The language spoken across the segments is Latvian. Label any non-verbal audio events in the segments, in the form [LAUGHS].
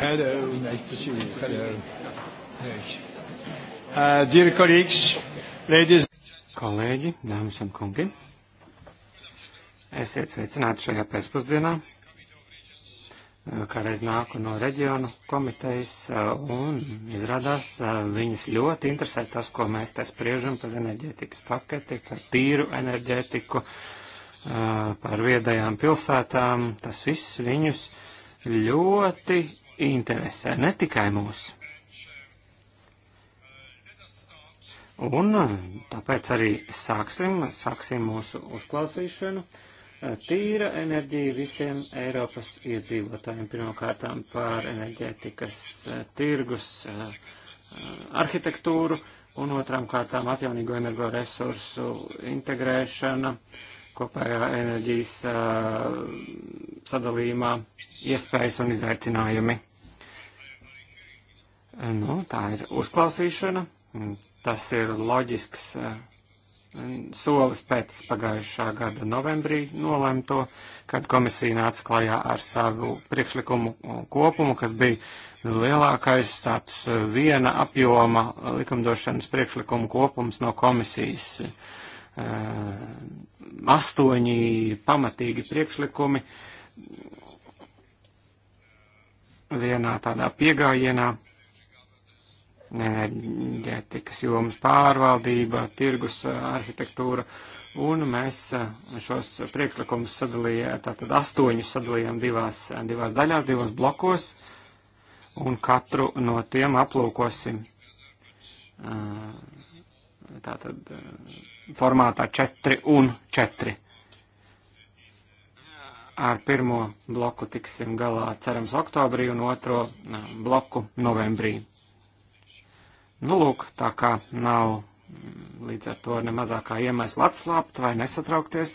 Hello, nice to see you. Hello. Uh, dear colleagues, ladies. Kolēģi, dāmas un kungi, esiet sveicināti šajā pēcpusdienā. Uh, Kādreiz nāku no reģionu komitejas uh, un izrādās uh, viņus ļoti interesē tas, ko mēs te spriežam par enerģētikas paketi, par tīru enerģētiku, par viedajām pilsētām. Tas viss viņus ļoti interesē ne tikai mūs. Un eh, tāpēc arī sāksim, sāksim mūsu uzklausīšanu. Eh, tīra enerģija visiem Eiropas iedzīvotājiem pirmkārtām par enerģētikas eh, tirgus arhitektūru un otrām kārtām atjaunīgo energoresursu integrēšana kopējā enerģijas sadalījumā iespējas un izaicinājumi. Nu, tā ir uzklausīšana. Tas ir loģisks eh, solis pēc pagājušā gada novembrī nolemto, kad komisija nāca klajā ar savu priekšlikumu kopumu, kas bija lielākais tāds eh, viena apjoma likumdošanas priekšlikumu kopums no komisijas. Eh, astoņi pamatīgi priekšlikumi vienā tādā piegājienā enerģētikas jomas pārvaldība, tirgus arhitektūra, un mēs šos priekšlikumus sadalījām, tātad astoņus sadalījām divās, divās daļās, divos blokos, un katru no tiem aplūkosim tātad formātā 4 un 4. Ar pirmo bloku tiksim galā cerams oktobrī un otro bloku novembrī. Nu, lūk, tā kā nav līdz ar to ne mazākā iemesla atslāpt vai nesatraukties,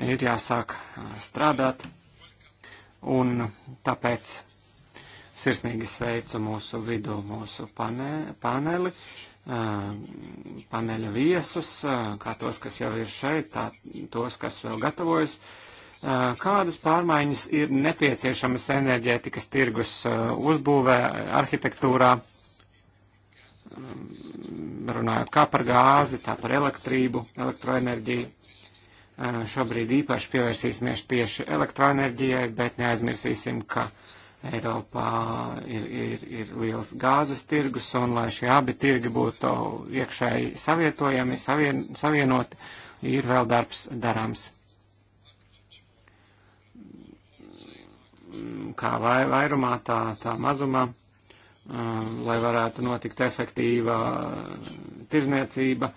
ir jāsāk strādāt. Un tāpēc sirsnīgi sveicu mūsu vidu, mūsu pane, paneli, paneļa viesus, kā tos, kas jau ir šeit, tā tos, kas vēl gatavojas. Kādas pārmaiņas ir nepieciešamas enerģētikas tirgus uzbūvē, arhitektūrā? Um, runājot kā par gāzi, tā par elektrību, elektroenerģiju. Uh, šobrīd īpaši pievērsīsimies tieši elektroenerģijai, bet neaizmirsīsim, ka Eiropā ir, ir, ir liels gāzes tirgus, un lai šie abi tirgi būtu iekšēji savietojami, savien, savienoti, ir vēl darbs darāms. Kā vai, vairumā, tā, tā mazumā lai varētu notikt efektīva tirzniecība,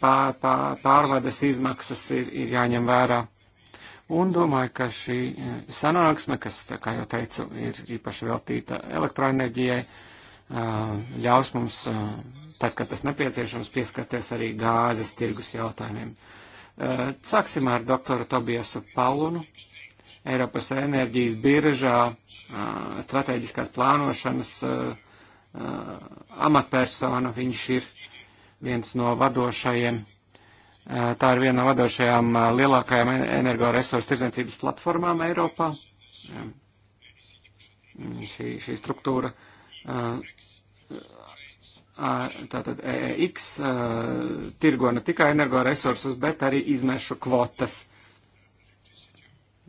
pār, pār, pārvades izmaksas ir, ir jāņem vērā. Un domāju, ka šī sanāksme, kas, kā jau teicu, ir īpaši veltīta elektroenerģijai, ļaus mums, tad, kad tas nepieciešams, pieskarties arī gāzes tirgus jautājumiem. Sāksim ar doktoru Tobiasu Palunu Eiropas enerģijas biržā strateģiskās plānošanas amatpersona. Viņš ir viens no vadošajiem. Tā ir viena no vadošajām lielākajām e, energoresursu tirdzniecības platformām Eiropā. Šī, šī struktūra tātad EX e tirgo ne tikai energoresursus, bet arī izmešu kvotas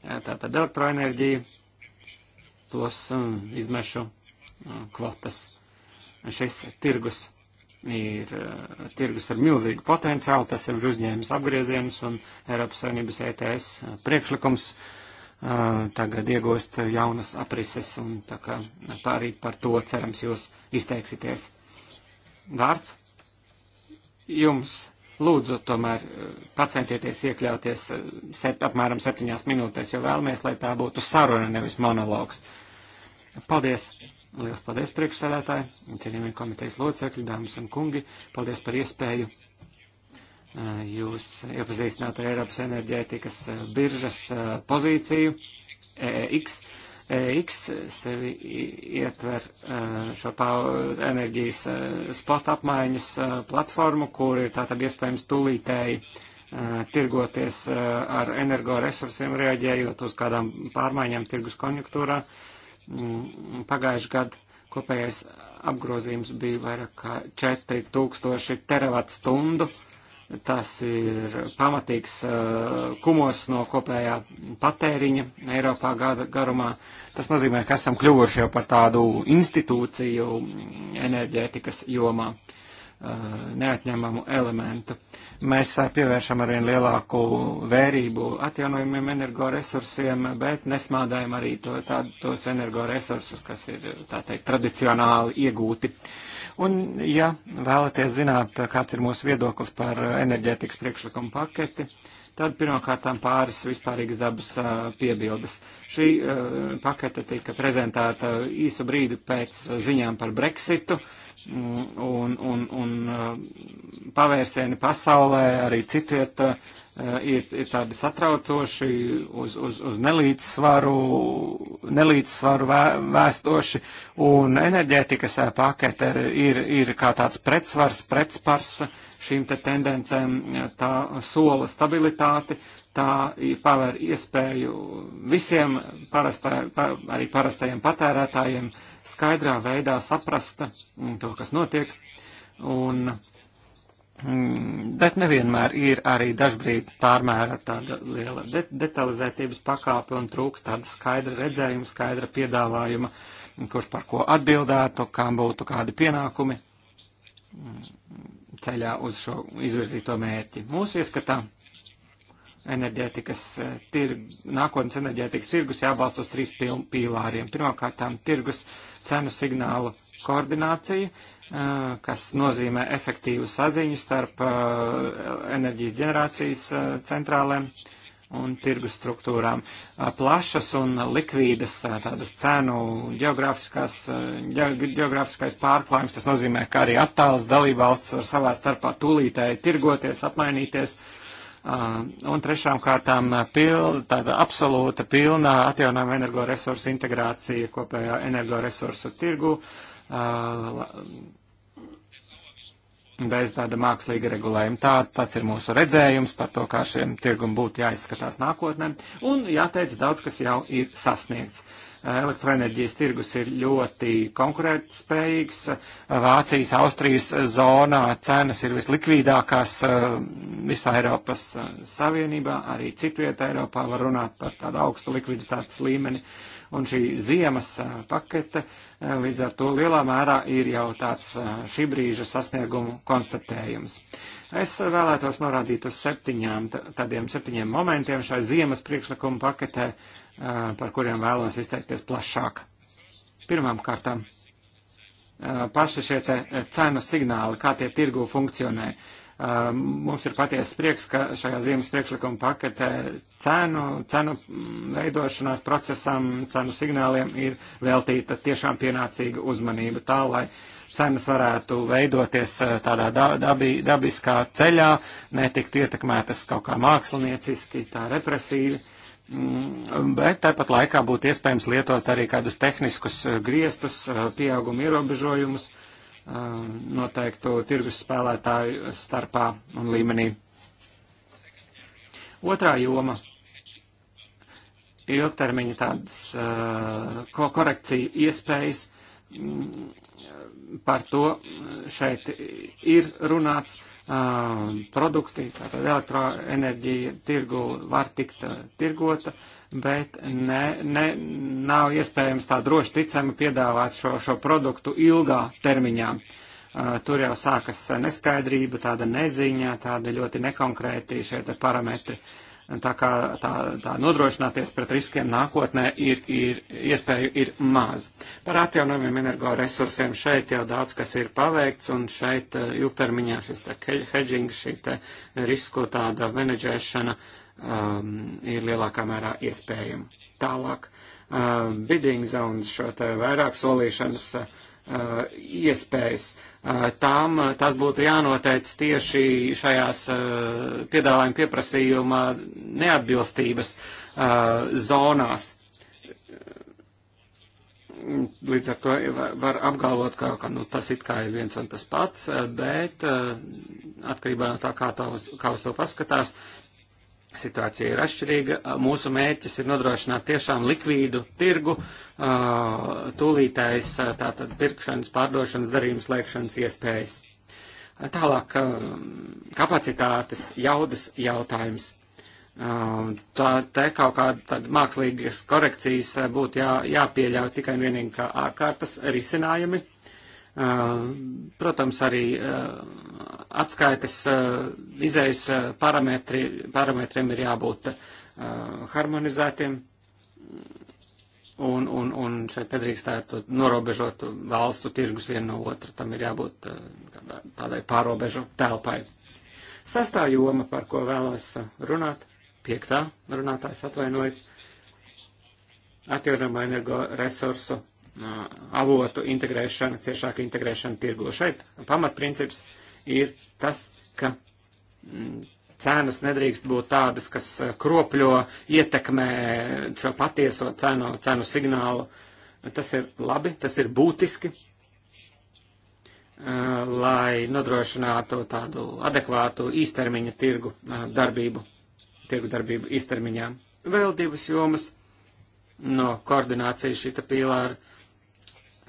tātad elektroenerģiju plus um, izmešu um, kvotas. Šis tirgus ir uh, tirgus ar milzīgu potenciālu, tas jau ir uzņēmis apgriezienus un Eiropas Savienības ETS uh, priekšlikums uh, tagad iegūst jaunas aprises un tā, kā, tā arī par to cerams jūs izteiksieties. Vārds jums Lūdzu, tomēr eh, pacentieties iekļauties eh, set, apmēram septiņās minūtēs, jo vēlamies, lai tā būtu saruna, nevis monologs. Paldies! Liels paldies priekšsēdētāji, cienījamie komitejas locekļi, dāmas un kungi. Paldies par iespēju eh, jūs iepazīstināt ar Eiropas enerģētikas biržas pozīciju EEX. EX sevi ietver šo enerģijas spot apmaiņas platformu, kur ir tātad iespējams tūlītēji tirgoties ar energoresursiem, reaģējot uz kādām pārmaiņām tirgus konjunktūrā. Mm, pagājuši gadu kopējais apgrozījums bija vairāk kā 4000 teravat stundu. Uh, Tas ir pamatīgs uh, kumos no kopējā patēriņa Eiropā gada garumā. Tas nozīmē, ka esam kļuvuši jau par tādu institūciju enerģētikas jomā uh, neatņemamu elementu. Mēs uh, pievēršam arvien lielāku vērību atjaunojumiem energoresursiem, bet nesmādājam arī to, tā, tos energoresursus, kas ir, tā teikt, tradicionāli iegūti. Uh, Un, ja vēlaties zināt, kāds ir mūsu viedoklis par enerģētikas priekšlikumu paketi, tad pirmkārtām pāris vispārīgas dabas piebildes. Šī pakete tika prezentēta īsu brīdi pēc ziņām par Brexitu. Uh, Mm, un, un, un uh, pavērsieni pasaulē arī citviet uh, ir, ir tādi satraucoši uz, uz, uz nelīdzsvaru, nelīdzsvaru vē, vēstoši, un enerģētikas uh, pakete ir, ir kā tāds pretsvars, pretspars šīm te tendencēm, tā sola stabilitāti, tā paver iespēju visiem parastā, pa, arī parastajiem patērētājiem uh, skaidrā veidā saprasta mm, to, kas notiek. Un, mm, bet nevienmēr ir arī dažbrīd pārmēra tāda liela de detalizētības pakāpe un trūks tāda skaidra redzējuma, skaidra piedāvājuma, kurš par ko atbildētu, kām būtu kādi pienākumi mm, ceļā uz šo izvirzīto mērķi. Mūsu ieskatā enerģētikas eh, tirg, nākotnes enerģētikas tirgus jābalsta uz trīs pīlāriem. Pirmkārt, tirgus cenu signālu koordināciju, kas nozīmē efektīvu saziņu starp enerģijas ģenerācijas centrālēm un tirgus struktūrām. Plašas un likvīdas tādas cenu geogrāfiskās, geogrāfiskais pārklājums, tas nozīmē, ka arī attāls dalībvalsts var savā starpā tūlītēji tirgoties, apmainīties. Uh, Un trešām kārtām pil, tāda absolūta pilnā atjaunojama energoresursu integrācija kopējā energoresursu tirgu bez tāda mākslīga regulējuma. Tā, tāds ir mūsu redzējums par to, kā šiem tirgum būtu jāizskatās nākotnē. Un jāteic, daudz kas jau ir sasniegts elektroenerģijas tirgus ir ļoti konkurētspējīgs. Vācijas, Austrijas zonā cenas ir vislikvīdākās eh, visā Eiropas eh, Savienībā, arī citvietā Eiropā var runāt par tādu augstu likviditātes līmeni un šī ziemas eh, pakete līdz ar to lielā mērā ir jau tāds šī brīža sasniegumu konstatējums. Es vēlētos norādīt uz septiņām, tādiem septiņiem momentiem šai ziemas priekšlikuma paketē, par kuriem vēlos izteikties plašāk. Pirmām kārtām paši šie cenu signāli, kā tie tirgu funkcionē. Mums ir patiesa prieks, ka šajā ziemas priekšlikuma paketē cenu, cenu veidošanās procesam, cenu signāliem ir veltīta tiešām pienācīga uzmanība tā, lai cenas varētu veidoties tādā dabī, dabiskā ceļā, netiktu ietekmētas kaut kā mākslinieciski, tā represīvi Mm, bet tāpat laikā būtu iespējams lietot arī kādus tehniskus eh, griestus, eh, pieauguma ierobežojumus eh, noteiktu tirgus spēlētāju starpā un līmenī. Otrā joma - ilgtermiņa tādas ko korekciju iespējas. Mm, par to šeit ir runāts produkti, tātad elektroenerģija tirgu var tikt tirgota, bet ne, ne, nav iespējams tā droši ticami piedāvāt šo, šo produktu ilgā termiņā. Tur jau sākas neskaidrība, tāda neziņa, tāda ļoti nekonkrēti šie parametri. Uh, Tā kā tā, tā nodrošināties pret riskiem nākotnē ir, ir iespēju ir maz. Par atjaunojumiem energoresursiem šeit jau daudz kas ir paveikts, un šeit eh, ilgtermiņā šis te hedging, šī te risku tāda menedžēšana um, ir lielākā mērā iespējama. Tālāk uh, bidding zones, šo te vairāk solīšanas uh, iespējas. Uh, Eh, tām eh, tas būtu jānoteic tieši šajās eh, piedāvājuma pieprasījuma neatbilstības zonās. Līdz ar to var apgalvot, ka, ka nu, tas it kā ir viens un tas pats, bet atkarībā no tā, kā, tā uz, kā uz to paskatās, situācija ir atšķirīga. Mūsu mērķis ir nodrošināt tiešām likvīdu tirgu, tūlītais tātad pirkšanas, pārdošanas, darījums, lēkšanas iespējas. Tālāk kapacitātes, jaudas jautājums. Tā te kaut kāda mākslīgas korekcijas būtu jā, jāpieļauj tikai un vienīgi kā ārkārtas risinājumi Protams, arī atskaites izējas parametri, parametriem ir jābūt harmonizētiem un, un, un šeit nedrīkstētu norobežot valstu tirgus vienu no otra. Tam ir jābūt tādai pārobežu telpai. Sastā joma, par ko vēlos runāt, piektā runātājs atvainojas, atjaunamo energoresursu avotu integrēšana, ciešāka integrēšana tirgo. Šeit pamatprincips ir tas, ka mm, cenas nedrīkst būt tādas, kas kropļo, ietekmē šo patieso cenu, cenu signālu. Tas ir labi, tas ir būtiski, lai nodrošinātu tādu adekvātu īstermiņa tirgu darbību, tirgu darbību īstermiņā. Vēl divas jomas no koordinācijas šita pīlāra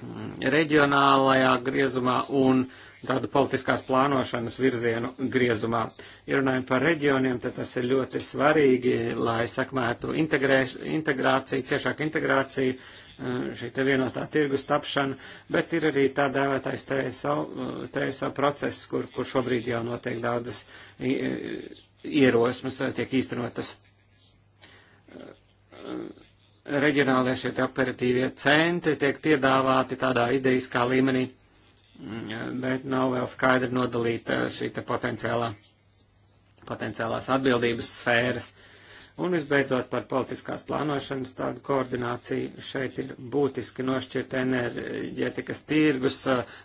Mm, reģionālajā griezumā un tādu politiskās plānošanas virzienu griezumā. Ja runājam par reģioniem, tad tas ir ļoti svarīgi, lai sakmētu integrāciju, ciešāku integrāciju, mm, šī te vienotā tirgus tapšana, bet ir arī tā dēvētais TSO, TSO process, kur, kur šobrīd jau notiek daudzas ierosmes, tiek īstenotas reģionālie šie operatīvie centri tiek piedāvāti tādā ideiskā līmenī, mm, bet nav vēl skaidri nodalīta šī potenciālā, potenciālās atbildības sfēras. Un visbeidzot par politiskās plānošanas tādu koordināciju. Šeit ir būtiski nošķirt enerģētikas tirgus,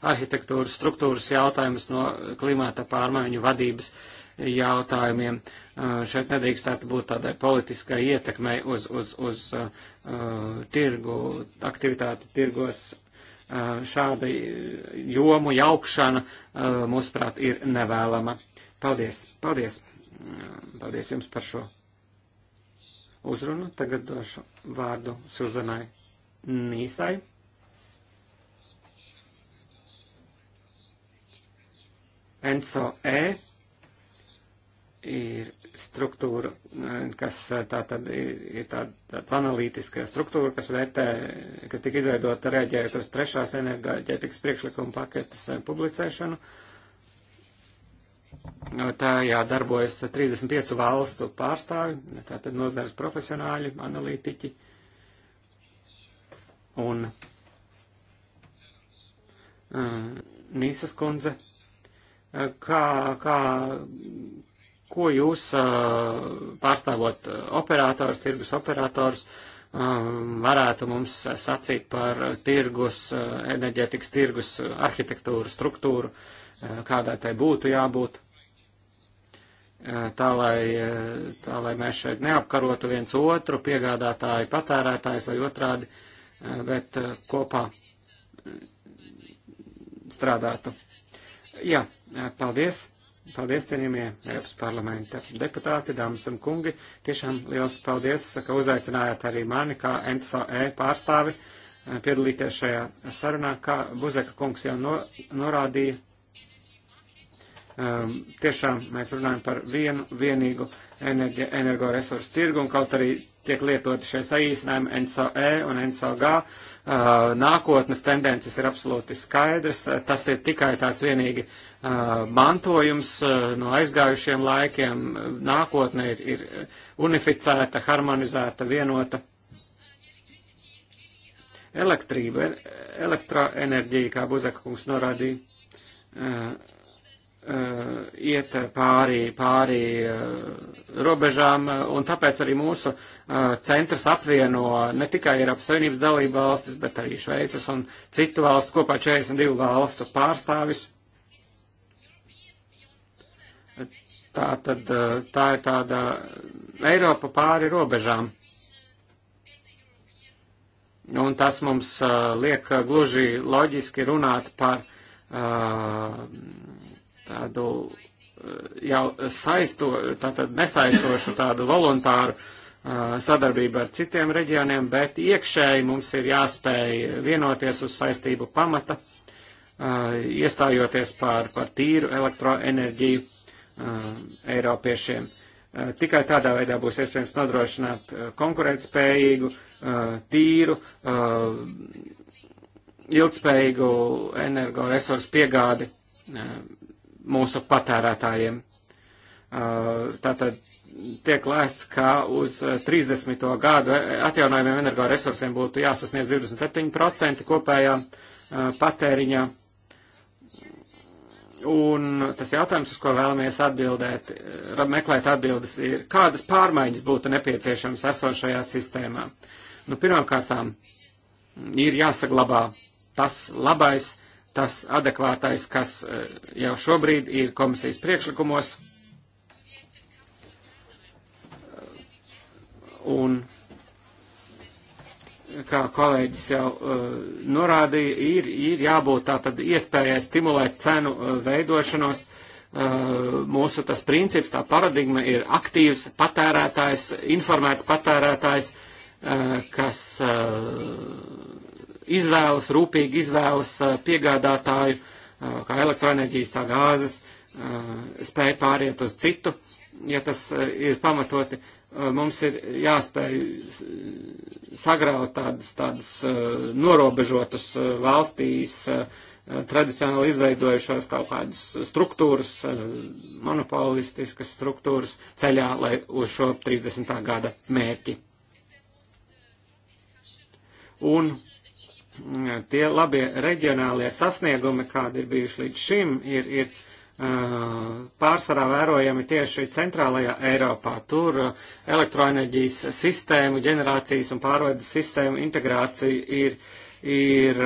arhitektūras, struktūras jautājumus no klimata pārmaiņu vadības. Uh, jautājumiem. Šeit nedrīkstētu būt tādai politiskai ietekmei uz, uz, uz uh, tirgu, aktivitāti tirgos. Uh, šāda jomu jaukšana, uh, mūsuprāt, ir nevēlama. Paldies, paldies, paldies jums par šo uzrunu. Tagad došu vārdu Suzanai Nīsai. Enzo E ir struktūra, eh, kas eh, tā tad ir, ir tāda, tāds analītiska struktūra, kas vērtē, kas tika izveidota reaģējot uz trešās enerģētikas priekšlikuma paketes eh, publicēšanu. Tajā darbojas 35 valstu pārstāvi, tātad nozares profesionāļi, analītiķi. Un um, Nīsas kundze, kā, kā ko jūs pārstāvot operators, tirgus operators, varētu mums sacīt par tirgus, enerģētikas tirgus arhitektūru, struktūru, kādai tai būtu jābūt, tā lai, tā lai mēs šeit neapkarotu viens otru, piegādātāji, patērētājs vai otrādi, bet kopā strādātu. Jā, paldies. Paldies, cienījamie Eiropas parlamenta deputāti, dāmas un kungi. Tiešām liels paldies, ka uzaicinājāt arī mani kā NSOE pārstāvi eh, piedalīties šajā sarunā, kā Buzeka kungs jau no, norādīja. Um, tiešām mēs runājam par vienu vienīgu energi, energoresursu tirgu, un kaut arī tiek lietoti šie saīsinājumi NSOE un NSOG, nākotnes tendences ir absolūti skaidras. Tas ir tikai tāds vienīgi mantojums no aizgājušiem laikiem. Nākotne ir, ir unificēta, harmonizēta, vienota. Elektrība, e, elektroenerģija, kā Buzeka kungs norādīja Eh, iet pāri, pāri eh, robežām, eh, un tāpēc arī mūsu centrs apvieno ne tikai Eiropas Savienības dalību valstis, bet arī Šveicas un citu valstu kopā 42 valstu pārstāvis. Tā tad tā ir tāda Eiropa pāri robežām. Un tas mums liek gluži loģiski runāt par uh, tādu eh, jau saisto, tātad nesaistošu tādu voluntāru eh, sadarbību ar citiem reģioniem, bet iekšēji mums ir jāspēj vienoties uz saistību pamata, eh, iestājoties par, par tīru elektroenerģiju Eiropiešiem. Tikai tādā veidā būs iespējams nodrošināt konkurētspējīgu, tīru, ilgspējīgu energoresursu piegādi mūsu patērētājiem. Uh, tātad tiek lēsts, ka uz 30. gadu atjaunojumiem energoresursiem būtu jāsasniedz 27% kopējā uh, patēriņa. Un tas jautājums, uz ko vēlamies atbildēt, uh, meklēt atbildes, ir, kādas pārmaiņas būtu nepieciešamas esošajā sistēmā. Nu, pirmkārtām, ir jāsaglabā tas labais, tas adekvātais, kas eh, jau šobrīd ir komisijas priekšlikumos. Un, kā kolēģis jau uh, norādīja, ir, ir jābūt tātad iespējai stimulēt cenu uh, veidošanos. Uh, mūsu tas princips, tā paradigma ir aktīvs patērētājs, informēts patērētājs, uh, kas uh, izvēlas, rūpīgi izvēlas eh, piegādātāju, eh, kā elektroenerģijas, tā gāzes, eh, spēj pāriet uz citu, ja tas ir pamatoti. Mums ir jāspēj sagraut tādus, tādus norobežotus valstīs tradicionāli izveidojušos kaut kādas struktūras, monopolistiskas struktūras ceļā, lai uz šo 30. gada mērķi. Un tie labie reģionālie sasniegumi, kādi ir bijuši līdz šim, ir, ir pārsvarā vērojami tieši centrālajā Eiropā. Tur elektroenerģijas sistēmu, ģenerācijas un pārvades sistēmu integrācija ir, ir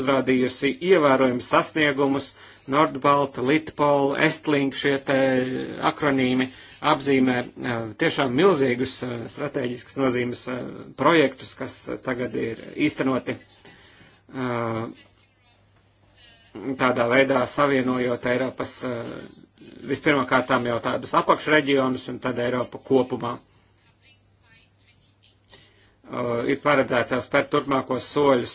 uzrādījusi ievērojami sasniegumus. Nordbalta, Litpol, Estlink šie te akronīmi apzīmē eh, tiešām milzīgus eh, strateģiskas nozīmes eh, projektus, kas tagad ir īstenoti tādā veidā savienojot Eiropas vispirmkārtām jau tādus apakšreģionus un tad Eiropu kopumā. Ir paredzēts jau spērt turpmākos soļus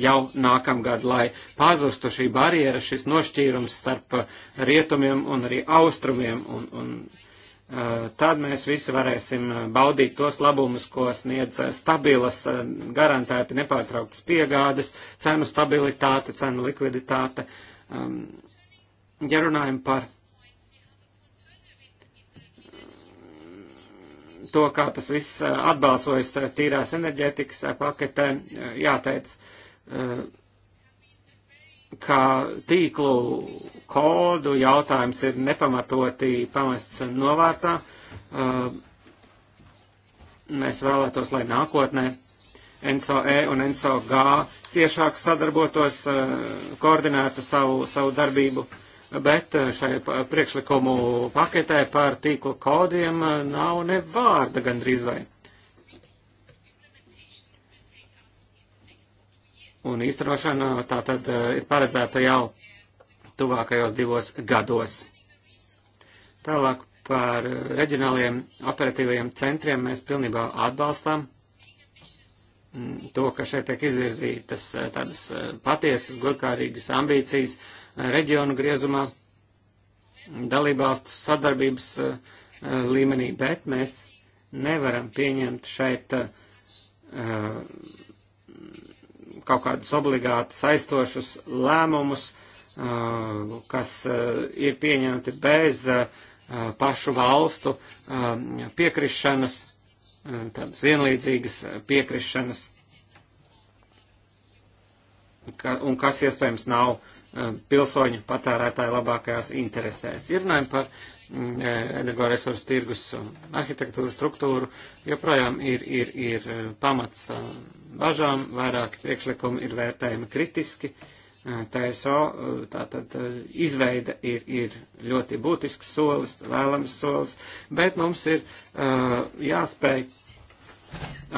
jau nākamgad, lai pazustu šī barjera, šis nošķīrums starp uh, rietumiem un arī austrumiem. Un, un, uh, Tad mēs visi varēsim uh, baudīt tos labumus, ko sniedz stabilas, garantēti nepārtrauktas piegādes, cenu stabilitāte, cenu likviditāte. Um, ja runājam par to, kā tas viss atbalsojas tīrās enerģētikas paketē, jāteic, uh, kā tīklu kodu jautājums ir nepamatoti pamests novārtā. Mēs vēlētos, lai nākotnē NSOE un NSOG ciešāk sadarbotos, koordinētu savu, savu darbību, bet šai priekšlikumu paketē par tīklu kodiem nav ne vārda gandrīz vai. un īstenošana tā tad eh, ir paredzēta jau tuvākajos divos gados. Tālāk par reģionāliem operatīvajiem centriem mēs pilnībā atbalstām mm, to, ka šeit tiek izvirzītas eh, tādas eh, patiesas, godkārīgas ambīcijas reģionu griezumā, dalībvalstu sadarbības līmenī, bet mēs nevaram pieņemt šeit uh, kaut kādus obligāti saistošus lēmumus, uh, kas uh, ir pieņemti bez uh, pašu valstu um, piekrišanas, um, tādas vienlīdzīgas piekrišanas, un kas iespējams nav um, pilsoņu patērētāju labākajās interesēs. Ir runājumi par mm, e, energoresursu tirgus arhitektūru struktūru, joprojām ir, ir, ir pamats bažām, vairāki priekšlikumi ir vērtējami kritiski. TSO tātad izveida ir, ir ļoti būtisks solis, vēlams solis, bet mums ir jāspēj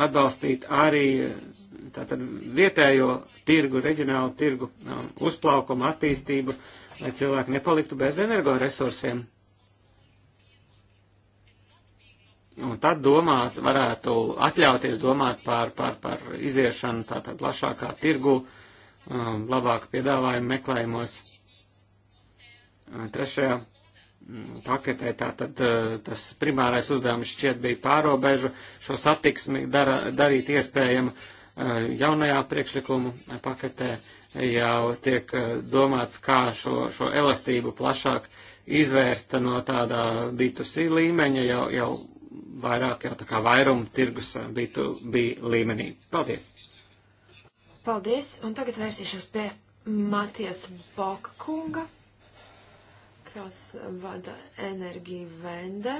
atbalstīt arī tātad vietējo tirgu, reģionālu tirgu uzplaukumu attīstību, lai cilvēki nepaliktu bez energoresursiem. Un tad domās, varētu atļauties domāt par, par, par iziešanu tātad plašākā tirgu, um, labāku piedāvājumu meklējumos. Uh, trešajā mm, paketē tātad uh, tas primārais uzdevums šķiet bija pārobežu šo satiksmi dara, darīt iespējamu uh, jaunajā priekšlikumu paketē jau tiek domāts, kā šo, šo elastību plašāk izvērsta no tādā B2C līmeņa jau, jau vairāk jau tā kā vairuma tirgus eh, B2B līmenī. Paldies! Paldies, un tagad vērsīšos pie Matijas Boka kunga, kas vada enerģiju vende,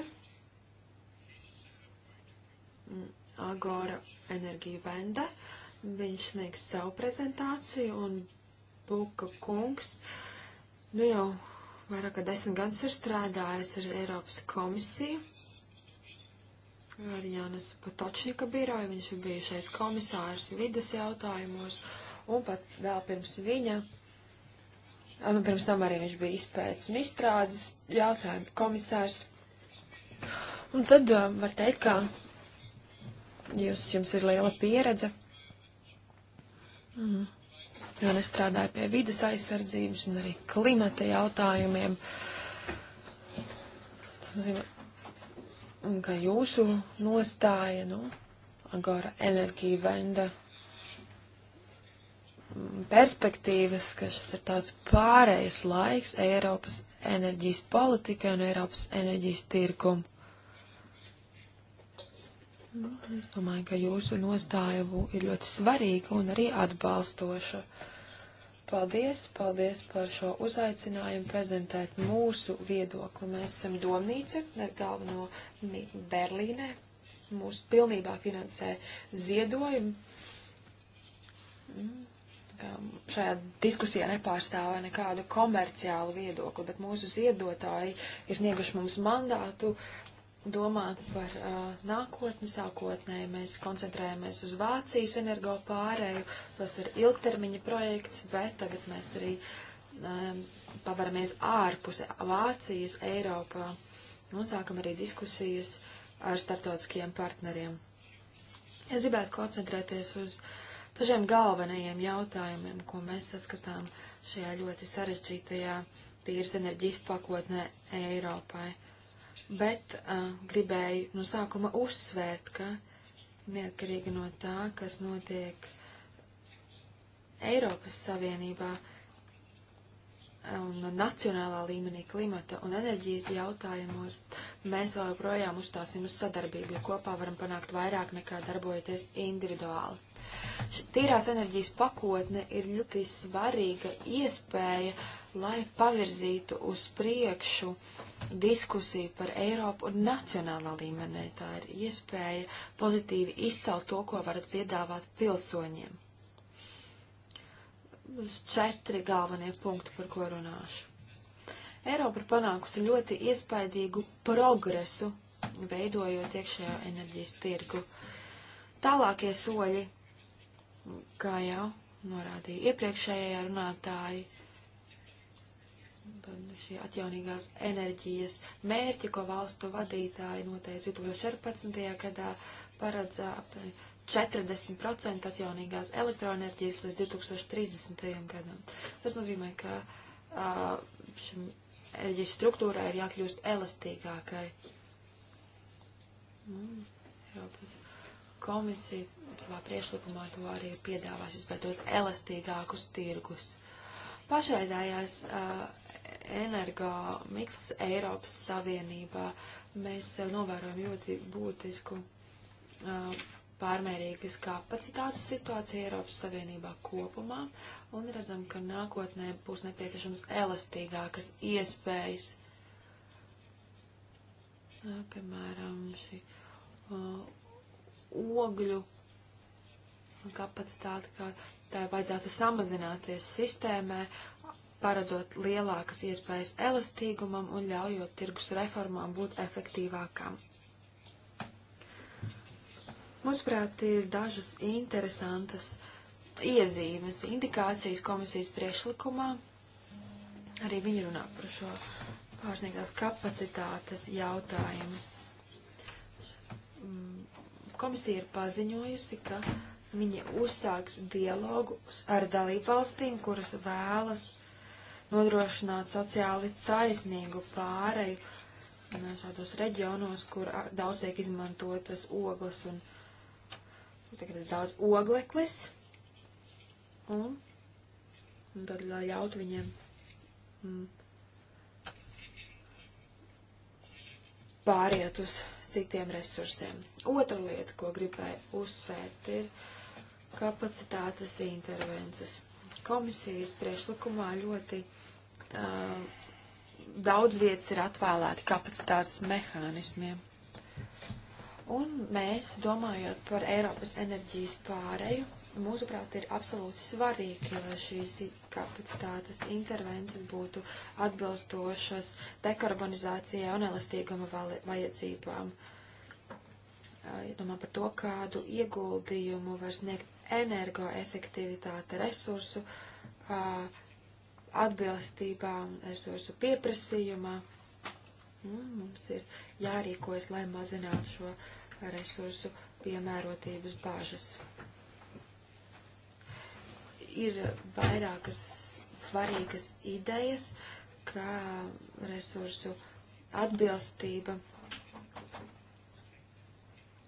mm, Agora enerģiju vende. Viņš sniegs savu prezentāciju, un Buka kungs, nu jau vairāk kā desmit gadus ir strādājis ar Eiropas komisiju Jānis Patočnika biroju, viņš ir bijušais komisārs vidas jautājumos, un pat vēl pirms viņa, nu, pirms tam arī viņš bija izpētes un izstrādes jautājumu komisārs. Un tad var teikt, ka jūs, jums ir liela pieredze. Mm. Jo nestrādāju pie vidas aizsardzības un arī klimata jautājumiem. Tas nozīmē, un ka jūsu nostāja, nu, agora enerģija venda mm, perspektīvas, ka šis ir tāds pārējais laiks Eiropas enerģijas politikai un Eiropas enerģijas tirkumu. Nu, es domāju, ka jūsu nostāja ir ļoti svarīga un arī atbalstoša. Uh, Paldies, paldies par šo uzaicinājumu prezentēt mūsu viedokli. Mēs esam domnīca, galveno Berlīnē. Mūs pilnībā finansē ziedojumu. Šajā diskusijā nepārstāvē nekādu komerciālu viedokli, bet mūsu ziedotāji ir snieguši mums mandātu domāt par uh, nākotni sākotnēji. Mēs koncentrējamies uz Vācijas energo pārēju, tas ir ilgtermiņa projekts, bet tagad mēs arī um, pavaramies ārpus Vācijas Eiropā un sākam arī diskusijas ar starptautiskiem partneriem. Es gribētu koncentrēties uz dažiem galvenajiem jautājumiem, ko mēs saskatām šajā ļoti sarežģītajā tīras enerģijas pakotnē Eiropai. Uh, bet uh, gribēju no sākuma uzsvērt, ka neatkarīgi no tā, kas notiek Eiropas Savienībā un nacionālā līmenī klimata un enerģijas jautājumos, mēs vēl joprojām uzstāsim uz sadarbību, jo kopā varam panākt vairāk nekā darbojoties individuāli. Tīrās enerģijas pakotne ir ļoti svarīga iespēja, lai pavirzītu uz priekšu uh, diskusija par Eiropu un nacionālā līmenī. Tā ir iespēja pozitīvi izcelt to, ko varat piedāvāt pilsoņiem. Uz četri galvenie punkti, par ko runāšu. Eiropa ir panākusi ļoti iespaidīgu progresu, veidojot iekšējo enerģijas tirgu. Tālākie soļi, kā jau norādīja iepriekšējā runātāji, šī atjaunīgās enerģijas mērķi, ko valstu vadītāji noteica 2014. gadā, paredz aptuveni 40% atjaunīgās elektroenerģijas līdz 2030. gadam. Tas nozīmē, ka a, šim enerģijas struktūrai ir jākļūst elastīgākai. Mm, Eiropas komisija savā priešlikumā to arī piedāvās izveidot elastīgākus tirgus pašreizējās uh, energo miksls Eiropas Savienībā. Mēs eh, novērojam ļoti būtisku uh, pārmērīgas kapacitātes situācija Eiropas Savienībā kopumā un redzam, ka nākotnē būs nepieciešams elastīgākas iespējas. Jā, piemēram, šī uh, ogļu kapacitāte, kā tā vajadzētu samazināties sistēmē paredzot lielākas iespējas elastīgumam un ļaujot tirgus reformām būt efektīvākām. Mūsuprāt, ir dažas interesantas iezīmes, indikācijas komisijas priešlikumā. Arī viņi runā par šo pārsniegtās kapacitātes jautājumu. Mm, komisija ir paziņojusi, ka viņi uzsāks dialogu ar dalību valstīm, kuras vēlas nodrošināt sociāli taisnīgu pāreju šādos reģionos, kur daudz tiek izmantotas ogles un tagad ir daudz ogleklis. Un, un tad lai ļaut viņiem mm, pāriet uz citiem resursiem. Otra lieta, ko gribēju uzsvērt, ir kapacitātes intervences. Komisijas priešlikumā ļoti uh, daudz vietas ir atvēlēti kapacitātes mehānismiem. Un mēs, domājot par Eiropas enerģijas pāreju, mūsuprāt, ir absolūti svarīgi, lai šīs kapacitātes intervences būtu atbilstošas dekarbonizācijai un elastīguma vajadzībām. Domā par to, kādu ieguldījumu var sniegt energoefektivitāte resursu uh, atbilstībā un esošu pieprasījumā. Un nu, mums ir jārīkojas, lai mazinātu šo resursu piemērotības bāžas. Ir vairākas svarīgas idejas, kā resursu atbilstība,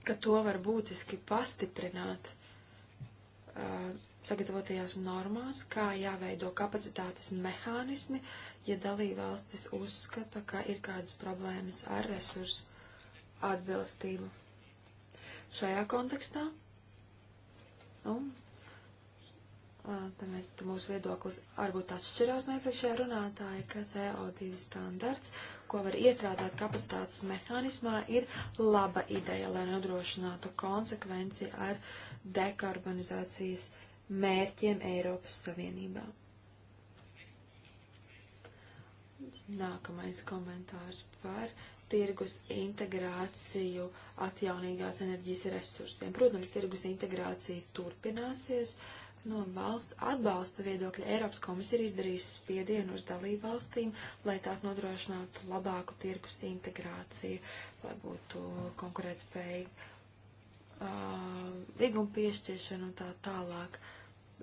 ka to var būtiski pastiprināt. Uh, sagatavotajās normās, kā jāveido kapacitātes mehānismi, ja dalībvalstis uzskata, ka ir kādas problēmas ar resursu atbilstību. Šajā kontekstā, un tā mēs, tā mūsu viedoklis varbūt atšķirās no iepriekšējā runātāja, ka CO2 standarts, ko var iestrādāt kapacitātes mehānismā, ir laba ideja, lai nodrošinātu konsekvenci ar dekarbonizācijas uh, mērķiem Eiropas Savienībā. Nākamais komentārs par tirgus integrāciju atjaunīgās enerģijas resursiem. Protams, tirgus integrācija turpināsies. No valsts atbalsta viedokļa Eiropas komisija ir izdarījusi spiedienu uz dalību valstīm, lai tās nodrošinātu labāku tirgus integrāciju, lai būtu konkurētspējīgi uh, līguma piešķiršanu un tā tālāk.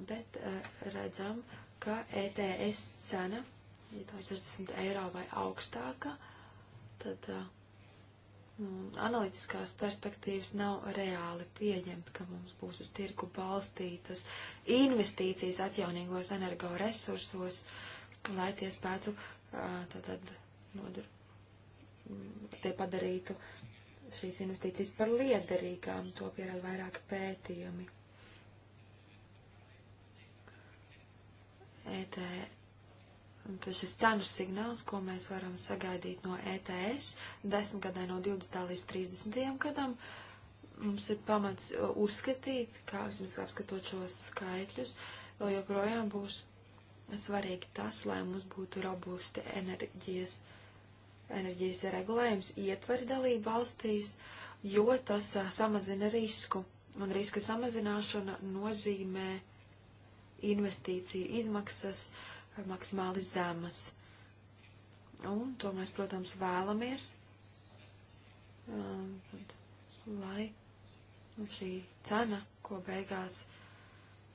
Bet uh, redzam, ka ETS cena, ja tā ir 60 eiro vai augstāka, tad uh, analītiskās perspektīvas nav reāli pieņemt, ka mums būs uz tirku balstītas investīcijas atjaunīgos energoresursos, lai tie spētu tātad nodur, tie padarītu uh, šīs investīcijas par liederīgām, to pierāda vairāk pētījumi. ET, tas šis cenu signāls, ko mēs varam sagaidīt no ETS, 10 gadai no 20 līdz 30 gadam, mums ir pamats uh, uzskatīt, kā vismaz apskatot šos skaitļus, vēl joprojām būs svarīgi tas, lai mums būtu robusti enerģijas enerģijas regulējums ietver dalību valstīs, jo tas a, samazina risku. Un riska samazināšana nozīmē investīciju izmaksas maksimāli zemas. Un to mēs, protams, vēlamies, a, lai šī cena, ko beigās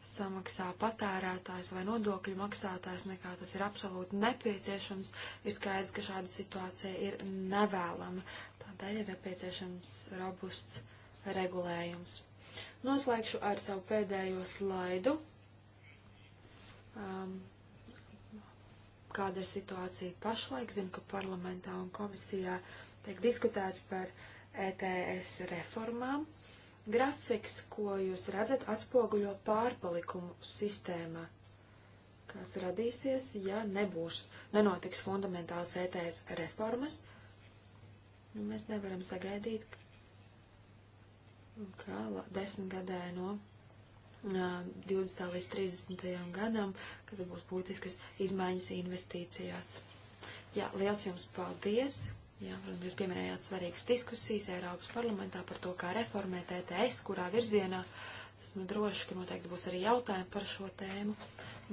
samaksā patērētājs vai nodokļu maksātājs, nekā tas ir absolūti nepieciešams, ir skaidrs, ka šāda situācija ir nevēlama. Tādēļ ir nepieciešams robusts regulējums. Noslēgšu ar savu pēdējo slaidu. Um, kāda ir situācija pašlaik? Zinu, ka parlamentā un komisijā tiek diskutēts par ETS reformām. Uh, Grafiks, ko jūs redzat, atspoguļo pārpalikumu sistēmā, kas radīsies, ja nebūs, nenotiks fundamentāls ETS reformas. Nu, mēs nevaram sagaidīt, ka desmitgadē no 20. līdz 30. gadam, kad būs būtiskas izmaiņas investīcijās. Jā, liels jums paldies! Jā, protams, jūs pieminējāt svarīgas diskusijas Eiropas parlamentā par to, kā reformēt ETS, kurā virzienā. Esmu droši, ka noteikti būs arī jautājumi par šo tēmu.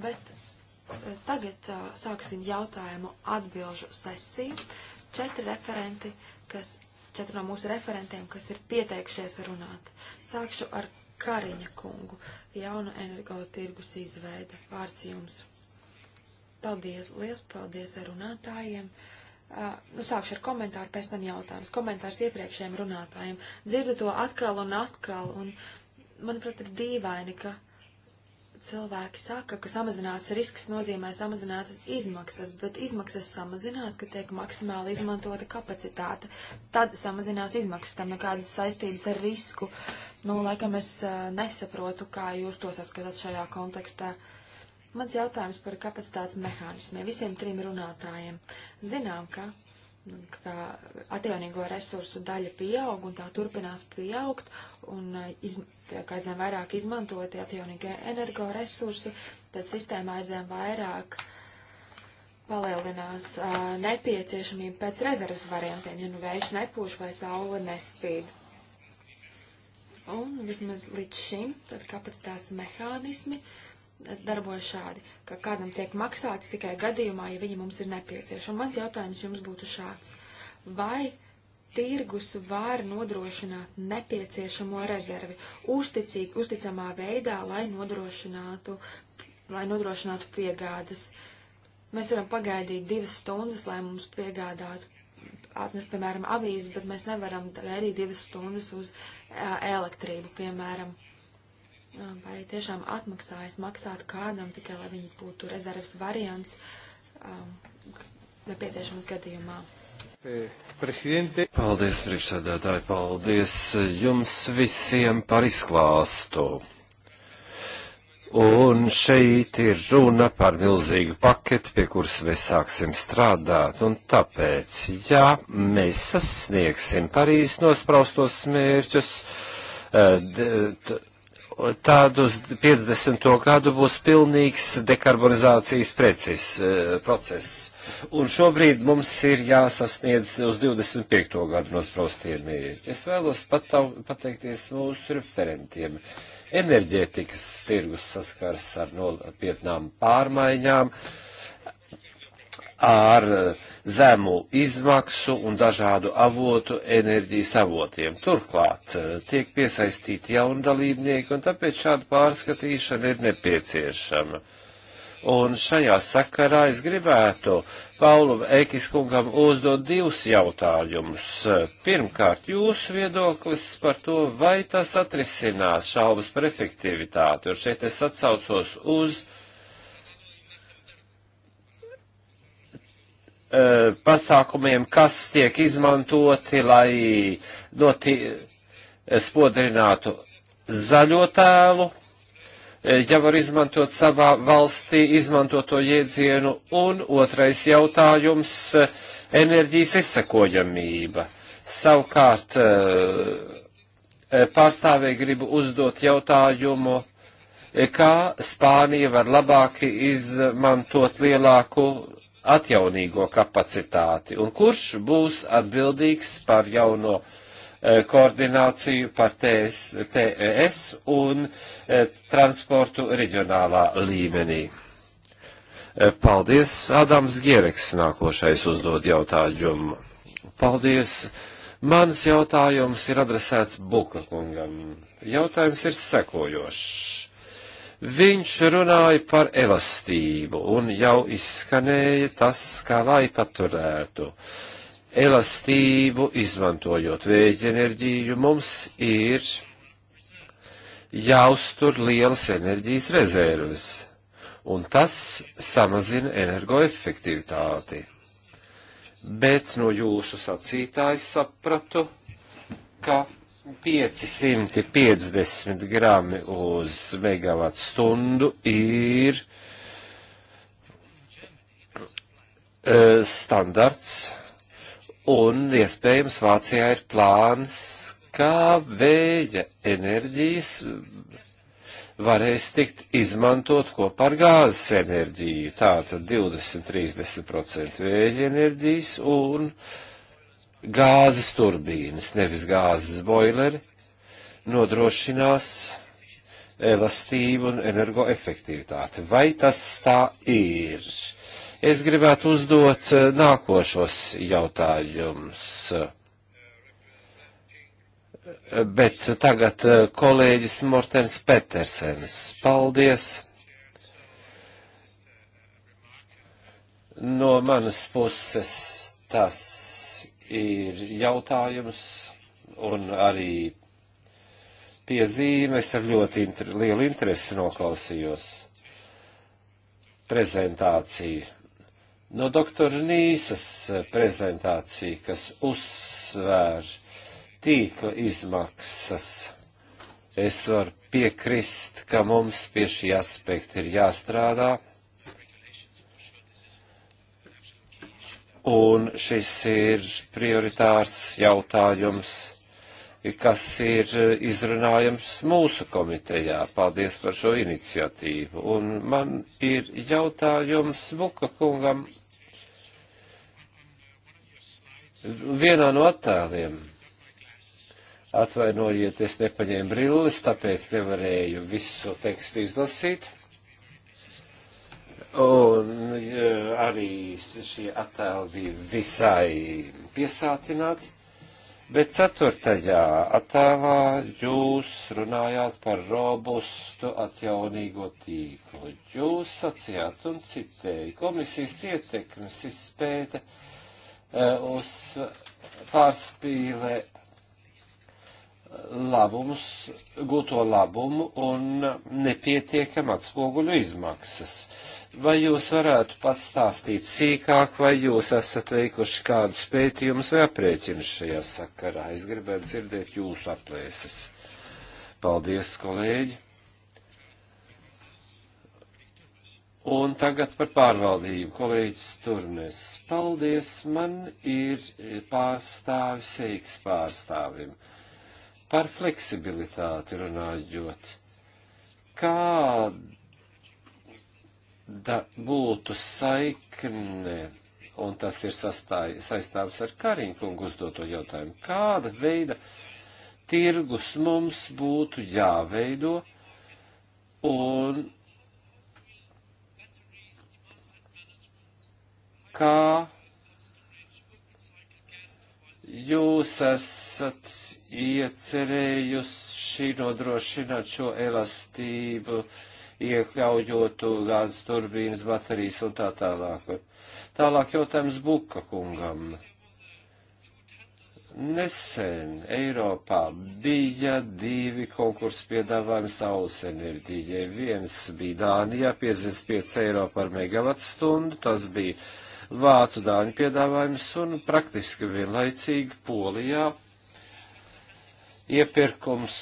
Bet eh, tagad uh, sāksim jautājumu atbilžu sesiju. Četri referenti, kas, četri no mūsu referentiem, kas ir pieteikšies runāt. Sākšu ar Kariņa kungu, jaunu energotirgus izveida. Vārds jums. Paldies, liels paldies runātājiem. Uh, Nu, sākšu ar komentāru, pēc tam jautājums. Komentārs iepriekšējiem runātājiem. Dzirdu to atkal un atkal, un, manuprāt, ir dīvaini, ka cilvēki saka, ka samazināts risks nozīmē samazinātas izmaksas, bet izmaksas samazinās, ka tiek maksimāli izmantota kapacitāte. Tad samazinās izmaksas, tam nekādas saistības ar risku. Nu, laikam es eh, nesaprotu, kā jūs to saskatāt šajā kontekstā. Uh, Mans jautājums par kapacitātes mehānismiem visiem trim runātājiem. Zinām, ka, ka atjaunīgo resursu daļa pieaug un tā turpinās pieaugt un e, iz, tiek aizvien vairāk izmantoti atjaunīgie energoresursi, tad sistēma aizvien vairāk palielinās uh, nepieciešamību pēc rezervas variantiem, ja nu vējš nepūš vai saule nespīd. Un vismaz līdz šim, tad kapacitātes mehānismi uh, darbojas šādi, ka kādam tiek maksāts tikai gadījumā, ja viņi mums ir nepieciešami. Mans jautājums jums būtu šāds. Vai tirgus var nodrošināt nepieciešamo rezervi uzticīgi, uzticamā veidā, lai nodrošinātu, lai nodrošinātu piegādas? Mēs varam pagaidīt divas stundas, lai mums piegādātu atnest, piemēram, avīzes, bet mēs nevaram gaidīt divas stundas uz elektrību, piemēram. Uh, vai tiešām atmaksājas maksāt kādam tikai, lai viņi būtu rezerves variants um, nepieciešams gadījumā. Presidente. Paldies, priekšsēdētāji, paldies jums visiem par izklāstu. Un šeit ir runa par milzīgu paketi, pie kuras mēs sāksim strādāt. Un tāpēc, ja mēs sasniegsim Parīzes nospraustos mērķus, uh, tad uz 50. gadu būs pilnīgs dekarbonizācijas precis, e, process. Un šobrīd mums ir jāsasniedz uz 25. gadu nosprostie mērķi. Es vēlos patav, pateikties mūsu referentiem. Enerģētikas tirgus saskars ar nopietnām pārmaiņām. Uh, ar eh, zemu izmaksu un dažādu avotu enerģijas avotiem. Turklāt eh, tiek piesaistīti jauni dalībnieki, un tāpēc šāda pārskatīšana ir nepieciešama. Un šajā sakarā es gribētu Paulu Ekiskungam uzdot divus jautājumus. Pirmkārt, jūsu viedoklis par to, vai tas atrisinās šaubas par efektivitāti, un šeit es atsaucos uz uh, Eh, pasākumiem, kas tiek izmantoti, lai noti, eh, spodrinātu zaļo tēlu, eh, ja var izmantot savā valstī izmantoto jēdzienu, un otrais jautājums - enerģijas izsekojamība. Savukārt pārstāvēji gribu uzdot jautājumu, kā Spānija var labāk izmantot lielāku atjaunīgo kapacitāti un kurš būs atbildīgs par jauno e, koordināciju par TS, TES un e, transportu reģionālā līmenī. E, paldies, Adams Giereks nākošais uzdod jautājumu. Paldies, mans jautājums ir adresēts Buka kungam. Jautājums ir sekojošs Viņš runāja par elastību un jau izskanēja tas, kā lai paturētu. Elastību izmantojot vēja enerģiju mums ir jāuztur lielas enerģijas rezerves, un tas samazina energoefektivitāti. Bet no jūsu sacītājs sapratu, ka 550 grami uz megavatu stundu ir e, standarts, un iespējams Vācijā ir plāns, kā vēja enerģijas varēs tikt izmantot kopā ar gāzes enerģiju. Tātad 20-30% vēja enerģijas un uh, gāzes turbīnas, nevis gāzes boileri, nodrošinās elastību un energoefektivitāti. Vai tas tā ir? Es gribētu uzdot eh, nākošos jautājumus. Bet tagad eh, kolēģis Mortens Petersens. Paldies! No manas puses tas ir jautājums un arī piezīmes ar ļoti inter, lielu interesi noklausījos prezentāciju. No doktora Nīsas prezentācija, kas uzsvēr tīkla izmaksas, es varu piekrist, ka mums pie šī aspekta ir jāstrādā. Un šis ir prioritārs jautājums, kas ir izrunājams mūsu komitejā. Paldies par šo iniciatīvu. Un man ir jautājums Vuka kungam vienā no attēliem. Atvainojiet, es nepaņēmu brilles, tāpēc nevarēju visu tekstu izlasīt. Un e, arī šie attēli bija visai piesātināti, bet ceturtajā attēlā jūs runājāt par robustu atjaunīgo tīklu. Jūs sacījāt un citēji, komisijas ietekmes izspēte uh, e, uz pārspīlē labumus, gūto labumu un nepietiekam atspoguļu izmaksas. Vai jūs varētu pastāstīt sīkāk, vai jūs esat veikuši kādus pētījumus vai aprēķinus šajā sakarā? Es gribētu dzirdēt jūsu aplēses. Paldies, kolēģi! Un tagad par pārvaldību. Kolēģis Turnes, paldies, man ir pārstāvis, seiks pārstāvim. Uh, Par fleksibilitāti runājot, kāda būtu saikne, un tas ir sastāj, saistāms ar Kariņkungu uzdoto jautājumu, kāda veida tirgus mums būtu jāveido, un kā jūs esat iecerējuši nodrošināt šo elastību, iekļaujot gāzes turbīnas, baterijas un tā tālāk. Tālāk jautājums Buka kungam. Nesen Eiropā bija divi konkursi piedāvājumi saules enerģijai. Viens bija Dānijā 55 eiro par megawatt stundu, tas bija uh, vācu dāņu piedāvājumus un praktiski vienlaicīgi Polijā iepirkums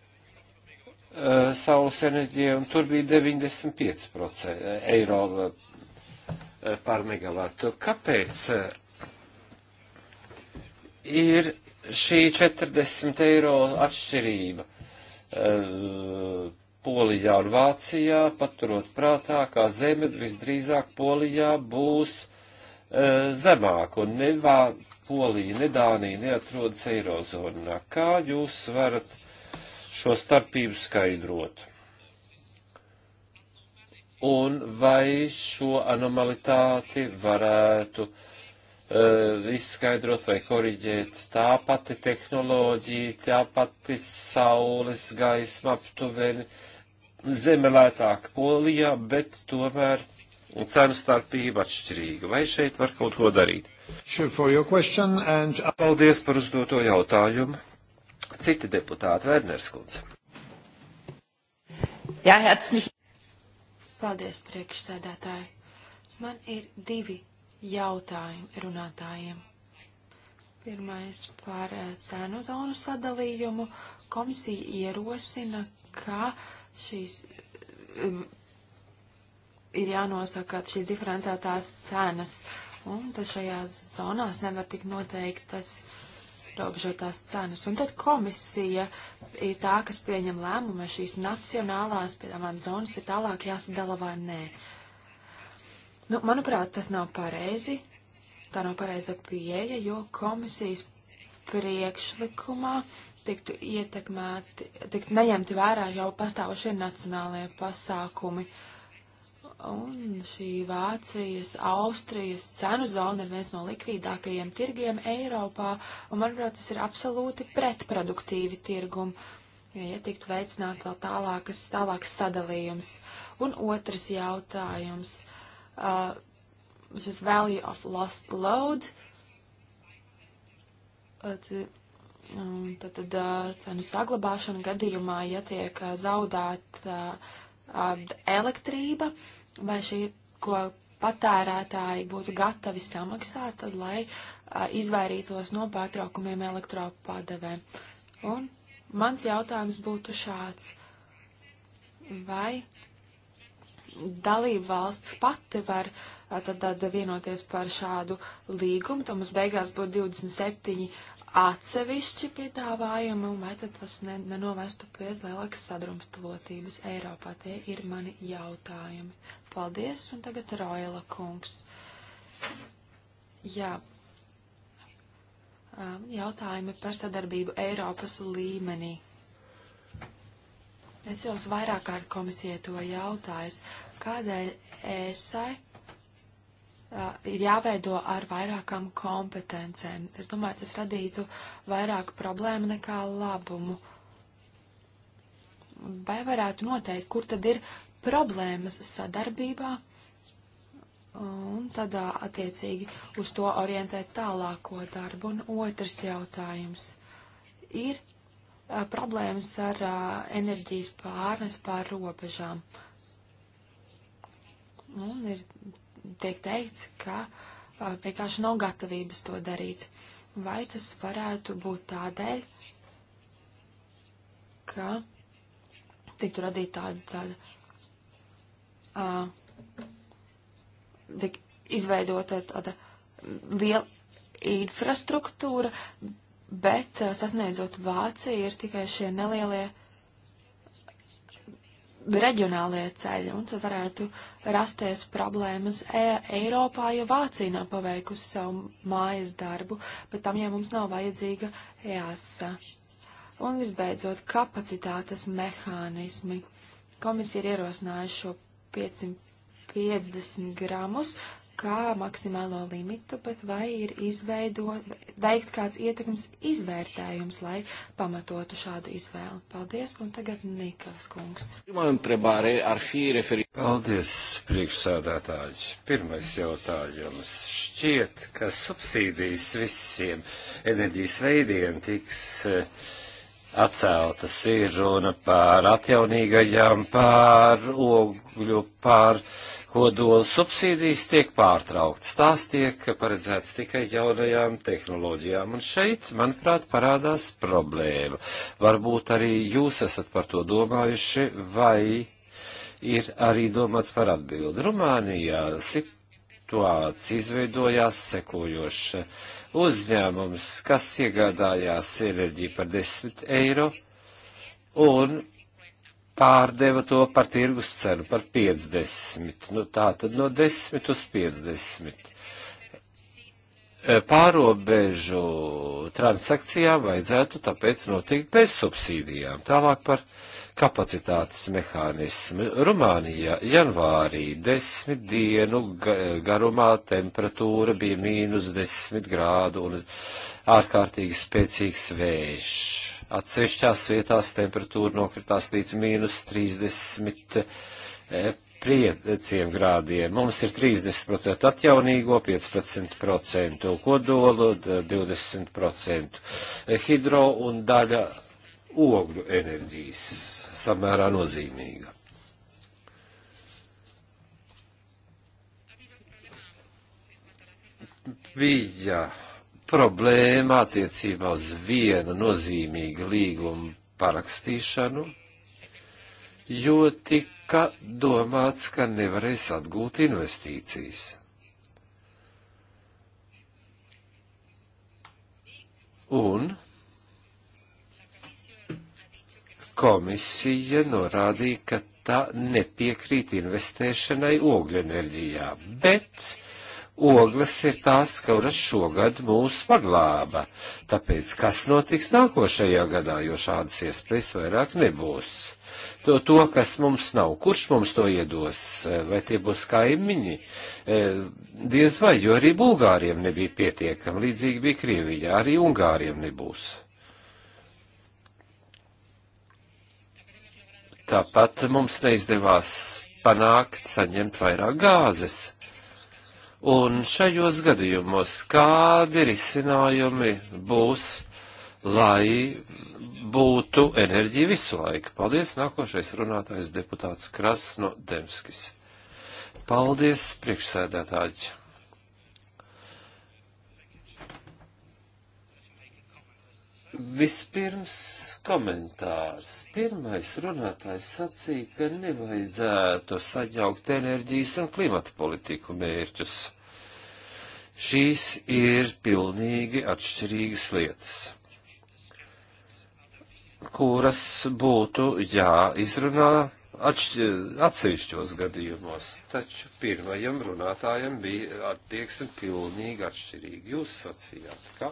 uh, saules enerģija, un tur bija 95% e, eiro uh, par megavatu. Kāpēc uh, ir šī 40 eiro atšķirība? Uh, Polijā un Vācijā, paturot prātā, kā zeme visdrīzāk Polijā būs e, zemāk, un ne Vā, Polija, ne Dānija neatrodas Eirozonā. Kā jūs varat šo starpību skaidrot? un vai šo anomalitāti varētu uh, izskaidrot vai koriģēt tā pati tehnoloģija, tā pati saules gaisma aptuveni, zeme lētāka Polijā, bet tomēr cenu starpība atšķirīga. Vai šeit var kaut ko darīt? And... Paldies par uzdoto jautājumu. Citi deputāti, Vērners kundze. Jā, herzlich. Paldies, priekšsēdētāji. Man ir divi jautājumi runātājiem. Pirmais par eh, cenu zonu sadalījumu. Komisija ierosina, ka uh, šīs um, ir jānosaka šīs diferencētās cenas, un tad šajās zonās nevar tik noteiktas robežotās cenas. Un tad komisija ir tā, kas pieņem lēmumu, vai šīs nacionālās, piemēram, zonas ir tālāk jāsadala vai nē. Nu, manuprāt, tas nav pareizi. Tā nav pareiza pieeja, jo komisijas priekšlikumā tiktu ietekmēti, tiktu neņemti vērā jau pastāvošie nacionālajie pasākumi. Un šī Vācijas, Austrijas cenu zona ir viens no likvīdākajiem tirgiem Eiropā, un manuprāt, tas ir absolūti pretproduktīvi tirgumu, ja tiktu veicināt vēl tālākas, tālāks sadalījums. Un otrs jautājums, uh, šis value of lost load, uh, Tad, tad cenu saglabāšana gadījumā, ja tiek zaudēta elektrība, vai šī, ko patērētāji būtu gatavi samaksāt, tad, lai a, izvairītos no pārtraukumiem elektropādevē. Un mans jautājums būtu šāds. Vai dalība valsts pati var a, tad, tad vienoties par šādu līgumu, tad mums beigās būtu 27 atsevišķi piedāvājumu, vai tad tas ne, nenovestu pie lielākas sadrumstalotības Eiropā. Tie ir mani jautājumi. Paldies, un tagad Roila kungs. Jā. Jautājumi par sadarbību Eiropas līmenī. Es jau vairāk kārt komisijai to jautājis, kādēļ ESAI Uh, ir jāveido ar vairākām kompetencēm. Es domāju, tas radītu vairāk problēmu nekā labumu. Vai varētu noteikt, kur tad ir problēmas sadarbībā, un tad uh, attiecīgi uz to orientēt tālāko darbu. Un otrs jautājums ir a, uh, problēmas ar a, enerģijas pārnes pār robežām. Un ir tiek teikts, ka vienkārši nav gatavības to darīt. Vai tas varētu būt tādēļ, ka tiktu radīta tāda, tāda uh, tik izveidota tāda liela infrastruktūra, bet uh, sasniedzot Vāciju ir tikai šie nelielie uh, reģionālie ceļi, un tad varētu rasties problēmas e Eiropā, ja Vācija nav paveikusi savu mājas darbu, bet tam jau mums nav vajadzīga jāsa. E un visbeidzot, kapacitātes mehānismi. Komisija ir ierosinājusi šo 550 gramus, kā maksimālo limitu, bet vai ir izveidot, veikts kāds ietekmes izvērtējums, lai pamatotu šādu izvēli. Paldies, un tagad Nikas kungs. Paldies, priekšsādātāji. Pirmais jautājums. Šķiet, ka subsīdijas visiem enerģijas veidiem tiks eh, atceltas ir runa par atjaunīgajām, par ogļu, par kodola subsīdijas tiek pārtrauktas. Tās tiek paredzētas tikai jaunajām tehnoloģijām. Un šeit, manuprāt, parādās problēma. Varbūt arī jūs esat par to domājuši, vai ir arī domāts par atbildi. Rumānijā situācija izveidojās sekojoša. Uzņēmums, kas iegādājās enerģiju par 10 eiro, un pārdeva to par tirgus cenu, par 50. Nu, tā tad no 10 uz 50. E, pārobežu transakcijām vajadzētu tāpēc notikt bez subsīdijām. Tālāk par kapacitātes mehānismu. Rumānijā janvārī desmit dienu garumā temperatūra bija mīnus desmit grādu un ārkārtīgi spēcīgs vējš Atsevišķās vietās temperatūra nokritās līdz mīnus 35 e, grādiem. Mums ir 30% atjaunīgo, 15% kodolu, 20% hidro un daļa ogļu enerģijas samērā nozīmīga. bija problēma attiecībā uz vienu nozīmīgu līgumu parakstīšanu, jo tika domāts, ka nevarēs atgūt investīcijas. Un komisija norādīja, ka tā nepiekrīt investēšanai ogļenerģijā, bet ogles ir tās, kuras šogad mūs paglāba. Tāpēc, kas notiks nākošajā gadā, jo šādas iespējas vairāk nebūs? To, to, kas mums nav, kurš mums to iedos, vai tie būs kaimiņi, e, diez vai, jo arī Bulgāriem nebija pietiekami, līdzīgi bija Krievijā, arī Ungāriem nebūs. Tāpat mums neizdevās panākt, saņemt vairāk gāzes Un šajos gadījumos kādi risinājumi būs, lai būtu enerģija visu laiku? Paldies, nākošais runātājs deputāts Krasno Demskis. Paldies, priekšsēdētāji. Vispirms komentārs. Pirmais runātājs sacīja, ka nevajadzētu sajaukt enerģijas un klimata politiku mērķus Šīs ir pilnīgi atšķirīgas lietas kuras būtu jāizrunā atsevišķos gadījumos, taču pirmajam runātājam bija attieksme pilnīgi atšķirīga. Jūs sacījāt, ka.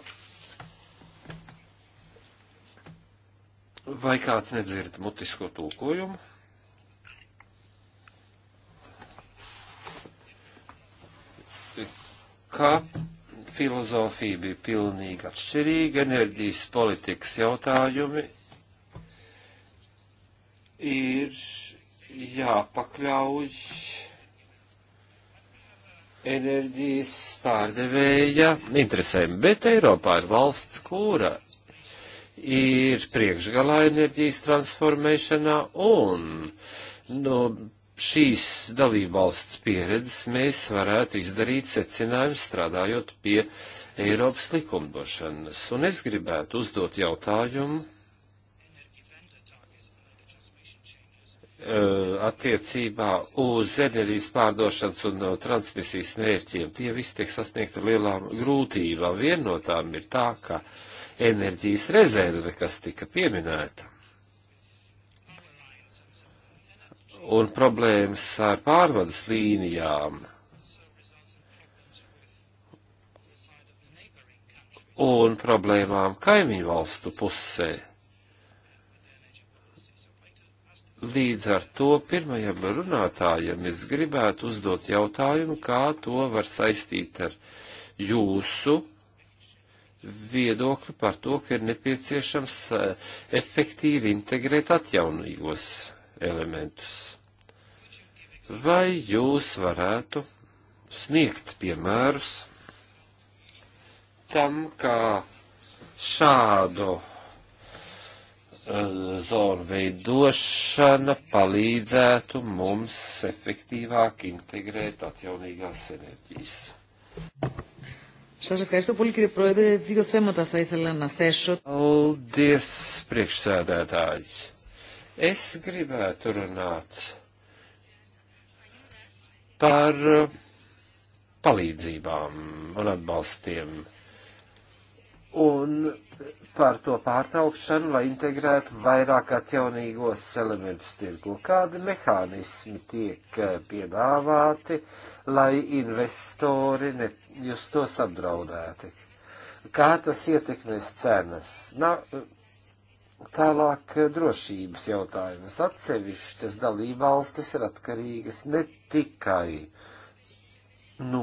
Vai kāds nedzird mutisko tulkojumu? ka filozofija bija pilnīgi atšķirīga, enerģijas politikas jautājumi ir jāpakļauj enerģijas pārdevēja interesēm, bet Eiropā ir valsts, kura ir priekšgalā enerģijas transformēšanā un no nu, šīs dalībvalsts pieredzes mēs varētu izdarīt secinājumu strādājot pie Eiropas likumdošanas. Un es gribētu uzdot jautājumu eh, attiecībā uz enerģijas pārdošanas un eh, transmisijas mērķiem. Tie visi tiek sasniegti ar lielām grūtībām. Viena no tām ir tā, ka enerģijas rezerve, kas tika pieminēta, un problēmas ar pārvades līnijām. Un problēmām kaimiņu valstu pusē. Līdz ar to pirmajam runātājam es gribētu uzdot jautājumu, kā to var saistīt ar jūsu viedokli par to, ka ir nepieciešams eh, efektīvi integrēt atjaunīgos elementus. Vai jūs varētu sniegt piemērus tam, kā šādu uh, zonu veidošana palīdzētu mums efektīvāk integrēt atjaunīgās enerģijas. Σας ευχαριστώ πολύ κύριε Πρόεδρε. Δύο θέματα θα ήθελα να θέσω. Paldies, priekšsēdētāji. Es gribētu runāt par eh, palīdzībām un atbalstiem un par to pārtraukšanu, lai integrētu vairāk atjaunīgos elementus tirgu. Kādi mehānismi tiek eh, piedāvāti, lai investori ne, jūs tos apdraudēti? Kā tas ietekmēs cenas? Nav, Tālāk eh, drošības jautājums. Atsevišķas dalībvalstis ir atkarīgas ne tikai no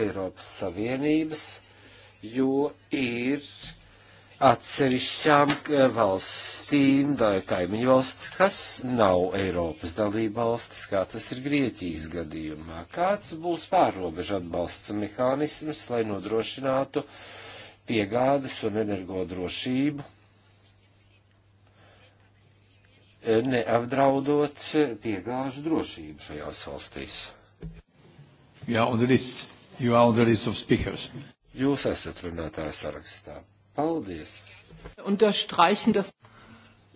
Eiropas Savienības, jo ir atsevišķām eh, valstīm, kaimiņu valsts, kas nav Eiropas dalībvalstis, kā tas ir Grieķijas gadījumā. Kāds būs pārrobežu atbalsts mehānisms, lai nodrošinātu piegādes un energodrošību neapdraudot piegāžu drošību šajās valstīs. Jūs esat runātājs sarakstā. Paldies!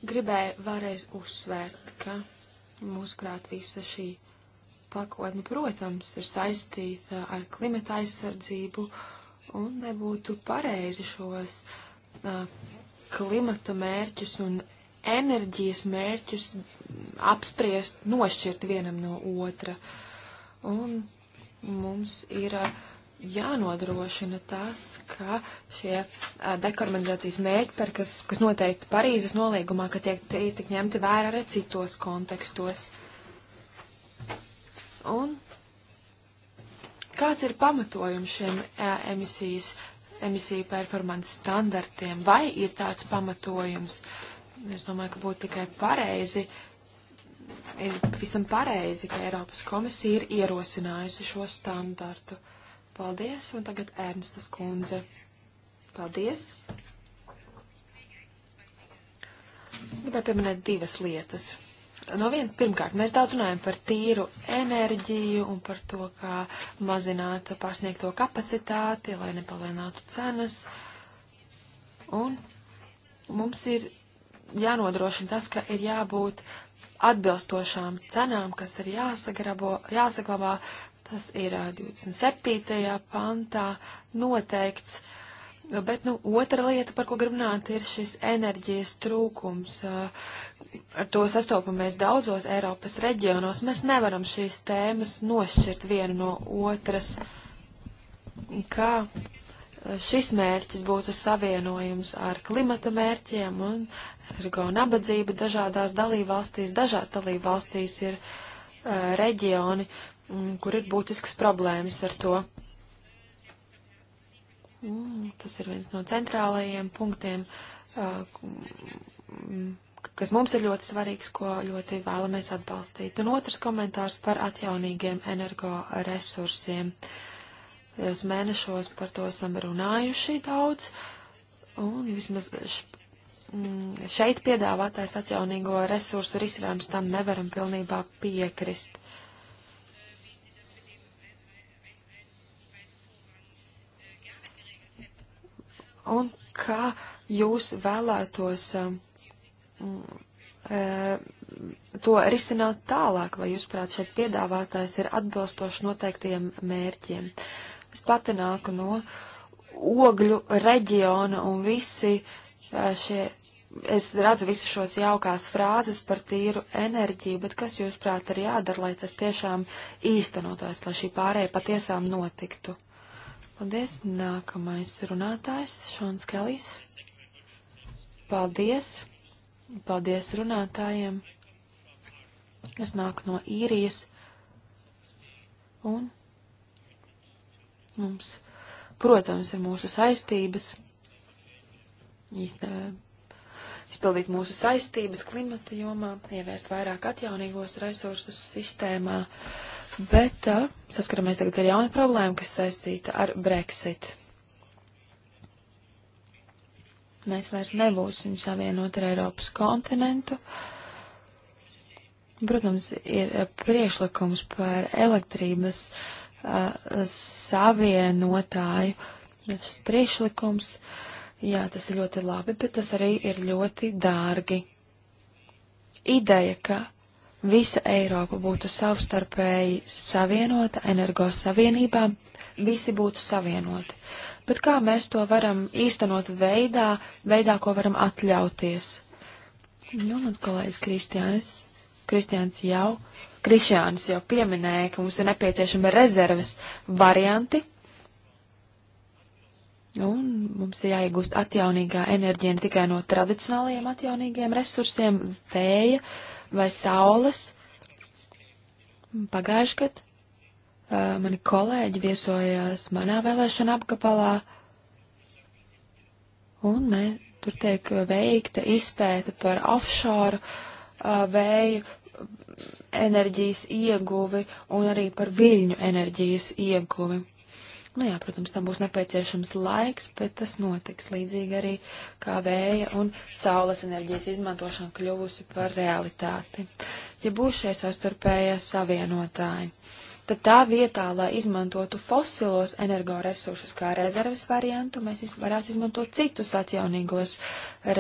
Gribēju vēlreiz uzsvērt, ka mūsuprāt visa šī pakotne, protams, ir saistīta ar klimata aizsardzību un nebūtu pareizi šos uh, klimata mērķus un enerģijas mērķus apspriest, nošķirt vienam no otra. Un mums ir jānodrošina tas, ka šie dekarbonizācijas mērķi, par kas, kas noteikti Parīzes nolīgumā, ka tiek, tiek ņemti vērā arī citos kontekstos. Un kāds ir pamatojums šiem emisijas, emisiju performances standartiem? Vai ir tāds pamatojums? Uh, Es domāju, ka būtu tikai pareizi, ir visam pareizi, ka Eiropas komisija ir ierosinājusi šo standartu. Paldies, un tagad Ernstas kundze. Paldies. Gribēju pieminēt divas lietas. No viena, pirmkārt, mēs daudz runājam par tīru enerģiju un par to, kā mazināt pasniegto kapacitāti, lai nepalielinātu cenas. Un mums ir jānodrošina tas, ka ir jābūt atbilstošām cenām, kas ir jāsagrabo, jāsaglabā. Tas ir 27. pantā noteikts. Bet nu, otra lieta, par ko grib runāt, ir šis enerģijas trūkums. Ar to sastopamies daudzos Eiropas reģionos. Mēs nevaram šīs tēmas nošķirt vienu no otras. Kā šis mērķis būtu savienojums ar klimata mērķiem un ergo nabadzību dažādās dalībvalstīs. Dažās dalībvalstīs ir uh, reģioni, um, kur ir būtisks problēmas ar to. Mm, tas ir viens no centrālajiem punktiem, uh, kas mums ir ļoti svarīgs, ko ļoti vēlamies atbalstīt. Un otrs komentārs par atjaunīgiem energoresursiem. Uh, Pēdējos mēnešos par to esam runājuši daudz, un vismaz mm, šeit piedāvātais atjaunīgo resursu risinājums tam nevaram pilnībā piekrist. Un kā jūs vēlētos um, mm, e, to risināt tālāk, vai jūs prāt šeit piedāvātājs ir atbilstoši noteiktajiem mērķiem? Uh, Es pati nāku no ogļu reģiona un visi šie, es redzu visus šos jaukās frāzes par tīru enerģiju, bet kas jūs prāt ir jādara, lai tas tiešām īstenotos, lai šī pārēja patiesām notiktu? Paldies, nākamais runātājs, Šons Kelijs. Paldies, paldies runātājiem. Es nāku no īrijas un Mums, protams, ir mūsu saistības, īstenībā izpildīt mūsu saistības klimata jomā, ievērst vairāk atjaunīgos resursus sistēmā, bet uh, saskaramies tagad ar jaunu problēmu, kas saistīta ar Brexit. Mēs vairs nebūsim savienoti ar Eiropas kontinentu. Protams, ir priešlikums par elektrības uh, savienotāju šis priekšlikums. Jā, tas ir ļoti labi, bet tas arī ir ļoti dārgi. Ideja, ka visa Eiropa būtu savstarpēji savienota energosavienībā, visi būtu savienoti. Bet kā mēs to varam īstenot veidā, veidā, ko varam atļauties? Nu, mans kolēģis Kristiānis, Kristiāns jau uh, Krišāns jau pieminēja, ka mums ir nepieciešama rezerves varianti, un mums ir jāiegūst atjaunīgā enerģija ne tikai no tradicionālajiem atjaunīgiem resursiem, vēja vai saules. Pagājuši gadu uh, mani kolēģi viesojās manā vēlēšana apgabalā, un mēs tur tiek veikta izpēta par offshore uh, vēju enerģijas ieguvi un arī par viļņu enerģijas ieguvi. Nu jā, protams, tam būs nepieciešams laiks, bet tas notiks līdzīgi arī kā vēja un saules enerģijas izmantošana kļuvusi par realitāti. Ja būs šie sastarpējie savienotāji, tad tā vietā, lai izmantotu fosilos energoresursus kā rezerves variantu, mēs varētu izmantot citus atjaunīgos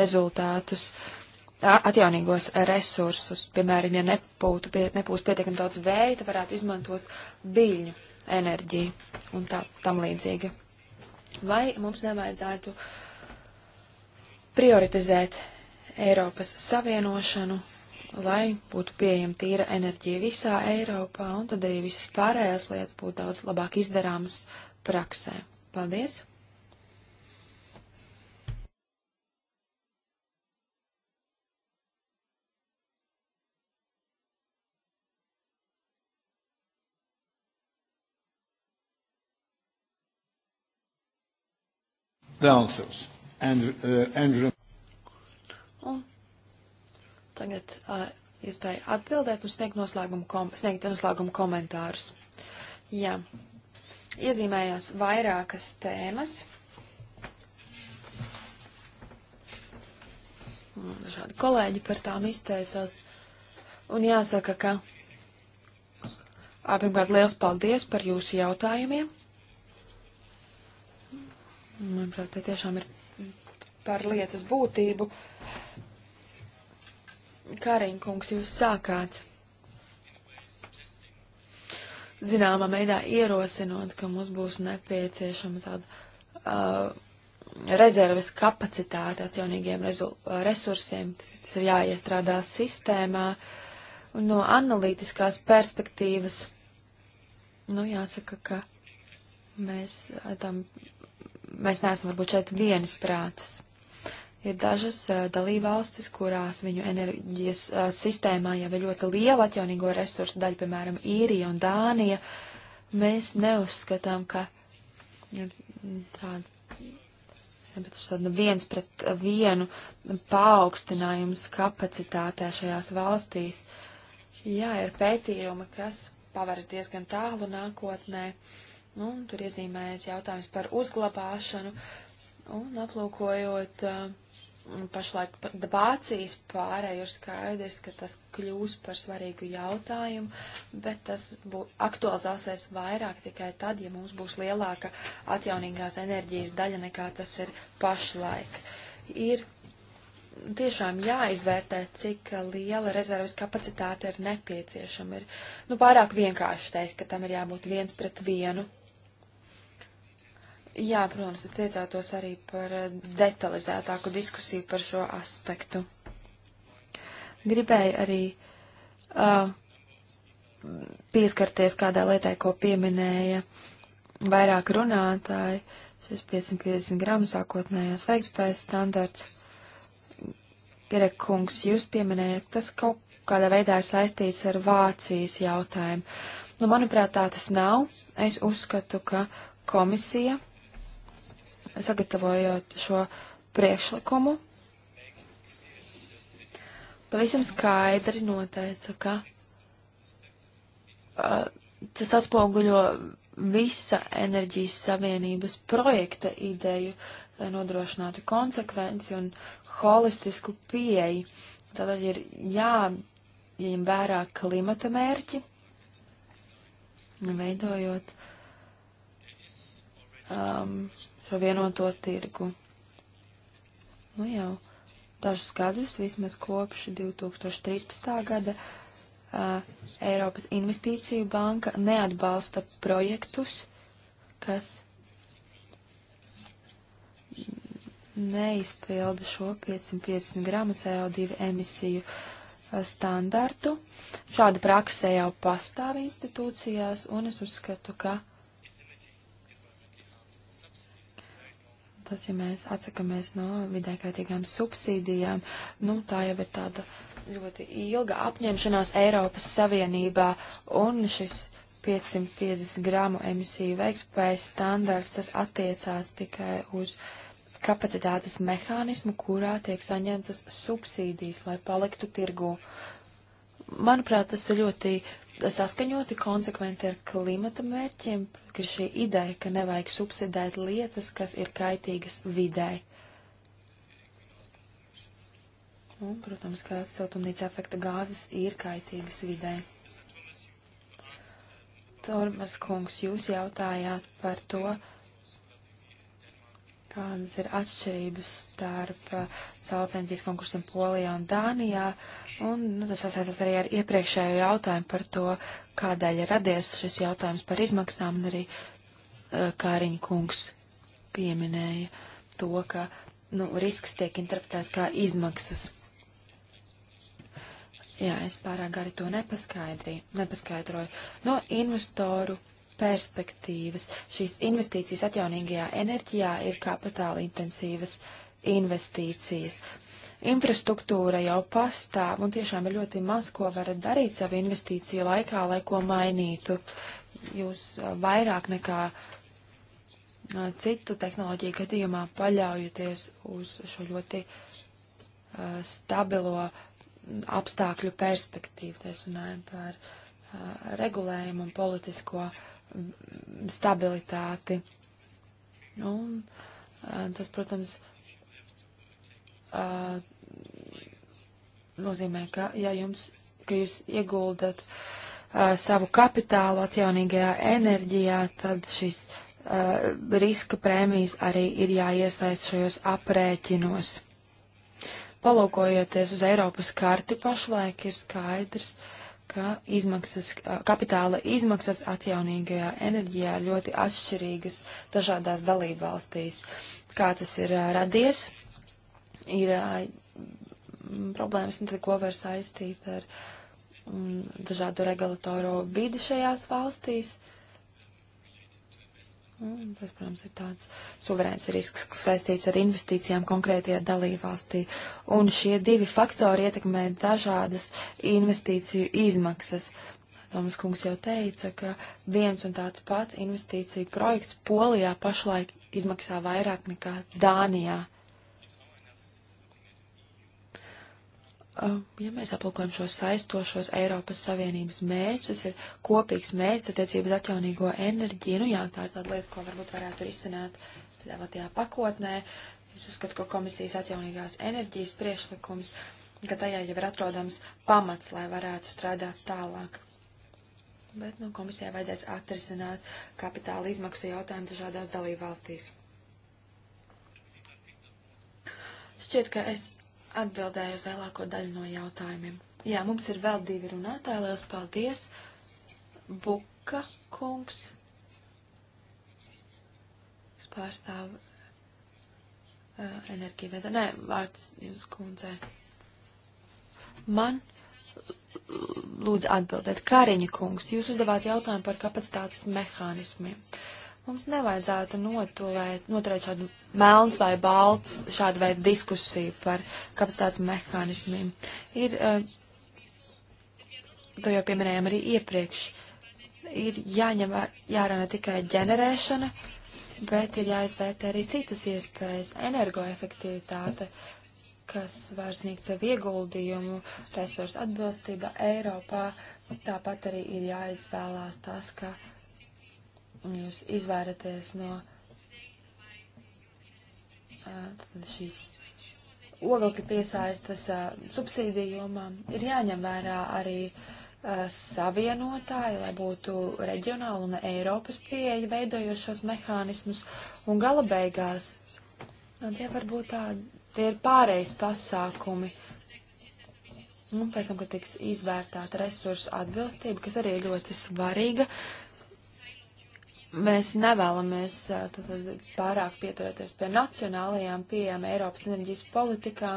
rezultātus. Uh, atjaunīgos resursus. Piemēram, ja nebūtu, pie, nebūs pietiekami daudz vēja, tad varētu izmantot viļņu enerģiju un tā tam līdzīgi. Vai mums nevajadzētu prioritizēt Eiropas savienošanu, lai būtu pieejama tīra enerģija visā Eiropā, un tad arī visas pārējās lietas būtu daudz labāk izdarāmas praksē. Paldies! the answers and, uh, and un tagad uh, iespēja atbildēt un sniegt noslēgumu, kom sniegt noslēgumu komentārus. Jā, iezīmējās vairākas tēmas. Dažādi kolēģi par tām izteicās. Un jāsaka, ka pirmkārt liels paldies par jūsu jautājumiem. Manuprāt, te tiešām ir par lietas būtību. Kariņkungs, jūs sākāt zināmā veidā ierosinot, ka mums būs nepieciešama tāda uh, rezerves kapacitāte atjaunīgiem resursiem. Tas ir jāiestrādā sistēmā. Un no analītiskās perspektīvas, nu jāsaka, ka mēs tam mēs neesam varbūt šeit vienas prātas. Ir dažas uh, dalībvalstis, kurās viņu enerģijas uh, sistēmā jau ir ļoti liela atjaunīgo resursu daļa, piemēram, Īrija un Dānija. Mēs neuzskatām, ka tāda, tāda nu viens pret vienu paaugstinājums kapacitātē šajās valstīs. Jā, ir pētījumi, kas pavaras diezgan tālu nākotnē. Uh, Nu, tur iezīmējas jautājums par uzglabāšanu un aplūkojot uh, pašlaik Vācijas pārēju ir skaidrs, ka tas kļūs par svarīgu jautājumu, bet tas bū, aktualizāsies vairāk tikai tad, ja mums būs lielāka atjaunīgās enerģijas daļa nekā tas ir pašlaik. Ir tiešām jāizvērtē, cik liela rezerves kapacitāte ir nepieciešama. Ir nu, pārāk vienkārši teikt, ka tam ir jābūt viens pret vienu Jā, protams, priecātos arī par eh, detalizētāku diskusiju par šo aspektu. Gribēju arī uh, pieskarties kādā lietai, ko pieminēja vairāk runātāji. Šis 550 gramu sākotnējās veikspējas standarts. Gerekungs, jūs pieminējat, tas kaut kādā veidā ir saistīts ar Vācijas jautājumu. Nu, manuprāt, tā tas nav. Es uzskatu, ka komisija sagatavojot šo priekšlikumu, pavisam skaidri noteica, ka uh, tas atspoguļo visa enerģijas savienības projekta ideju, lai nodrošinātu konsekvenci un holistisku pieeju. Tādēļ ir jāņem vērā klimata mērķi, veidojot um, šo vienoto tirgu. Nu jau dažus gadus, vismaz kopš 2013. gada, Uh, Eiropas Investīciju banka neatbalsta projektus, kas neizpilda šo 550 gramu CO2 emisiju uh, standartu. Šāda prakse jau pastāv institūcijās, un es uzskatu, ka Tas, ja mēs atsakamies no vidē kaitīgām subsīdijām, nu, tā jau ir tāda ļoti ilga apņemšanās Eiropas Savienībā, un šis 550 gramu emisiju veikspējas standarts, tas attiecās tikai uz kapacitātes mehānismu, kurā tiek saņemtas subsīdijas, lai paliktu tirgu. Manuprāt, tas ir ļoti saskaņoti konsekventi ar klimata mērķiem, ka šī ideja, ka nevajag subsidēt lietas, kas ir kaitīgas videi. Un, protams, ka siltumnīca efekta gāzes ir kaitīgas videi. Tormas kungs, jūs jautājāt par to, uh, kādas ir atšķirības starp uh, saucentīs konkursiem Polijā un Dānijā, un nu, tas sasaistās arī ar iepriekšējo jautājumu par to, kādēļ ir radies šis jautājums par izmaksām, un arī uh, Kāriņa kungs pieminēja to, ka nu, risks tiek interpretēts kā izmaksas. Jā, es pārāk gari to nepaskaidrīju, nepaskaidroju. No investoru perspektīvas. Šīs investīcijas atjaunīgajā enerģijā ir kapitāla intensīvas investīcijas. Infrastruktūra jau pastāv un tiešām ir ļoti maz, ko varat darīt savu investīciju laikā, lai ko mainītu. Jūs uh, vairāk nekā uh, citu tehnoloģiju gadījumā paļaujoties uz šo ļoti uh, stabilo apstākļu perspektīvu. Mēs runājam par uh, regulējumu un politisko stabilitāti. Un nu, eh, tas, protams, eh, nozīmē, ka ja jums, ka jūs ieguldat eh, savu kapitālu atjaunīgajā enerģijā, tad šīs riska prēmijas arī ir jāiesaist šajos aprēķinos. Palūkojoties uz Eiropas karti pašlaik ir skaidrs, uh, ka izmaksas, kapitāla izmaksas atjaunīgajā enerģijā ļoti atšķirīgas dažādās dalību valstīs. Kā tas ir radies, ir problēmas ne tad, ko var saistīt ar dažādu regulatoru vidi šajās valstīs, Tas, protams, ir tāds suverēns risks, kas saistīts ar investīcijām konkrētajā dalībvalstī. Un šie divi faktori ietekmē dažādas investīciju izmaksas. Tomas Kungs jau teica, ka viens un tāds pats investīciju projekts Polijā pašlaik izmaksā vairāk nekā Dānijā. Uh, Um, ja mēs aplūkojam šos saistošos Eiropas Savienības mērķus, tas ir kopīgs mērķis attiecības atjaunīgo enerģiju. Nu jā, tā ir tāda lieta, ko varbūt varētu risināt piedāvātajā pakotnē. Es uzskatu, ka komisijas atjaunīgās enerģijas priešlikums, ka tajā jau ir atrodams pamats, lai varētu strādāt tālāk. Bet nu, komisijai vajadzēs atrisināt kapitāla izmaksu jautājumu dažādās dalībvalstīs. Šķiet, ka es atbildēju uz lielāko daļu no jautājumiem. Jā, mums ir vēl divi runātāji. Lielas paldies! Buka kungs. Es pārstāvu uh, eh, enerģiju veda. Nē, vārds jums kundzē. Man lūdzu atbildēt. Kāriņa kungs, jūs uzdevāt jautājumu par kapacitātes mehānismiem. Uh, Mums nevajadzētu notulēt, noturēt šādu melns vai balts, šādu veidu diskusiju par kapacitātes mehānismiem. Ir, eh, to jau pieminējām arī iepriekš, ir jāņem, jārā ne tikai ģenerēšana, bet ir jāizvērtē arī citas iespējas, energoefektivitāte, kas var sniegt sev ieguldījumu, resursu atbilstība Eiropā. Tāpat arī ir jāizvēlās tas, ka un jūs izvairāties no uh, šīs oglekļa piesaistas uh, subsīdijumam, ir jāņem vērā arī uh, savienotāji, lai būtu reģionāla un Eiropas pieeja veidojošos mehānismus, un gala beigās tie var būt tādi, tie ir pārējais pasākumi. Un pēc tam, kad tiks izvērtāta resursu atbilstība, kas arī ir ļoti svarīga, uh, Mēs nevēlamies tātad, pārāk pieturēties pie nacionālajām pieejām Eiropas enerģijas politikā,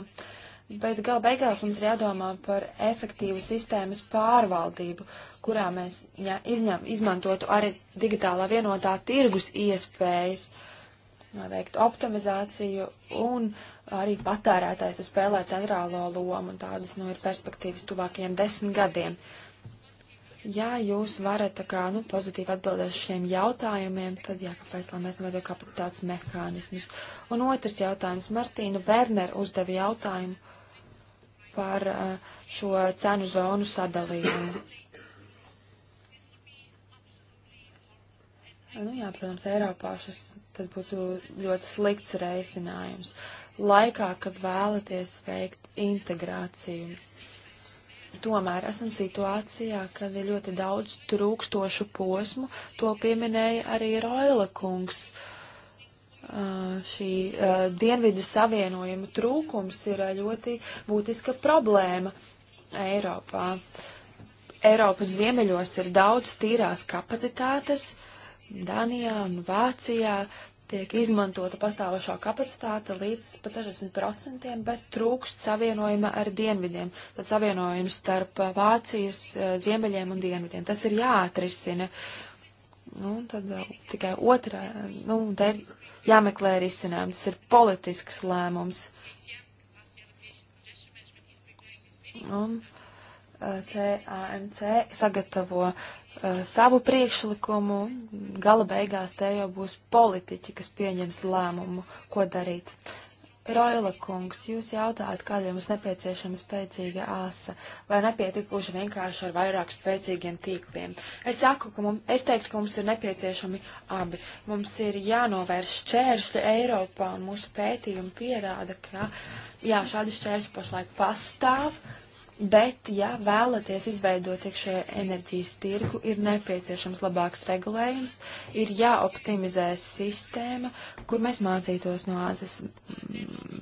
bet gala beigās mums ir jādomā par efektīvu sistēmas pārvaldību, kurā mēs ja, izņem, izmantotu arī digitālā vienotā tirgus iespējas, veiktu optimizāciju un arī patērētājs spēlē centrālo lomu, un tādas nu, ir perspektīvas tuvākajiem desmit gadiem. Uh, Ja jūs varat tā kā, nu, pozitīvi atbildēt šiem jautājumiem, tad jā, kāpēc, lai mēs neveidojam kapacitātes mehānismus. Un otrs jautājums. Martīna Werner uzdeva jautājumu par eh, šo cenu zonu sadalījumu. Nu jā, protams, Eiropā šis tad būtu ļoti slikts reisinājums. Laikā, kad vēlaties veikt integrāciju tomēr esam situācijā, kad ir ļoti daudz trūkstošu posmu. To pieminēja arī Roila kungs. Uh, šī uh, dienvidu savienojuma trūkums ir uh, ļoti būtiska problēma Eiropā. Eiropas ziemeļos ir daudz tīrās kapacitātes, Danijā un Vācijā tiek izmantota pastāvošā kapacitāte līdz pat 60%, bet trūkst savienojuma ar dienvidiem. Tad savienojums starp eh, Vācijas eh, ziemeļiem un dienvidiem. Tas ir jāatrisina. Nu, tad eh, tikai otrā, nu, te ir jāmeklē risinājums. Tas ir politisks lēmums. Un CAMC sagatavo uh, Uh, savu priekšlikumu, gala beigās te jau būs politiķi, kas pieņems lēmumu, ko darīt. Roila kungs, jūs jautājat, kādēļ mums nepieciešama spēcīga asa, vai nepietikuši vienkārši ar vairāk spēcīgiem tīkliem. Es saku, ka mums, es teiktu, ka mums ir nepieciešami abi. Mums ir jānovērš šķēršļi Eiropā, un mūsu pētījumi pierāda, ka, jā, šādi šķēršļi pašlaik pastāv, uh, Bet, ja vēlaties izveidot iekšējo enerģijas tirgu, ir nepieciešams labāks regulējums, ir jāoptimizē sistēma, kur mēs mācītos no ASES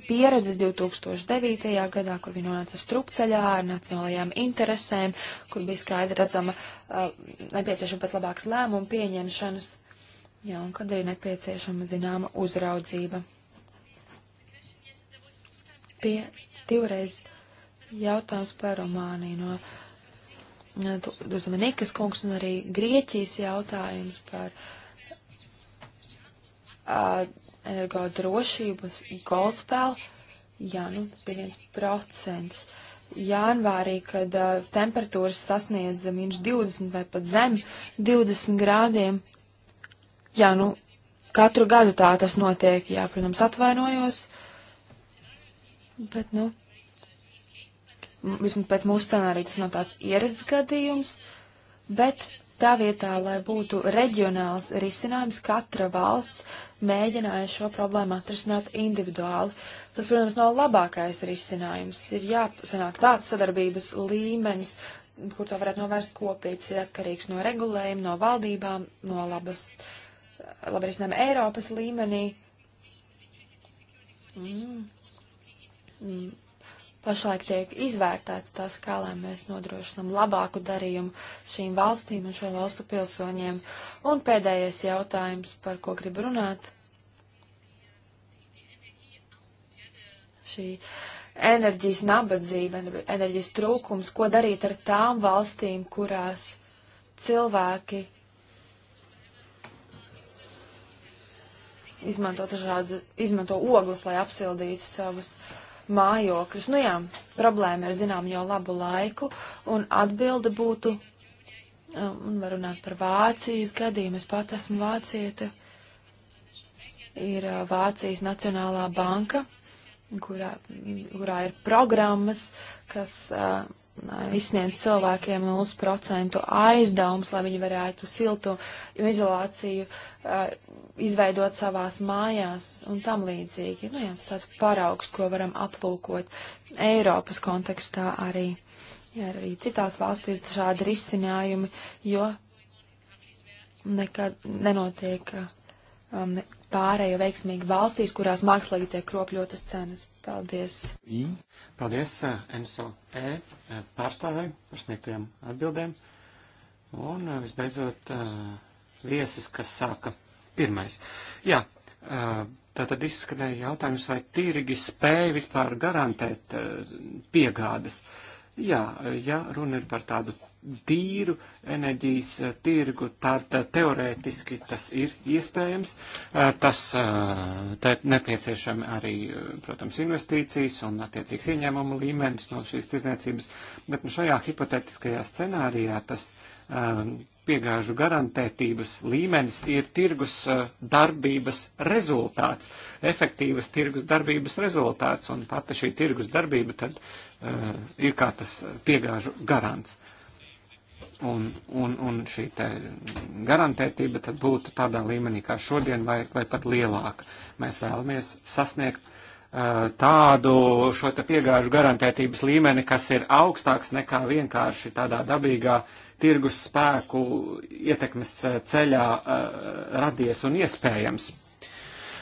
pieredzes 2009. gadā, kur viņi nonāca strupceļā ar nacionālajām interesēm, kur bija skaidri redzama uh, nepieciešama pēc labākas lēmumu pieņemšanas, jā, un kad arī nepieciešama zināma uzraudzība. Pie divreiz jautājums par Rumāniju no, no, no Dominikas kungs un arī Grieķijas jautājums par uh, energo drošību goldspēlu. Jā, nu, bija viens procents. Janvārī, kad uh, temperatūras sasniedz minus 20 vai pat zem 20 grādiem. Jā, nu, katru gadu tā tas notiek, jā, protams, atvainojos. Bet, nu, vismaz pēc mūsu scenārija tas nav tāds ierasts gadījums, bet tā vietā, lai būtu reģionāls risinājums, katra valsts mēģināja šo problēmu atrisināt individuāli. Tas, protams, nav labākais risinājums. Ir jāpanāk tāds sadarbības līmenis, kur to varētu novērst kopīgs, ir atkarīgs no regulējuma, no valdībām, no labas, labi risinājuma Eiropas līmenī. Mm. Mm pašlaik tiek izvērtēts tās, kā lai mēs nodrošinām labāku darījumu šīm valstīm un šo valstu pilsoņiem. Un pēdējais jautājums, par ko gribu runāt. Šī enerģijas nabadzība, enerģijas trūkums, ko darīt ar tām valstīm, kurās cilvēki izmanto dažādu, izmanto ogles, lai apsildītu savus uh, mājokļus. Nu jā, problēma ir zinām jau labu laiku, un atbilde būtu, um, un var runāt par Vācijas gadījumu, es pat esmu vācieta, ir uh, Vācijas Nacionālā banka, kurā, kurā ir programmas, kas uh, izsniedz cilvēkiem 0% aizdevums, lai viņi varētu siltu izolāciju uh, izveidot savās mājās un tam līdzīgi. Nu, jā, tas tāds paraugs, ko varam aplūkot Eiropas kontekstā arī. Jā, arī citās valstīs dažādi risinājumi, jo nekad nenotiek um, ne, pārēju veiksmīgi valstīs, kurās mākslīgi tiek kropļotas cenas. Paldies! I. Paldies eh, NSOE eh, pārstāvēju par sniegtajām atbildēm. Un eh, visbeidzot viesis, kas sāka pirmais. Jā, tātad izskanēja jautājums, vai tirgi spēja vispār garantēt piegādes. Jā, ja runa ir par tādu tīru enerģijas eh, tirgu. Tātad eh, teorētiski tas ir iespējams. Eh, tas nepieciešami arī, protams, investīcijas un attiecīgs ieņēmumu līmenis no šīs tirzniecības. Bet nu, šajā hipotetiskajā scenārijā tas piegāžu garantētības līmenis ir tirgus darbības rezultāts, efektīvas tirgus darbības rezultāts, un pati šī tirgus darbība tad uh, ir kā tas piegāžu garants. Uh, un, un, un šī garantētība tad būtu tādā līmenī kā šodien vai, vai pat lielāka. Mēs vēlamies sasniegt uh, tādu šo te piegāžu garantētības līmeni, kas ir augstāks nekā vienkārši tādā dabīgā tirgus spēku ietekmes ceļā uh, radies un iespējams.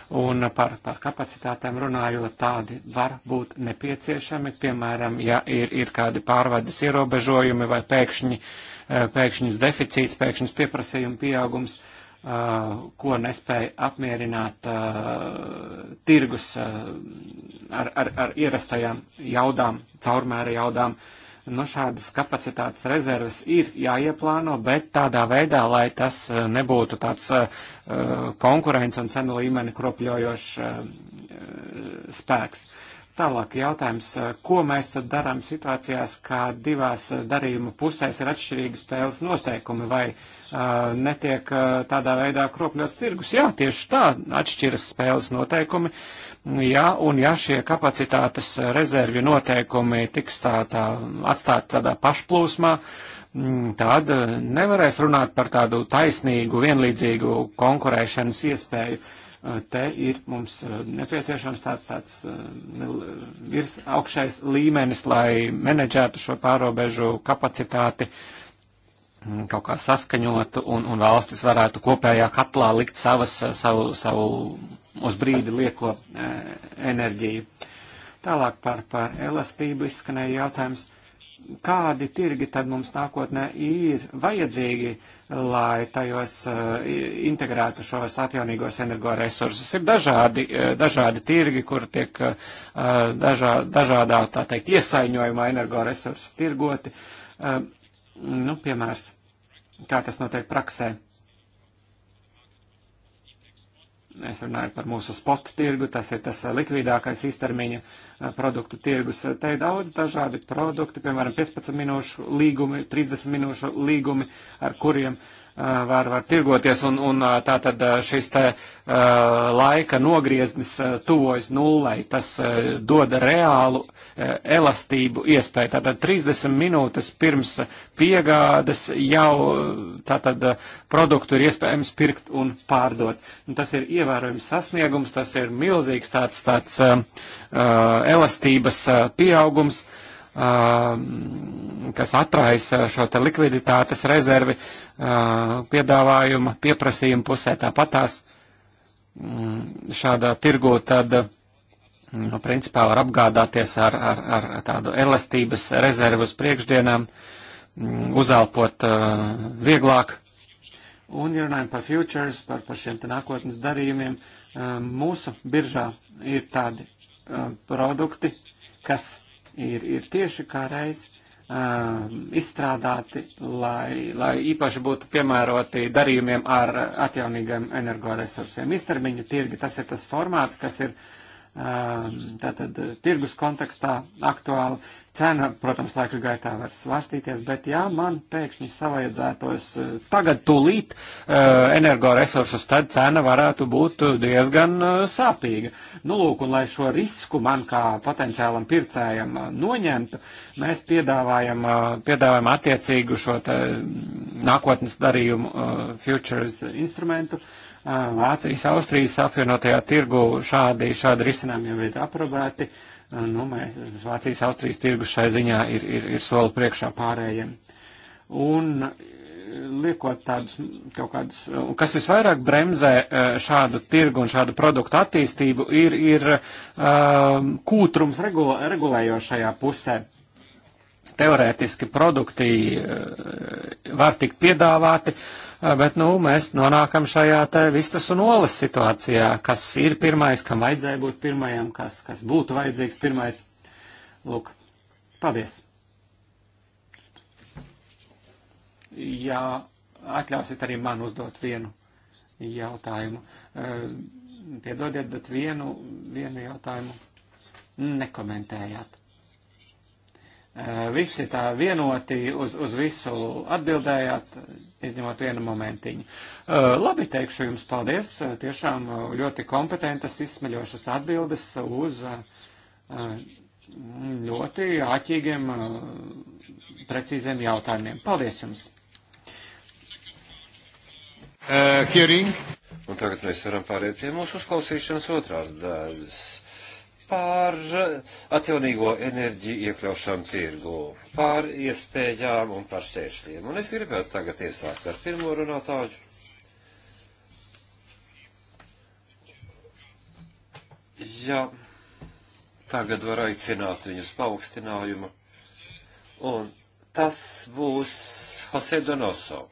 Un par, par kapacitātēm runājot, tādi var būt nepieciešami, piemēram, ja ir, ir kādi pārvades ierobežojumi vai pēkšņi, eh, pēkšņas deficīts, pēkšņas pieprasījuma pieaugums, eh, ko nespēja apmierināt eh, tirgus ar, ar, ar ierastajām jaudām, caurmēra jaudām. Uh, nu, šādas kapacitātes rezerves ir jāieplāno, bet tādā veidā, lai tas eh, nebūtu tāds uh, konkurence un cenu līmeni kropļojošs uh, spēks. Tālāk jautājums, ko mēs tad darām situācijās, kad divās darījuma pusēs ir atšķirīgi spēles noteikumi vai uh, netiek uh, tādā veidā kropļots tirgus? Jā, tieši tā atšķiras spēles noteikumi. Uh, Ja un ja šie kapacitātes rezervju noteikumi tiks tā, tā atstāti tādā pašplūsmā, mm, tad eh, nevarēs runāt par tādu taisnīgu, vienlīdzīgu konkurēšanas iespēju. Eh, te ir mums eh, nepieciešams tāds, tāds virs augšais līmenis, lai menedžētu šo pārobežu kapacitāti mm, kaut kā saskaņotu un, un valstis varētu kopējā katlā likt savas, savu, savu uz brīdi lieko e, enerģiju. Tālāk par, par elastību izskanēja jautājums, kādi tirgi tad mums nākotnē ir vajadzīgi, lai tajos e, integrētu šos atjaunīgos energoresursus. Ir dažādi, e, dažādi tirgi, kur tiek dažā, dažādā, tā teikt, iesaiņojumā energoresursi tirgoti. Nu, piemērs, kā tas notiek praksē Es runāju par mūsu spot tirgu, tas ir tas eh, likvidākais īstermiņa eh, produktu tirgus. Eh, te ir daudz dažādi produkti, piemēram, 15 minūšu līgumi, 30 minūšu līgumi, ar kuriem uh, var, var tirgoties, un, un tā tad šis te laika nogrieznis tuvojas nullei. Tas dod reālu elastību iespēju. Tātad 30 minūtes pirms piegādes jau tātad produktu ir iespējams pirkt un pārdot. Un tas ir ievērojams sasniegums, tas ir milzīgs tāds, tāds uh, elastības pieaugums. Uh, Um, kas atraisa šo te likviditātes rezervi uh, piedāvājuma, pieprasījuma pusē. Tāpatās mm, šādā tirgu tad, mm, nu, principā var apgādāties ar, ar, ar tādu elastības rezervu uz priekšdienām, mm, uzelpot uh, vieglāk. Un, ja runājam par futures, par, par šiem te nākotnes darījumiem, uh, mūsu biržā ir tādi produkti, kas ir, ir tieši kā reiz uh, izstrādāti, lai, lai īpaši būtu piemēroti darījumiem ar atjaunīgiem energoresursiem. Iztermiņa tirgi tas ir tas formāts, kas ir uh, tātad eh, tirgus kontekstā aktuāla. Cena, protams, laika gaitā var svārstīties, bet jā, man pēkšņi savajadzētos eh, tagad tūlīt eh, energoresursus, tad cena varētu būt diezgan sāpīga. Nu, lūk, un lai šo risku man kā potenciālam pircējam noņemtu, mēs piedāvājam, piedāvājam attiecīgu šo mm, nākotnes darījumu futures instrumentu. Uh, Vācijas, Austrijas apvienotajā tirgu šādi, šādi risinājumi jau ir aprobēti. Nu, mēs, Vācijas, Austrijas tirgus šai ziņā ir, ir, ir soli priekšā pārējiem. Un liekot tādus kaut kādus, kas visvairāk bremzē šādu tirgu un šādu produktu attīstību, ir, ir um, kūtrums regulē, regulējošajā pusē. Teorētiski produkti var tikt piedāvāti, uh, Eh, bet, nu, mēs nonākam šajā te vistas un olas situācijā, kas ir pirmais, kam vajadzēja būt pirmajam, kas, kas būtu vajadzīgs pirmais. Lūk, paldies! Jā, atļausiet arī man uzdot vienu jautājumu. Eh, piedodiet, bet vienu, vienu jautājumu nekomentējāt. Eh, visi tā vienoti uz, uz visu atbildējāt izņemot vienu momentiņu. Uh, labi, teikšu jums paldies. Uh, tiešām uh, ļoti kompetentas, izsmeļošas atbildes uz uh, uh, ļoti āķīgiem, uh, precīziem jautājumiem. Paldies jums! Uh, hearing. Un tagad mēs varam pāriet pie mūsu uzklausīšanas otrās daļas par atjaunīgo enerģiju iekļaušanu tirgu, par iespējām un par šķēršļiem. Un es gribētu tagad iesākt ar pirmo runātāju. Ja tagad var aicināt viņus paaugstinājumu, un tas būs Jose Donoso.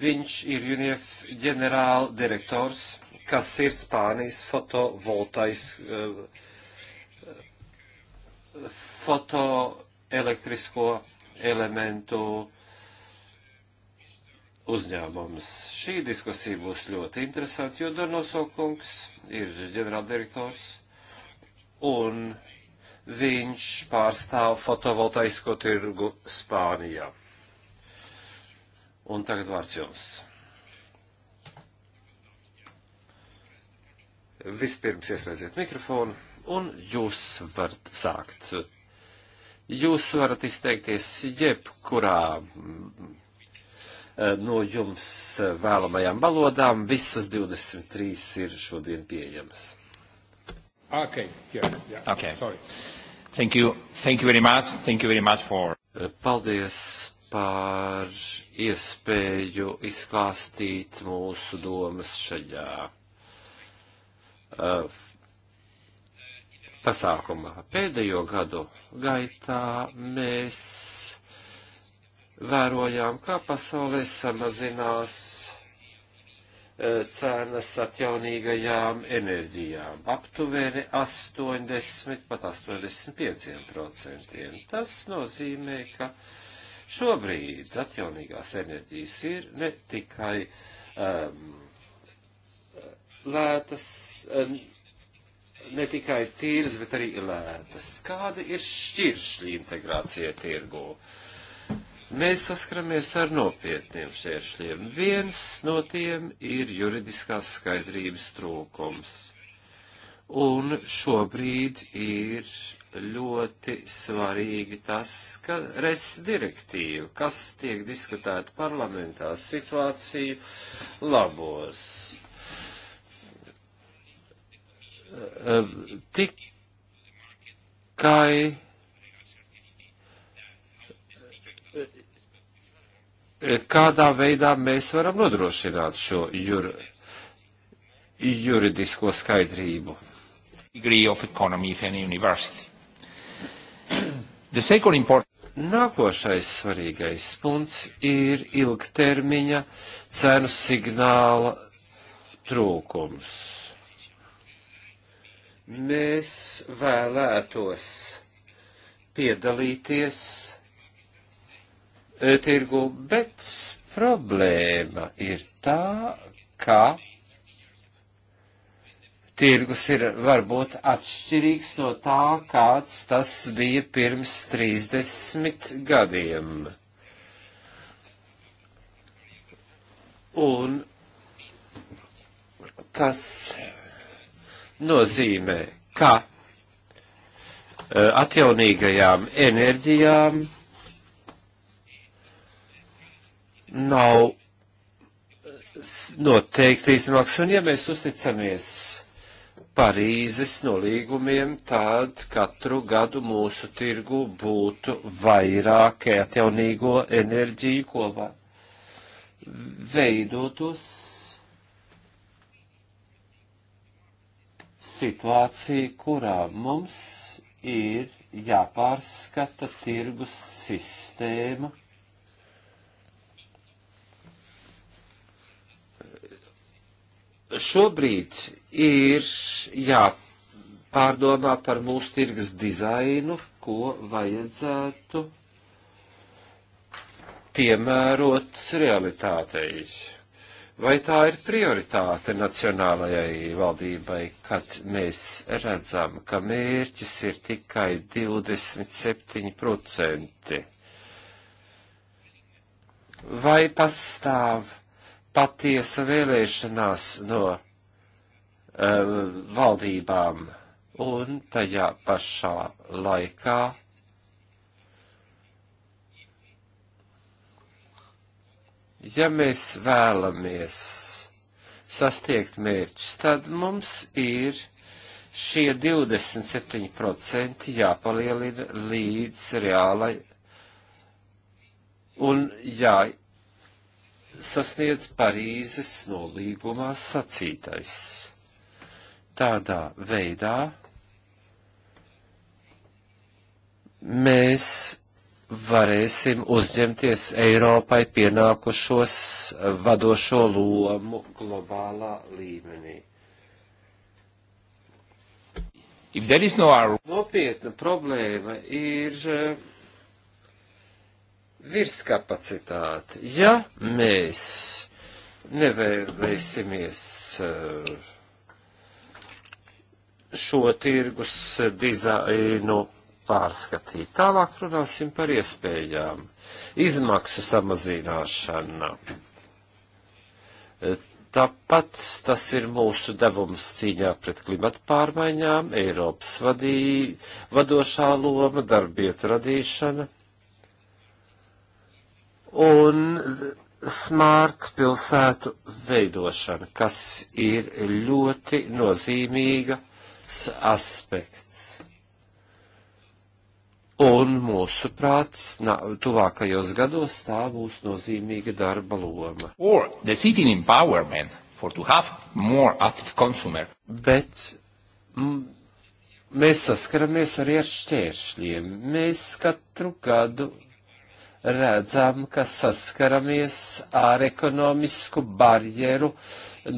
Viņš ir UNIF ģenerāldirektors. direktors kas ir Spānijas fotovoltais, eh, fotoelektrisko elementu uzņēmums. Šī diskusija būs ļoti interesanti, jo Donosokungs ir ģenerāldirektors un viņš pārstāv fotovoltaisko tirgu Spānijā. Un tagad vārds jums. Vispirms ieslēdziet mikrofonu un jūs varat sākt. Jūs varat izteikties jebkurā mm, no jums vēlamajām valodām. Visas 23 ir šodien pieejamas. Okay. Yeah, yeah. Okay. Sorry. Thank you. Thank you very much. Thank you very much for. Paldies par iespēju izklāstīt mūsu domas šajā Uh, pasākumā. Pēdējo gadu gaitā mēs vērojām, kā pasaulē samazinās uh, cenas atjaunīgajām enerģijām aptuveni 80 pat 85%. Tas nozīmē, ka šobrīd atjaunīgās enerģijas ir ne tikai um, lētas, eh, ne tikai tīras, bet arī lētas. Kāda ir šķiršļa integrācija tirgū? Mēs saskaramies ar nopietniem šķēršļiem. Viens no tiem ir juridiskās skaidrības trūkums. Un šobrīd ir ļoti svarīgi tas, ka res direktīva, kas tiek diskutēta parlamentā, situāciju labos. Ehm, tikai eh, kādā veidā mēs varam nodrošināt šo jur, juridisko skaidrību. Important... Nākošais svarīgais punkts ir ilgtermiņa cenu signāla trūkums. Mēs vēlētos piedalīties e, tirgu, bet problēma ir tā, ka tirgus ir varbūt atšķirīgs no tā, kāds tas bija pirms 30 gadiem. Un tas nozīmē, ka eh, atjaunīgajām enerģijām nav eh, noteikti izmaksu, un ja mēs uzticamies Parīzes nolīgumiem, tad katru gadu mūsu tirgu būtu vairāk atjaunīgo enerģiju, ko veidotos situācija, kurā mums ir jāpārskata tirgus sistēma. Šobrīd ir jāpārdomā par mūsu tirgus dizainu, ko vajadzētu piemērot realitātei. Vai tā ir prioritāte nacionālajai valdībai, kad mēs redzam, ka mērķis ir tikai 27%? Vai pastāv patiesa vēlēšanās no uh, valdībām un tajā pašā laikā Ja mēs vēlamies sasniegt mērķus, tad mums ir šie 27% jāpalielina līdz reālai un jāsasniedz Parīzes nolīgumā sacītais. Tādā veidā mēs varēsim uzņemties Eiropai pienākušos eh, vadošo lomu globālā līmenī. No our... Nopietna problēma ir eh, virskapacitāte. Ja mēs nevēlēsimies eh, šo tirgus dizainu, pārskatīt. Tālāk runāsim par iespējām. Izmaksu samazināšana. Tāpat tas ir mūsu devums cīņā pret klimatu pārmaiņām, Eiropas vadī, vadošā loma, darbietu radīšana. Un smārts pilsētu veidošana, kas ir ļoti nozīmīga aspekts Un mūsu prāts nā, tuvākajos gados tā būs nozīmīga darba loma. Or the city empowerment for to have more active consumer. Bet m, mēs saskaramies arī ar šķēršļiem. Mēs katru gadu redzam, ka saskaramies ar ekonomisku barjeru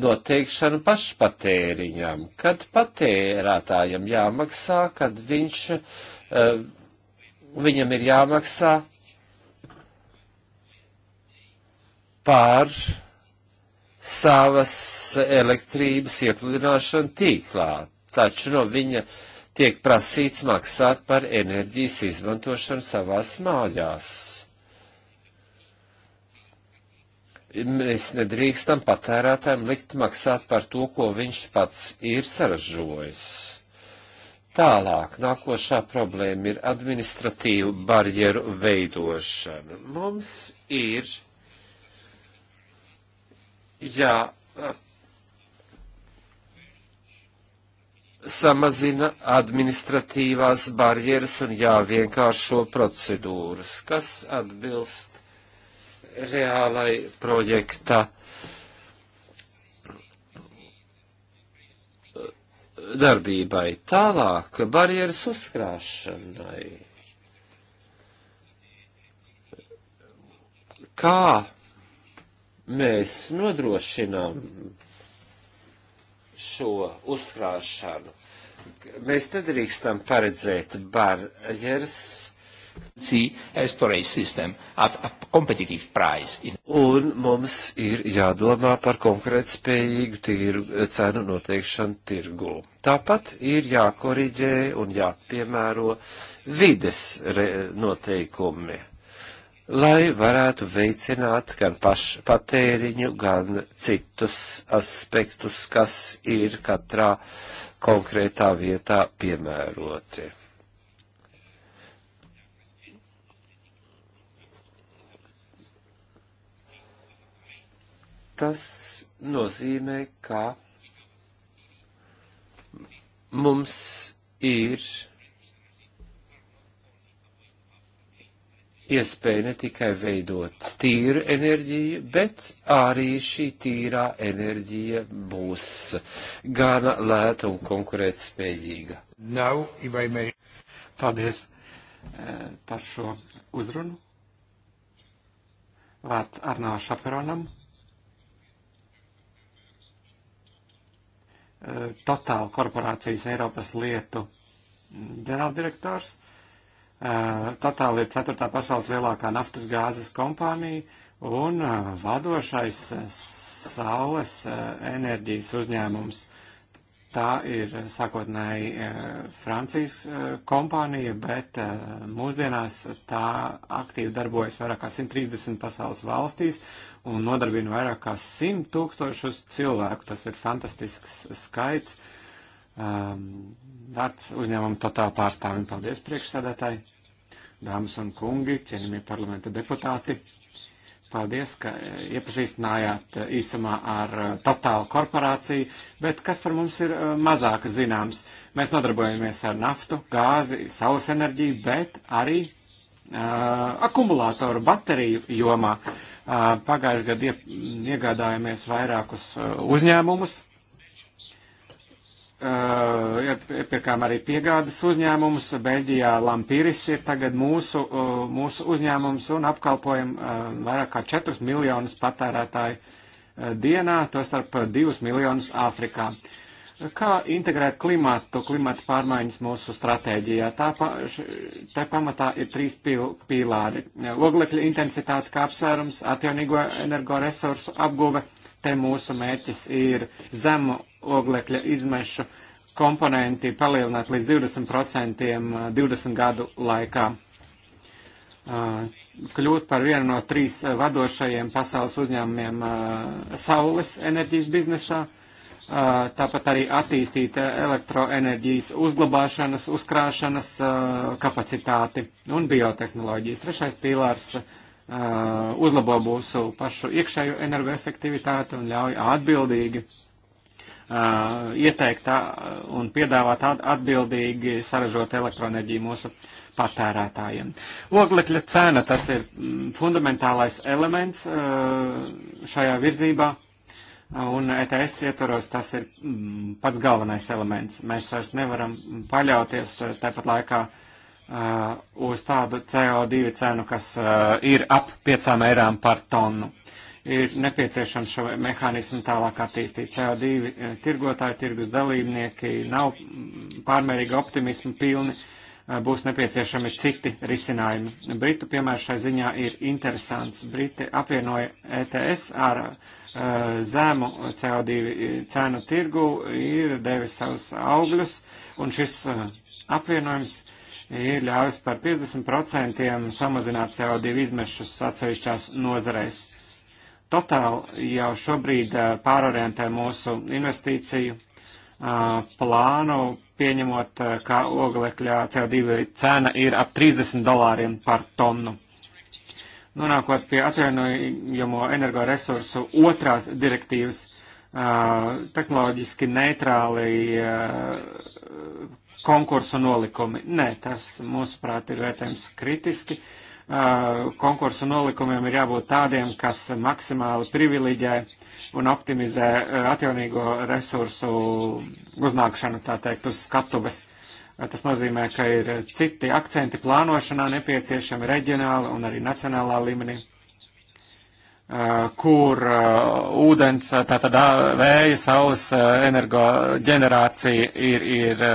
noteikšanu pašpatēriņam, kad patērētājam jāmaksā, kad viņš uh, viņam ir jāmaksā par savas elektrības iepludināšanu tīklā, taču no viņa tiek prasīts maksāt par enerģijas izmantošanu savās mājās. Mēs nedrīkstam patērētājiem likt maksāt par to, ko viņš pats ir saražojis. Tālāk, nākošā problēma ir administratīvu barjeru veidošana. Mums ir jā, samazina administratīvās barjeras un jāvienkāršo procedūras, kas atbilst reālai projekta uh, darbībai, tālāk barjeras uzkrāšanai. Kā mēs nodrošinām šo uzkrāšanu? Mēs nedrīkstam paredzēt barjeras, Un mums ir jādomā par konkurētspējīgu tīru cenu noteikšanu tirgū. Tāpat ir jākoriģē un jāpiemēro vides noteikumi, lai varētu veicināt gan pašpatēriņu, gan citus aspektus, kas ir katrā konkrētā vietā piemēroti Tas nozīmē, ka mums ir iespēja ne tikai veidot tīru enerģiju, bet arī šī tīrā enerģija būs gana lēta un konkurētspējīga. Nav, Ivaimē. Paldies eh, par šo uzrunu. Vārds Arnā Šaperonam. Totāla korporācijas Eiropas lietu ģenerāldirektors. Eh, Totāla ir ceturtā pasaules lielākā naftas gāzes kompānija un eh, vadošais eh, saules enerģijas uzņēmums. Tā ir sākotnēji Francijas kompānija, bet mūsdienās tā aktīvi darbojas vairāk kā 130 pasaules valstīs un nodarbina vairāk kā 100 tūkstošus cilvēku. Tas ir fantastisks skaits. Um, Vārds uzņēmuma totāla pārstāvim. Paldies, priekšsēdētāji, dāmas un kungi, cienījamie parlamenta deputāti. Paldies, ka iepazīstinājāt īsumā ar uh, totālu korporāciju, bet kas par mums ir uh, mazāk zināms? Mēs nodarbojamies ar naftu, gāzi, saules enerģiju, bet arī uh, akumulātoru bateriju jomā. Uh, Pagājušajā gadā iegādājāmies vairākus uzņēmumus, iepirkām arī piegādes uzņēmumus. Beļģijā Lampīris ir tagad mūsu, mūsu uzņēmums un apkalpojam vairāk kā 4 miljonus patērētāju dienā, to starp 2 miljonus Āfrikā. Uh, Kā integrēt klimatu, klimatu pārmaiņas mūsu stratēģijā? Tā, pa, š, tā pamatā ir trīs pil, pīlāri. Oglekļa intensitāte kā apsvērums, atjaunīgo energoresursu apguve. Te mūsu mērķis ir zemu oglekļa izmešu komponenti palielināt līdz 20% 20 gadu laikā. Kļūt par vienu no trīs vadošajiem pasaules uzņēmumiem saules enerģijas biznesā tāpat arī attīstīt elektroenerģijas uzglabāšanas, uzkrāšanas kapacitāti un biotehnoloģijas. Trešais pīlārs uzlabo mūsu pašu iekšējo energoefektivitāti un ļauj atbildīgi ieteikt un piedāvāt atbildīgi saražot elektroenerģiju mūsu patērētājiem. Oglekļa cena tas ir mm, fundamentālais elements šajā virzībā Un ETS ietvaros tas ir mm, pats galvenais elements. Mēs vairs nevaram paļauties eh, tāpat laikā uh, uz tādu CO2 cenu, kas uh, ir ap 5 eirām par tonu. Ir nepieciešams šo mehānismu tālāk attīstīt. CO2 tirgotāji, tirgus dalībnieki nav mm, pārmērīgi optimismu pilni. Uh, būs nepieciešami citi risinājumi. Britu piemērs šai ziņā ir interesants. Briti apvienoja ETS ar uh, zēmu CO2 cēnu tirgu, ir devis savus augļus, un šis uh, apvienojums ir ļāvis par 50% samazināt CO2 izmešus atsevišķās nozareis. Totāli jau šobrīd pārorientē mūsu investīciju plānu, pieņemot, ka oglekļa CO2 cena ir ap 30 dolāriem par tonu. Nonākot pie atjaunojamo energoresursu otrās direktīvas, tehnoloģiski neitrāli konkursu nolikumi. Nē, tas, mūsuprāt, ir vērtējums kritiski. Konkursu nolikumiem ir jābūt tādiem, kas maksimāli privileģē uh, un optimizē eh, atjaunīgo resursu uznākšanu, tā teikt, uz skatuves. Eh, tas nozīmē, ka ir citi akcenti plānošanā nepieciešami reģionāli un arī nacionālā līmenī, eh, kur ūdens, tātad vēja, saules energoģenerācija ir, ir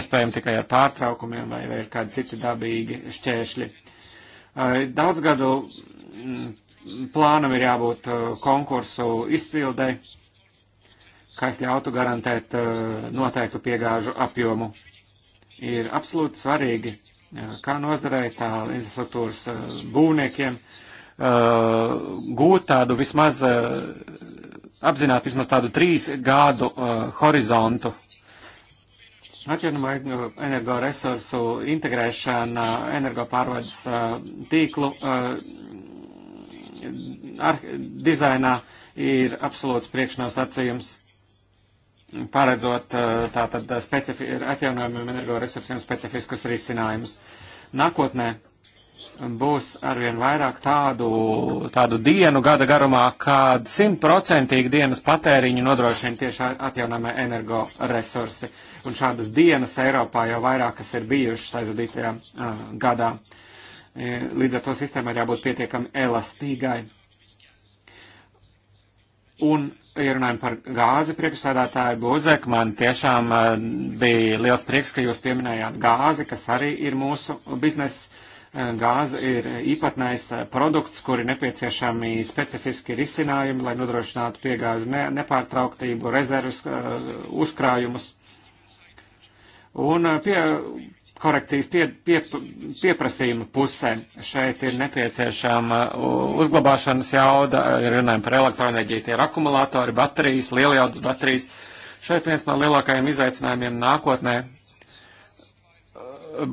iespējama tikai ar pārtraukumiem vai, vai ir kādi citi dabīgi šķēršļi. Daudz gadu mm, plānam ir jābūt uh, konkursu izpildē, kas ļautu garantēt uh, noteiktu piegāžu apjomu. Ir absolūti svarīgi, uh, kā nozarei, tā infrastruktūras būvniekiem gūt tādu vismaz, apzināt vismaz tādu trīs gādu horizontu Atjaunamo energoresursu integrēšana energopārvades tīklu ar, dizainā ir absolūts priekšnosacījums paredzot eh, tātad specifi, atjaunojumiem energoresursiem specifiskus risinājumus. Nākotnē būs arvien vairāk tādu, tādu dienu gada garumā, kad simtprocentīgi dienas patēriņu nodrošina tieši atjaunojumie energoresursi. Un šādas dienas Eiropā jau vairākas ir bijušas aizvadītajā uh, eh, gadā. Uh, E, līdz ar to sistēmai ir jābūt pietiekami elastīgai. Un, ja runājam par gāzi, priekšsēdētāju Buzek, man tiešām e, bija liels prieks, ka jūs pieminējāt gāzi, kas arī ir mūsu biznesa e, gāze ir īpatnējs produkts, kuri nepieciešami specifiski risinājumi, lai nodrošinātu piegāžu ne, nepārtrauktību, rezervas, uzkrājumus. Un pie, korekcijas pie, pie, pieprasījuma pusē. Šeit ir nepieciešama uzglabāšanas jauda, runājam par elektroenerģiju, tie ir akumulātori, baterijas, lielajaudas baterijas. Šeit viens no lielākajiem izaicinājumiem nākotnē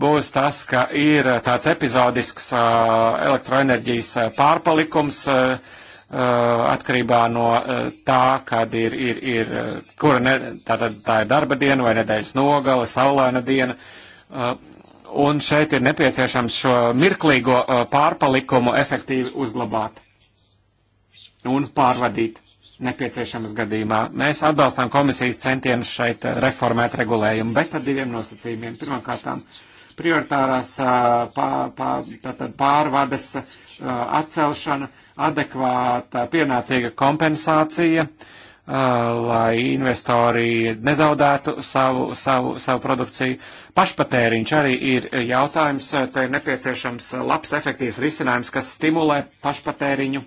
būs tas, ka ir tāds epizodisks elektroenerģijas pārpalikums atkarībā no tā, kad ir, ir, ir kura ne, tā, tā ir darba diena vai nedēļas nogale, saulaina diena. Uh, Uh, un šeit ir nepieciešams šo mirklīgo uh, pārpalikumu efektīvi uzglabāt un pārvadīt nepieciešamas gadījumā. Mēs atbalstām komisijas centienus šeit uh, reformēt regulējumu, bet ar diviem nosacījumiem. Pirmkārtām, prioritārās pār, pār, pārvades atcelšana, adekvāta pienācīga kompensācija, lai investori nezaudētu savu, savu, savu produkciju Pašpatēriņš arī ir jautājums, te ir nepieciešams labs, efektīvs risinājums, kas stimulē pašpatēriņu.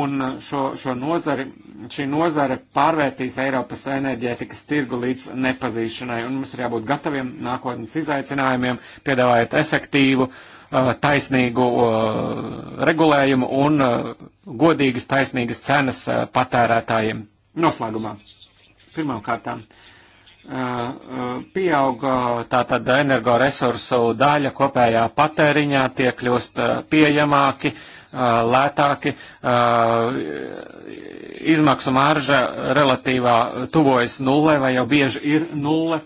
Un šo, šo nozari, šī nozare pārvērtīs Eiropas enerģētikas tirgu līdz nepazīšanai, un mums ir jābūt gataviem nākotnes izaicinājumiem, piedāvājot efektīvu, uh, taisnīgu uh, regulējumu un uh, godīgas, taisnīgas cenas patērētājiem. Noslēgumā. Pirmkārtām Eh, eh, pieauga tātad energoresursu daļa kopējā patēriņā, tie kļūst eh, pieejamāki, lētāki, izmaksu marža relatīvā tuvojas nulle vai jau bieži ir nulle.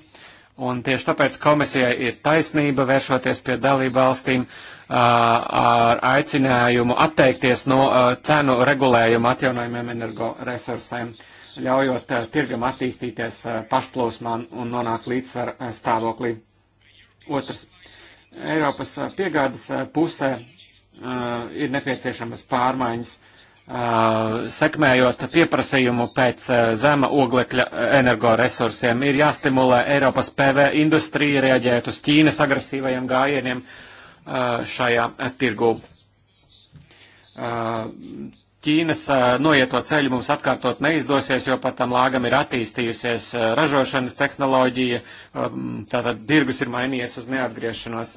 Un tieši tāpēc komisijai ir taisnība vēršoties pie dalību valstīm ar aicinājumu atteikties no cenu regulējuma atjaunojumiem energoresursēm. resursēm ļaujot eh, tirgam attīstīties eh, pašplūsmā un nonākt līdzsvaru eh, stāvoklī. Otrs. Eiropas piegādes pusē ir nepieciešamas pārmaiņas, sekmējot pieprasījumu pēc zema oglekļa energoresursiem. Ir jāstimulē Eiropas PV industrija reaģēt uz Ķīnas agresīvajiem gājieniem šajā tirgū Ķīnas noieto ceļu mums atkārtot neizdosies, jo pat tam lāgam ir attīstījusies ražošanas tehnoloģija, tātad dirgus ir mainījies uz neatgriešanos.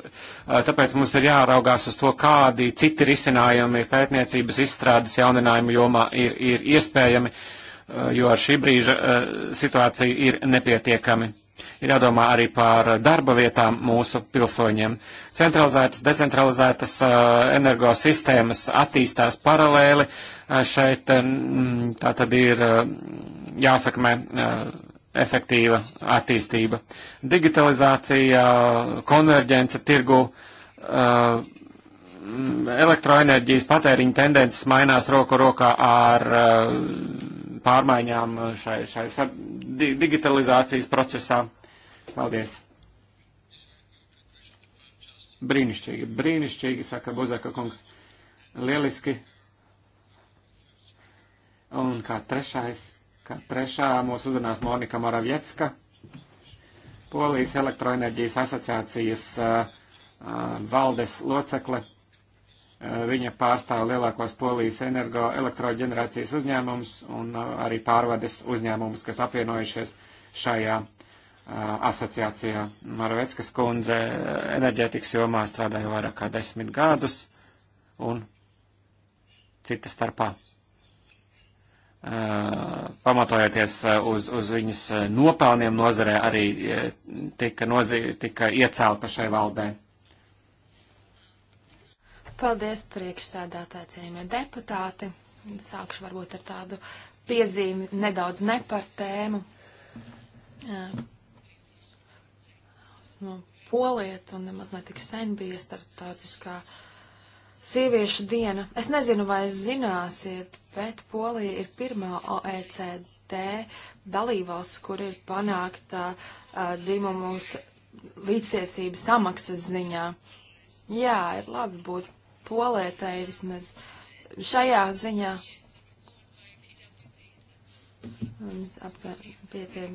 Tāpēc mums ir jāraugās uz to, kādi citi risinājumi pētniecības izstrādes jauninājumu jomā ir, ir iespējami, jo ar šī brīža situācija ir nepietiekami Ir jādomā arī par darba vietām mūsu pilsoņiem. Centralizētas, decentralizētas uh, energosistēmas attīstās paralēli. Uh, šeit uh, mm, tā tad ir jāsakmē efektīva attīstība. Digitalizācija, konverģence tirgu mm, elektroenerģijas patēriņa tendences mainās roku rokā ar uh, pārmaiņām uh, šai, šai digitalizācijas procesā. Paldies! Brīnišķīgi, brīnišķīgi, saka Bozaka kungs. Lieliski. Un kā trešais, kā trešā mūs uzrunās Monika Moraviecka, Polijas elektroenerģijas asociācijas uh, uh, valdes locekle. Eh, viņa pārstāv lielākos polijas energoelektroģenerācijas uzņēmumus un eh, arī pārvades uzņēmumus, kas apvienojušies šajā eh, asociācijā. Maraveckas kundze enerģētikas jomā strādāja vairāk kā desmit gadus un cita starpā. Uh, pamatojoties uz, uz viņas nopelniem nozarē, arī tika, nozi, tika iecelta šai valdē. Paldies, priekšsēdētāji, cienījamie deputāti. Sākšu varbūt ar tādu piezīmi nedaudz ne par tēmu. Esmu polieta un nemaz netik sen bija starptautiskā sieviešu diena. Es nezinu, vai zināsiet, bet Polija ir pirmā OECD dalībvalsts, kur ir panākta uh, dzimumu līdztiesība samaksas ziņā. Jā, ir labi būt polētai vismaz šajā ziņā. Mums apmēram pieciem,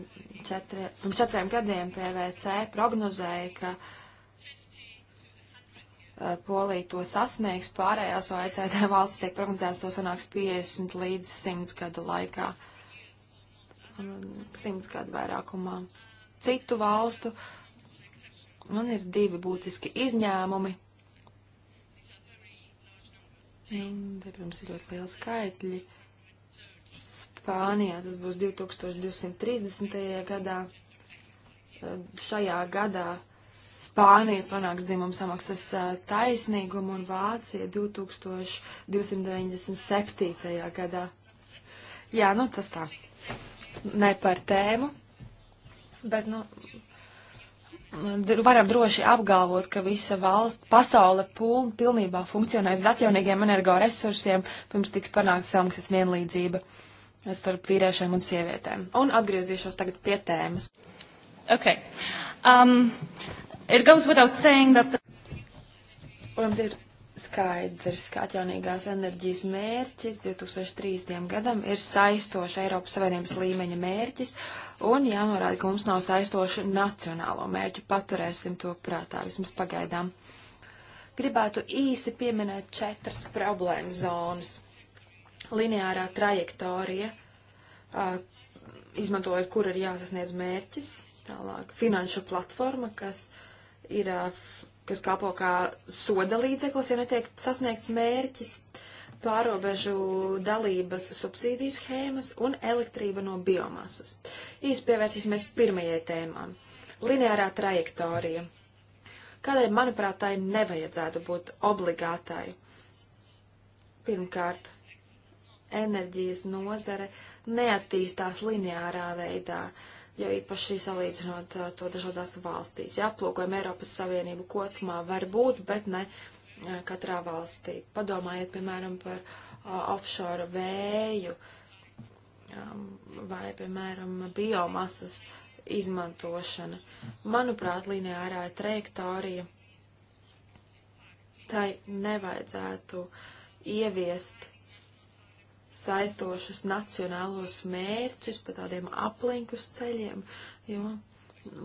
četriem, četriem gadiem PVC prognozēja, ka uh, Polija to sasniegs, pārējās OECD [LAUGHS] valstis tiek prognozēts to sanāks 50 līdz 100 gadu laikā, 100 gadu vairākumā citu valstu. Un ir divi būtiski izņēmumi Te, protams, ir ļoti lieli skaitļi. Spānijā tas būs 2230. gadā. Šajā gadā Spānija panāks dzimuma samaksas taisnīgumu un Vācija 2297. gadā. Jā, nu tas tā. Ne par tēmu, bet, nu, varam droši apgalvot, ka visa valsts, pasaule pul, pilnībā funkcionēs uz atjaunīgiem energoresursiem, pirms tiks panākts samaksas vienlīdzība starp vīriešiem un sievietēm. Un atgriezīšos tagad pie tēmas. Okay. Um, it goes without saying that the... Protams, ir skaidrs, ka atjaunīgās enerģijas mērķis 2030. gadam ir saistoši Eiropas Savienības līmeņa mērķis, un jānorāda, ka mums nav saistoši nacionālo mērķu, paturēsim to prātā vismaz pagaidām. Gribētu īsi pieminēt četras problēmas zonas. Lineārā trajektorija, izmantojot, kur ir jāsasniedz mērķis, tālāk finanšu platforma, kas ir kas kalpo kā soda līdzeklis, ja netiek sasniegts mērķis, pārobežu dalības subsīdiju schēmas un elektrība no biomasas. Īsti pievērsīsimies pirmajai tēmām - lineārā trajektorija. Kādēļ, manuprāt, tai nevajadzētu būt obligātai? Pirmkārt, enerģijas nozare neattīstās lineārā veidā. Uh, jo īpaši salīdzinot to dažādās valstīs. Ja aplūkojam Eiropas Savienību kopumā, var būt, bet ne katrā valstī. Padomājiet, piemēram, par offshore vēju vai, piemēram, biomasas izmantošana. Manuprāt, lineārā trajektorija tai nevajadzētu ieviest saistošus nacionālos mērķus pa tādiem aplinkus ceļiem, jo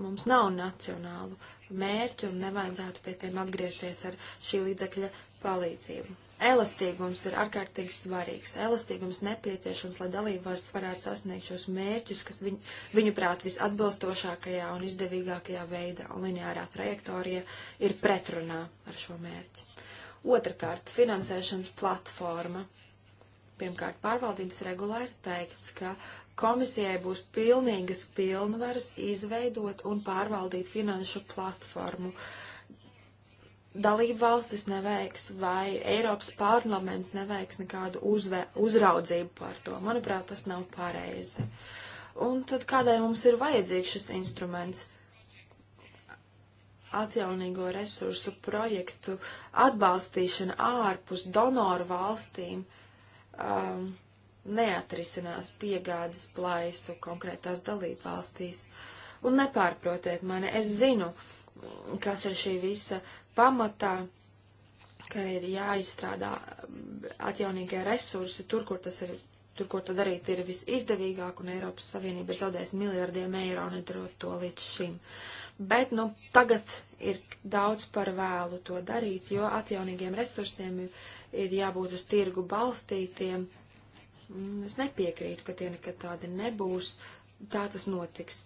mums nav nacionālu mērķu un nevajadzētu pie tiem atgriezties ar šī līdzekļa palīdzību. Elastīgums ir ārkārtīgi svarīgs. Elastīgums nepieciešams, lai dalībvalsts varētu sasniegt šos mērķus, kas viņ, viņuprāt visatbilstošākajā un izdevīgākajā veidā un lineārā trajektorija ir pretrunā ar šo mērķi. Otrakārt, finansēšanas platforma Pirmkārt, pārvaldības regulā ir teikts, ka komisijai būs pilnīgas pilnvaras izveidot un pārvaldīt finanšu platformu. Dalība valstis neveiks vai Eiropas parlaments neveiks nekādu uzve, uzraudzību par to. Manuprāt, tas nav pareizi. Un tad kādai mums ir vajadzīgs šis instruments? Atjaunīgo resursu projektu atbalstīšana ārpus donoru valstīm uh, um, neatrisinās piegādes plaisu konkrētās dalībvalstīs. Un nepārprotiet mani, es zinu, kas ir šī visa pamatā, ka ir jāizstrādā atjaunīgie resursi tur, kur tas ir, tur, kur to darīt ir visizdevīgāk, un Eiropas Savienība ir zaudējusi miljardiem eiro, nedarot to līdz šim. Bet, nu, tagad ir daudz par vēlu to darīt, jo atjaunīgiem resursiem ir ir jābūt uz tirgu balstītiem. Mm, es nepiekrītu, ka tie nekad tādi nebūs. Tā tas notiks.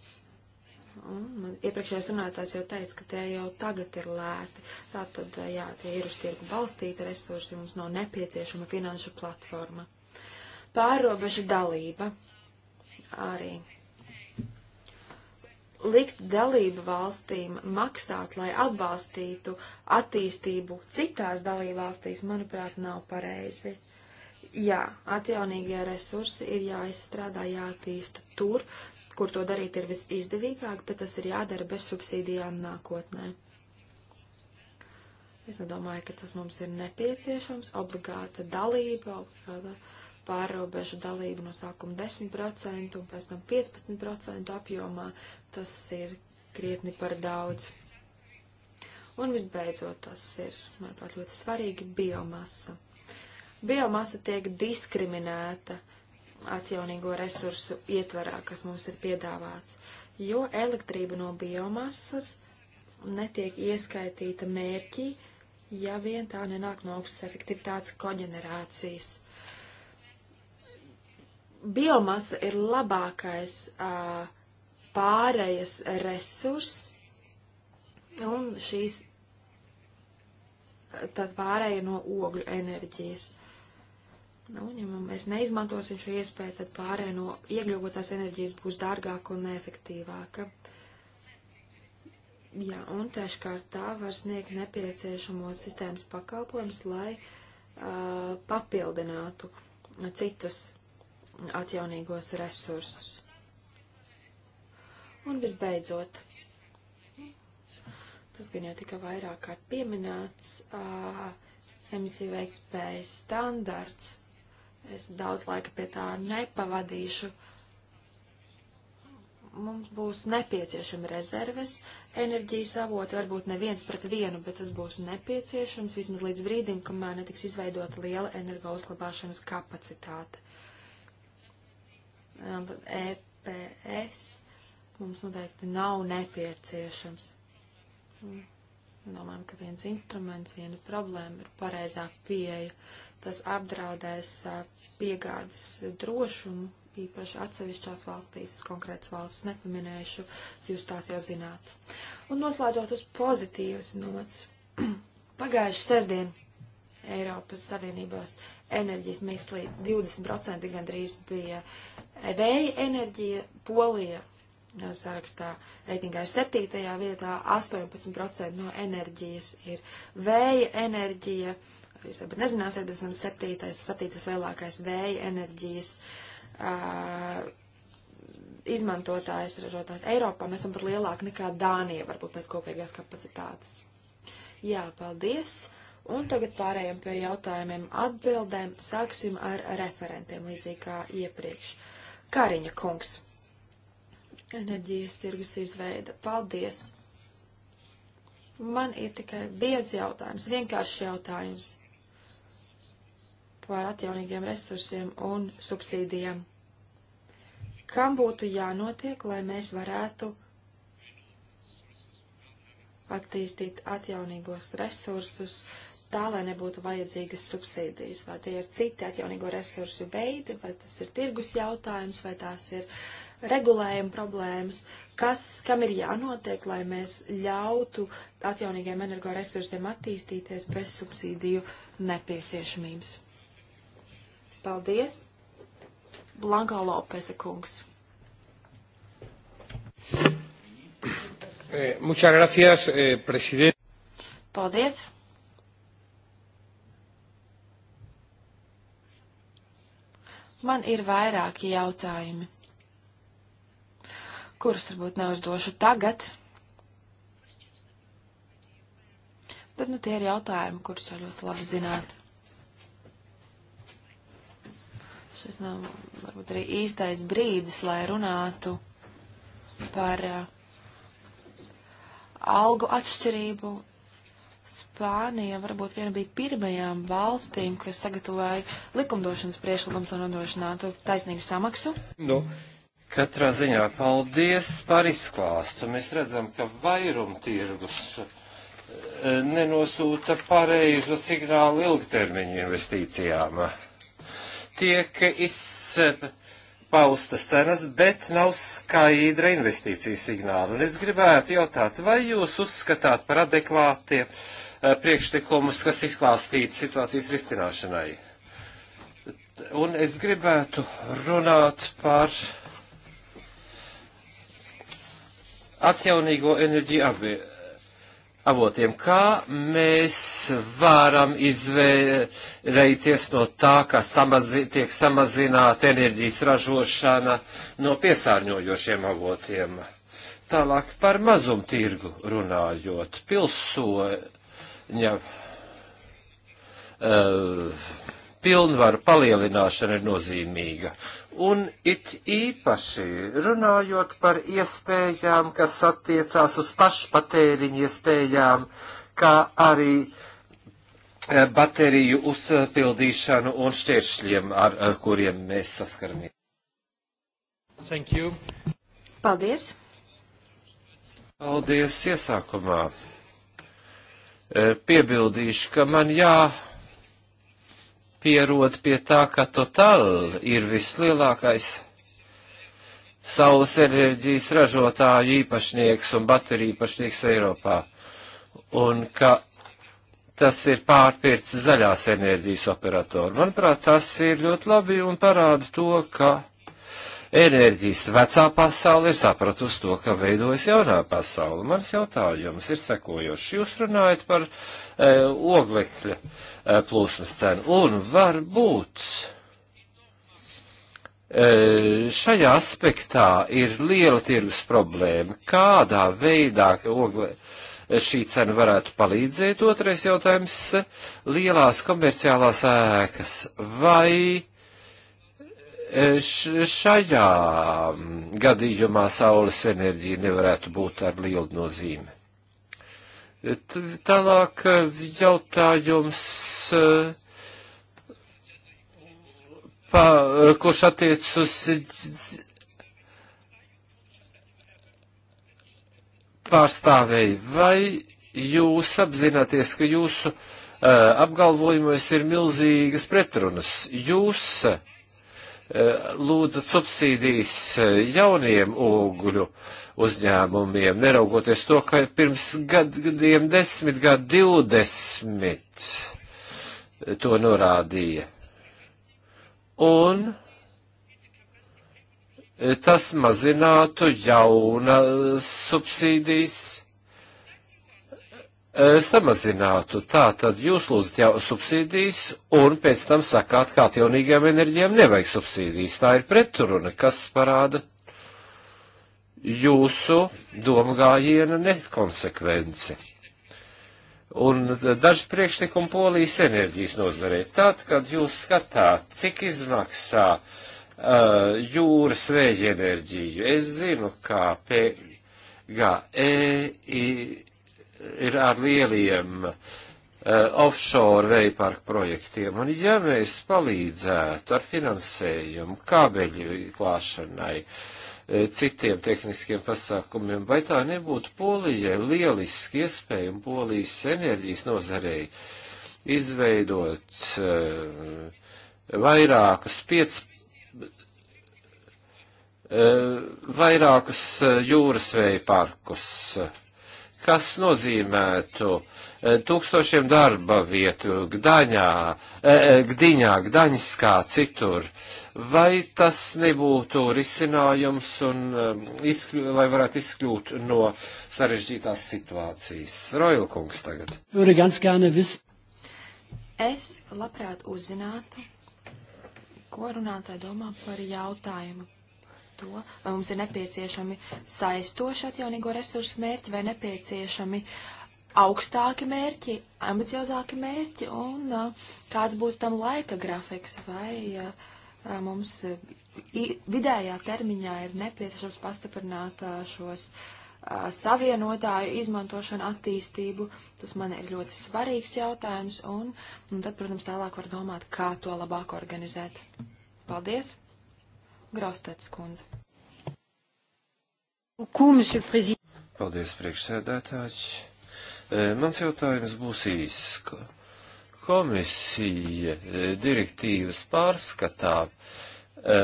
Un man iepriekšējais runātājs jau teica, ka tie jau tagad ir lēti. Tātad, jā, tie ir uz tirgu balstīti resursi, mums nav nepieciešama finanšu platforma. Pārrobeža dalība arī likt dalību valstīm maksāt, lai atbalstītu attīstību citās dalību valstīs, manuprāt, nav pareizi. Jā, atjaunīgie resursi ir jāizstrādā, jātīsta tur, kur to darīt ir visizdevīgāk, bet tas ir jādara bez subsīdijām nākotnē. Es nedomāju, ka tas mums ir nepieciešams, obligāta dalība, obligāta uh, pārrobežu dalību no sākuma 10% un pēc tam 15% apjomā, tas ir krietni par daudz. Un visbeidzot, tas ir, manuprāt, ļoti svarīgi - biomasa. Biomasa tiek diskriminēta atjaunīgo resursu ietvarā, kas mums ir piedāvāts, jo elektrība no biomasas netiek ieskaitīta mērķī, ja vien tā nenāk no augstas efektivitātes koģenerācijas biomasa ir labākais uh, pārējas resurs, un šīs tad pārēja no ogļu enerģijas. Nu, ja mēs neizmantosim šo iespēju, tad pārēja no iegļogotās enerģijas būs dārgāka un neefektīvāka. Jā, un treškārt tā var sniegt nepieciešamos sistēmas pakalpojumus, lai uh, papildinātu citus atjaunīgos resursus. Un visbeidzot, tas gan jau tika vairāk kārt pieminēts, uh, emisiju veiktspējas standarts. Es daudz laika pie tā nepavadīšu. Mums būs nepieciešama rezerves, enerģijas avoti, varbūt neviens pret vienu, bet tas būs nepieciešams vismaz līdz brīdim, kamēr netiks izveidota liela energouzglabāšanas kapacitāte. EPS e mums noteikti nav nepieciešams. Domājam, ka viens instruments, viena problēma ir pareizā pieeja. Tas apdraudēs piegādes drošumu, īpaši atsevišķās valstīs, es konkrētas valsts nepaminēšu, jūs tās jau zināt. Un noslēdzot uz pozitīvas nots. [CLEARS THROAT] Pagājuši sestdien Eiropas Savienībās enerģijas mikslī 20% gandrīz bija Vēja enerģija Polija uh, sarakstā reitingā ir 7. vietā, 18% no enerģijas ir vēja enerģija. Jūs varbūt nezināsiet, bet esam 7. 7. lielākais vēja enerģijas uh, izmantotājs, ražotājs Eiropā. Mēs esam pat lielāki nekā Dānija, varbūt pēc kopīgās kapacitātes. Jā, paldies! Un tagad pārējiem pie jautājumiem atbildēm. Sāksim ar referentiem, līdzīgi kā iepriekš. Uh, Kariņa kungs. Enerģijas tirgus izveida. Paldies! Man ir tikai viens jautājums, vienkāršs jautājums par atjaunīgiem resursiem un subsīdijām. Kam būtu jānotiek, lai mēs varētu attīstīt atjaunīgos resursus, uh, tā, lai nebūtu vajadzīgas subsīdijas, vai tie ir citi atjaunīgo resursu veidi, vai tas ir tirgus jautājums, vai tās ir regulējuma problēmas, kas, kam ir jānotiek, lai mēs ļautu atjaunīgiem energoresursiem attīstīties bez subsīdiju nepieciešamības. Paldies! Blanko Lopese kungs. Eh, muchas gracias, eh, presidente. Paldies! Man ir vairāki jautājumi, kurus varbūt neuzdošu tagad, bet nu tie ir jautājumi, kurus jau ļoti labi zināt. Šis nav varbūt arī īstais brīdis, lai runātu par uh, algu atšķirību Spānija varbūt viena bija pirmajām valstīm, kas sagatavoja likumdošanas priešlikums, lai nodrošinātu taisnīgu samaksu. Nu, katrā ziņā paldies par izklāstu. Mēs redzam, ka vairumtirgus e, nenosūta pareizo signālu ilgtermiņu investīcijām. Tiek izsēpta paustas cenas, bet nav skaidra investīcija signāla. Un es gribētu jautāt, vai jūs uzskatāt par adekvātiem eh, priekšlikumus, kas izklāstīti situācijas risināšanai? Un es gribētu runāt par atjaunīgo enerģiju apvienību avotiem. Kā mēs varam izvērēties no tā, ka samazi, tiek samazināta enerģijas ražošana no piesārņojošiem avotiem? Tālāk par mazumtirgu runājot, pilsoņa uh, pilnvaru palielināšana ir nozīmīga un it īpaši runājot par iespējām, kas attiecās uz pašpatēriņu iespējām, kā arī eh, bateriju uzpildīšanu un šķēršļiem, ar, ar eh, kuriem mēs saskaramies. Thank you. Paldies. Paldies iesākumā. Eh, piebildīšu, ka man jā pierod pie tā, ka Total ir vislielākais saules enerģijas ražotāju īpašnieks un bateriju īpašnieks Eiropā. Un ka tas ir pārpirts zaļās enerģijas operatoru. Manuprāt, tas ir ļoti labi un parāda to, ka enerģijas vecā pasaule ir sapratusi to, ka veidojas jaunā pasaule. Mans jautājums ir sekojošs. Jūs runājat par e, oglekļa e, plūsmas cenu un varbūt. E, šajā aspektā ir liela tirgus problēma. Kādā veidā ogle, šī cena varētu palīdzēt? Otrais jautājums - lielās komerciālās ēkas vai Šajā gadījumā saules enerģija nevarētu būt ar lielu nozīmi. Tālāk jautājums, pa, kurš attiec uz pārstāvēju, vai jūs apzināties, ka jūsu uh, apgalvojumos ir milzīgas pretrunas? Jūs uh, lūdza subsīdijas eh, jauniem ogļu uzņēmumiem, neraugoties to, ka pirms gadiem desmit, gadu divdesmit to norādīja. Un eh, tas mazinātu jauna subsīdijas E, samazinātu. Tā tad jūs lūdzat jau subsīdijas un pēc tam sakāt, kā jaunīgām enerģijām nevajag subsīdijas. Tā ir pretruna, kas parāda jūsu domgājiena nekonsekvenci. Un daži priekšlikumi polijas enerģijas nozarē. Tad, kad jūs skatāt, cik izmaksā uh, jūras vēja enerģiju, es zinu, kā PGE ir ar lieliem uh, offshore veiparku projektiem, un ja mēs palīdzētu ar finansējumu kābeļu klāšanai, eh, citiem tehniskiem pasākumiem, vai tā nebūtu Polijai lieliski iespēja un Polijas enerģijas nozarei izveidot uh, vairākus piec, uh, vairākus jūras vēja parkus. Uh, kas nozīmētu eh, tūkstošiem darba vietu Gdaņā, eh, eh, Gdiņā, Gdaņskā, citur. Vai tas nebūtu risinājums un izkļu, lai varētu izkļūt no sarežģītās situācijas? Roilkungs tagad. Es labprāt uzzinātu, ko runātāji domā par jautājumu to, vai mums ir nepieciešami saistoši atjaunīgo resursu mērķi, vai nepieciešami augstāki mērķi, ambiciozāki mērķi, un kāds būtu tam laika grafiks, vai mums vidējā termiņā ir nepieciešams pastiprināt šos savienotāju izmantošanu, attīstību. Tas man ir ļoti svarīgs jautājums, un, un tad, protams, tālāk var domāt, kā to labāk organizēt. Paldies! Graustēts kundze. Paldies, priekšsēdētājs. E, mans jautājums būs īsts. Komisija e, direktīvas pārskatā e,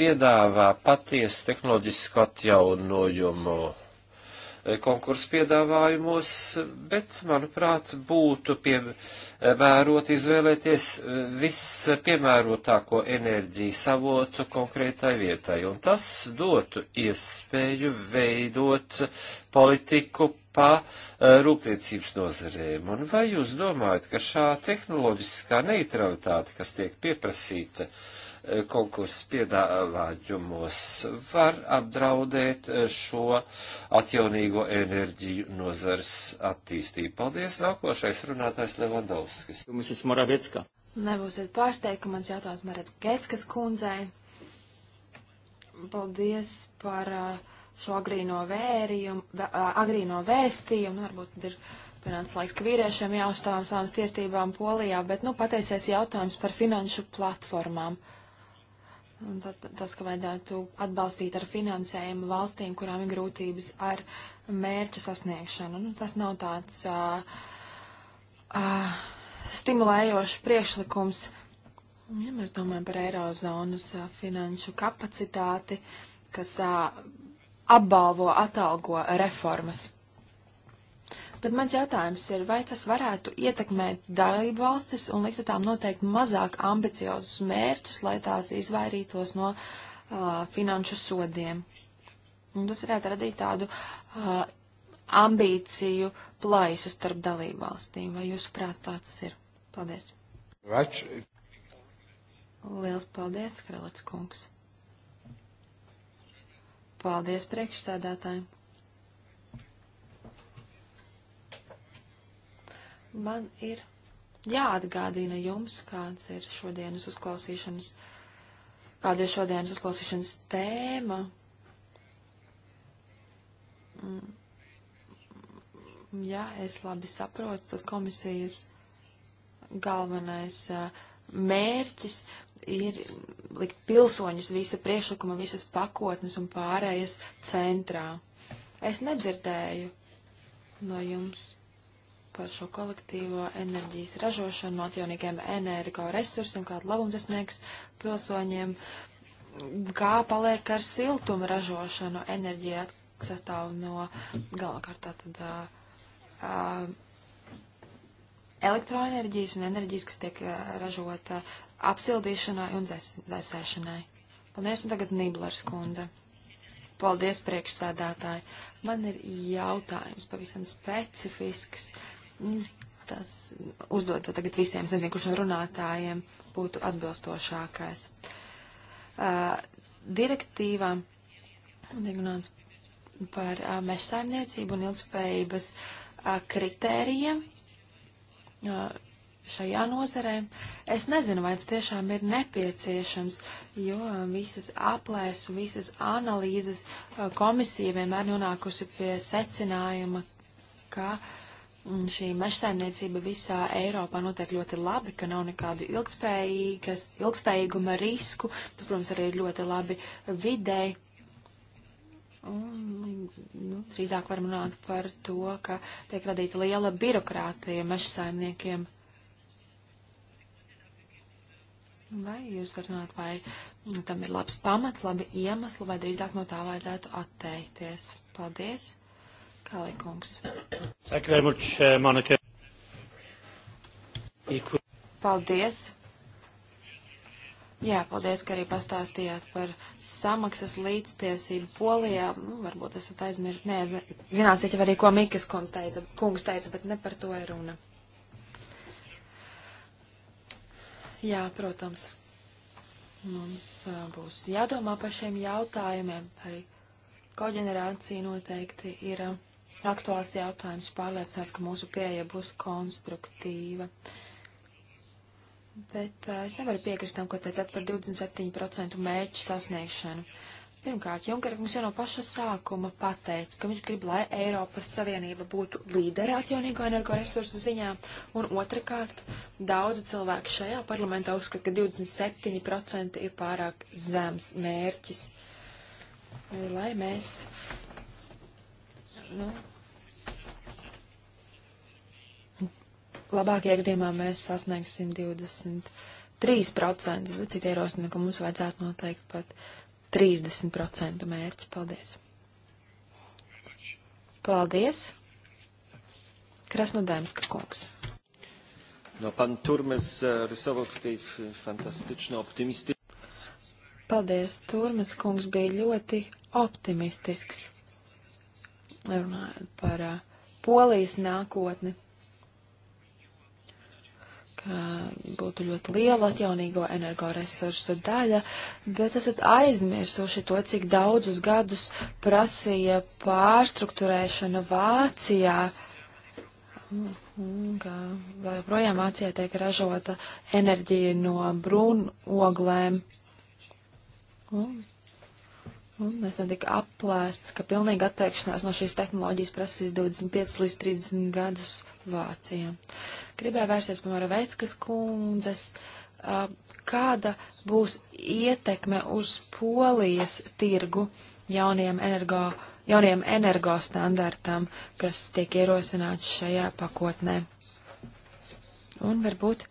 piedāvā patiesu tehnoloģisku atjaunojumu Eh, konkursu piedāvājumos, bet, manuprāt, būtu piemērot izvēlēties eh, vispiemērotāko enerģiju savotu konkrētai vietai, un tas dotu iespēju veidot politiku pa eh, rūpniecības nozarēm. Un vai jūs domājat, ka šā tehnoloģiskā neutralitāte, kas tiek pieprasīta, uh, konkursu piedāvājumos var apdraudēt šo atjaunīgo enerģiju nozars attīstību. Paldies! Nākošais runātājs Levandovskis. Jums ir Moraviecka. Nebūsiet pārsteigti, mans jautājums Marets Getskas kundzei. Paldies par uh, šo agrīno vērījumu, uh, agrīno vēstījumu. Nu, varbūt ir pienācis laiks, ka vīriešiem jāuzstāv savas tiesībām polijā, bet, nu, patiesies jautājums par finanšu platformām. Uh, Un tad, tas, ka vajadzētu atbalstīt ar finansējumu valstīm, kurām ir grūtības ar mērķu sasniegšanu. Nu, tas nav tāds uh, uh, stimulējošs priekšlikums. Ja mēs domājam par Eirozonas uh, finanšu kapacitāti, kas uh, apbalvo, atalgo reformas. Bet mans jautājums ir, vai tas varētu ietekmēt dalību valstis un liktu tām noteikti mazāk ambiciozus mērķus, lai tās izvairītos no uh, finanšu sodiem. Un tas varētu radīt tādu uh, ambīciju plaisu starp dalību valstīm. Vai jūsuprāt tāds ir? Paldies. Rač. Liels paldies, Kralets kungs. Paldies priekšsēdētājiem. Man ir jāatgādina jums, kāds ir šodienas uzklausīšanas, kāda ir šodienas uzklausīšanas tēma. Mm. Jā, es labi saprotu, tas komisijas galvenais mērķis ir likt pilsoņus visa priekšlikuma, visas pakotnes un pārējas centrā. Es nedzirdēju no jums par šo kolektīvo enerģijas ražošanu no atjaunīgiem energoresursiem, kādu labumu tas sniegs pilsoņiem, kā paliek ar siltumu ražošanu. Enerģija sastāv no galvenokārt tātad uh, elektroenerģijas un enerģijas, kas tiek uh, ražota apsildīšanai un dzes, dzesēšanai. Paldies, un tagad Niblers kundze. Paldies, priekšsādātāji. Man ir jautājums pavisam specifisks. Uh, Nu, tas uzdot to tagad visiem, es nezinu, kurš no runātājiem būtu atbilstošākais. Uh, direktīvā tiek runāts par uh, mežsaimniecību un ilgspējības uh, kritērijiem šajā nozarē. Es nezinu, vai tas tiešām ir nepieciešams, jo visas aplēs un visas analīzes komisija vienmēr nonākusi pie secinājuma, ka uh, šī mežsaimniecība visā Eiropā notiek ļoti labi, ka nav nekādu ilgspējīguma risku. Tas, protams, arī ir ļoti labi videi. Un, nu, drīzāk varam runāt par to, ka tiek radīta liela birokrātija mežsaimniekiem. Vai jūs runāt, vai nu, tam ir labs pamats, labi iemesli, vai drīzāk no tā vajadzētu atteikties? Paldies! Kelīkungs. Uh, paldies. Jā, paldies, ka arī pastāstījāt par samaksas līdztiesību Polijā. Nu, varbūt esat aizmirst, nezināsiet jau arī, ko Mikas kungs teica, kungs teica, bet ne par to ir runa. Jā, protams. Mums uh, būs jādomā par šiem jautājumiem. Arī koģenerācija noteikti ir uh, aktuāls jautājums, pārliecināts, ka mūsu pieeja būs konstruktīva. Bet uh, es nevaru piekrist tam, ko teicāt par 27% mērķu sasniegšanu. Pirmkārt, Junkera kungs jau no paša sākuma pateica, ka viņš grib, lai Eiropas Savienība būtu līdera atjaunīgo energoresursu ziņā, un otrkārt, daudzi cilvēki šajā parlamentā uzskata, ka 27% ir pārāk zems mērķis, lai mēs nu, labākajā gadījumā mēs sasniegsim 23%, bet citi ierosina, ka mums vajadzētu noteikt pat 30% mērķi. Paldies! Paldies! Krasnodēmska kungs. No, pan Turmes e, rysował tutaj fantastyczny, optymistyczny. Paldies, Turmes kungs bija ļoti optimistisks, runājot par uh, polijas nākotni ka būtu ļoti liela atjaunīgo energoresursu daļa, bet esat aizmirsuši to, cik daudzus gadus prasīja pārstruktūrēšana Vācijā, ka vēl joprojām Vācijā tiek ražota enerģija no brūnoglēm. Un, un es tam tik aplēsts, ka pilnīga atteikšanās no šīs tehnoloģijas prasīs 25 līdz 30 gadus. Vācijā. Gribēju vērsties, piemēram, Veickas kundzes, kāda būs ietekme uz polijas tirgu jauniem energo, jauniem energo standartam, kas tiek ierosināts šajā pakotnē. Un varbūt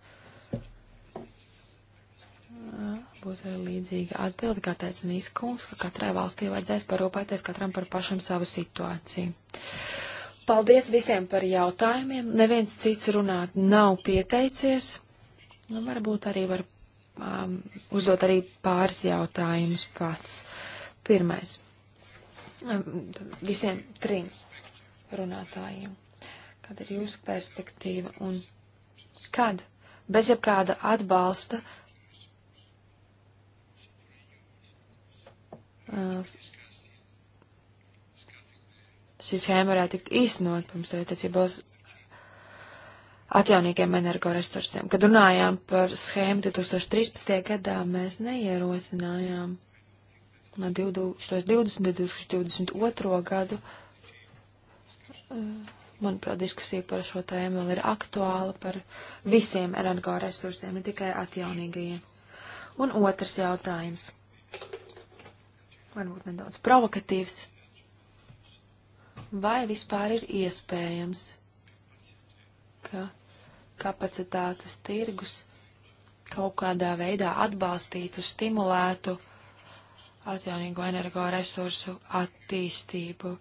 būtu arī līdzīga atbilde, kā teica Nīskungs, ka katrai valstī vajadzēs parūpēties katram par pašam savu situāciju. Uh, Paldies visiem par jautājumiem. Neviens cits runāt nav pieteicies. Nu, varbūt arī var um, uzdot arī pāris jautājumus pats. Pirmais. Um, visiem trim runātājiem. Kāda ir jūsu perspektīva un kad bez jebkāda atbalsta uh, šī schēma varētu tikt īstenot pirms arī attiecībā uz atjaunīgiem energoresursiem. Kad runājām par schēmu 2013. gadā, mēs neierosinājām no 2020. 2022. gadu. Eh, manuprāt, diskusija par šo tēmu vēl ir aktuāla par visiem energoresursiem, ne tikai atjaunīgajiem. Un otrs jautājums. Varbūt nedaudz provokatīvs vai vispār ir iespējams, ka kapacitātes tirgus kaut kādā veidā atbalstītu, stimulētu atjaunīgo energoresursu attīstību.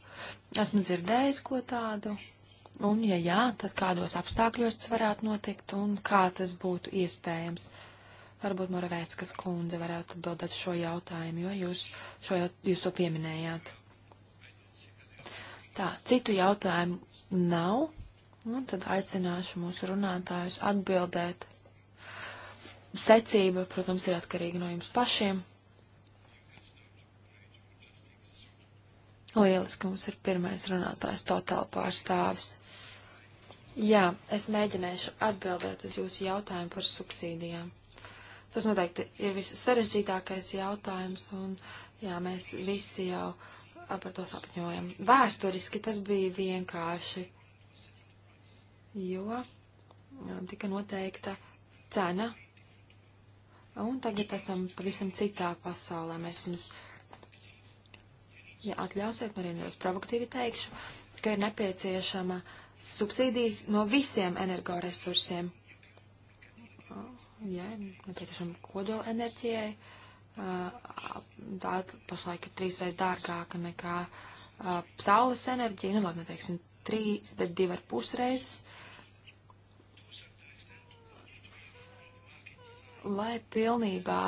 Esmu dzirdējis ko tādu, un ja jā, tad kādos apstākļos tas varētu notikt un kā tas būtu iespējams. Varbūt Moravēckas kundze varētu atbildēt šo jautājumu, jo jūs, šo, jūs to pieminējāt. Tā, citu jautājumu nav. Nu, tad aicināšu mūsu runātājus atbildēt. Secība, protams, ir atkarīga no jums pašiem. Lieliski mums ir pirmais runātājs, totāla pārstāvis. Jā, es mēģināšu atbildēt uz jūsu jautājumu par subsīdijām. Tas noteikti ir viss sarežģītākais jautājums, un jā, mēs visi jau uh, par to sapņojam. Vēsturiski tas bija vienkārši, jo tika noteikta cena, un tagad esam pavisam citā pasaulē. Mēs jums, ja atļausiet, Marina, jūs provokatīvi teikšu, ka ir nepieciešama subsīdijas no visiem energoresursiem. Jā, nepieciešama kodola enerģijai tā pašlaik ir trīsreiz dārgāka nekā uh, saules enerģija, nu labi, neteiksim nu, trīs, bet divi ar pusreizes. Lai pilnībā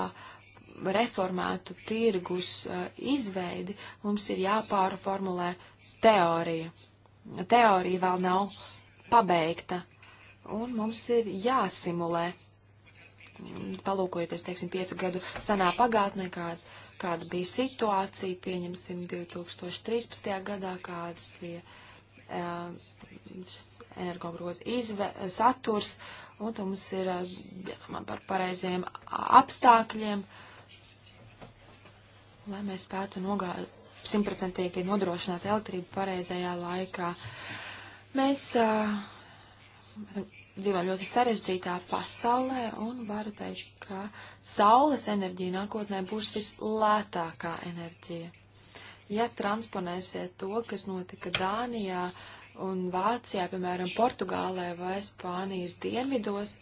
reformētu tirgus uh, izveidi, mums ir jāpārformulē teorija. Teorija vēl nav pabeigta, un mums ir jāsimulē palūkojoties, teiksim, piecu gadu senā pagātnē, kāda, kāda bija situācija, pieņemsim, 2013. gadā, kādas bija šis energogroza izve, saturs, un tad mums ir jādomā par pareiziem apstākļiem, lai mēs spētu nogāzt simtprocentīgi nodrošināt elektrību pareizajā laikā. Mēs uh, esam dzīvojam ļoti sarežģītā pasaulē, un varu teikt, ka saules enerģija nākotnē būs vislētākā enerģija. Ja transponēsiet to, kas notika Dānijā un Vācijā, piemēram, Portugālē vai Spānijas dienvidos,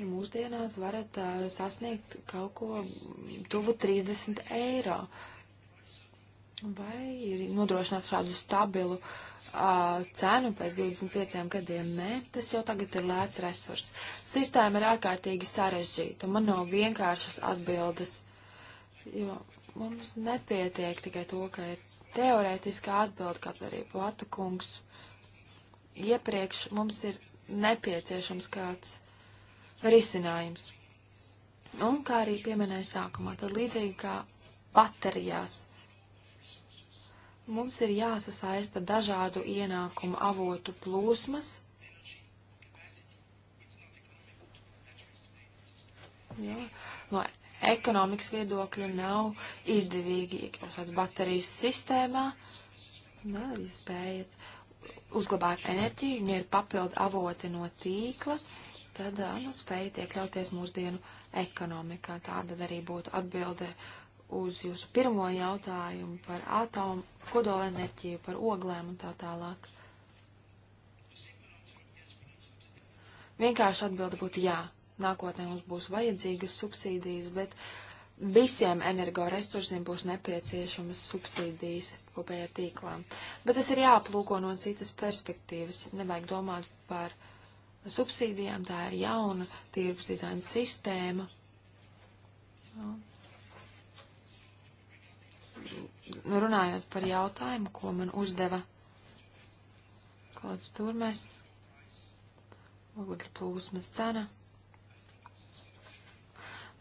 mūsdienās varat uh, sasniegt kaut ko tuvu 30 eiro. Uh, Vai ir nodrošināt šādu stabilu uh, cenu pēc 25 gadiem? Nē, tas jau tagad ir lēts resurs. Sistēma ir ārkārtīgi sarežģīta, man nav vienkāršas atbildes, jo mums nepietiek tikai to, ka ir teorētiskā atbilde, kad arī Plata kungs iepriekš mums ir nepieciešams kāds risinājums. Un kā arī pieminēja sākumā, tad līdzīgi kā baterijās Mums ir jāsasaista dažādu ienākumu avotu plūsmas. Jo, no ekonomikas viedokļa nav izdevīgi iekļauts baterijas sistēmā. Nē, ja spējat uzglabāt enerģiju, ja ir papildu avoti no tīkla, tad nu, spējat iekļauties mūsdienu ekonomikā. Tāda arī būtu atbilde uz jūsu pirmo jautājumu par atomu kodolenerģiju, par oglēm un tā tālāk? Vienkārši atbilde būtu jā. Nākotnē mums būs vajadzīgas subsīdijas, bet visiem energoresursiem būs nepieciešamas subsīdijas kopējā tīklā. Bet tas ir jāplūko no citas perspektīvas. Nevajag domāt par subsīdijām, tā ir jauna tirgus dizaina sistēma. No. Nu, runājot par jautājumu, ko man uzdeva Klauds Turmēs, ogļu plūsmas cena.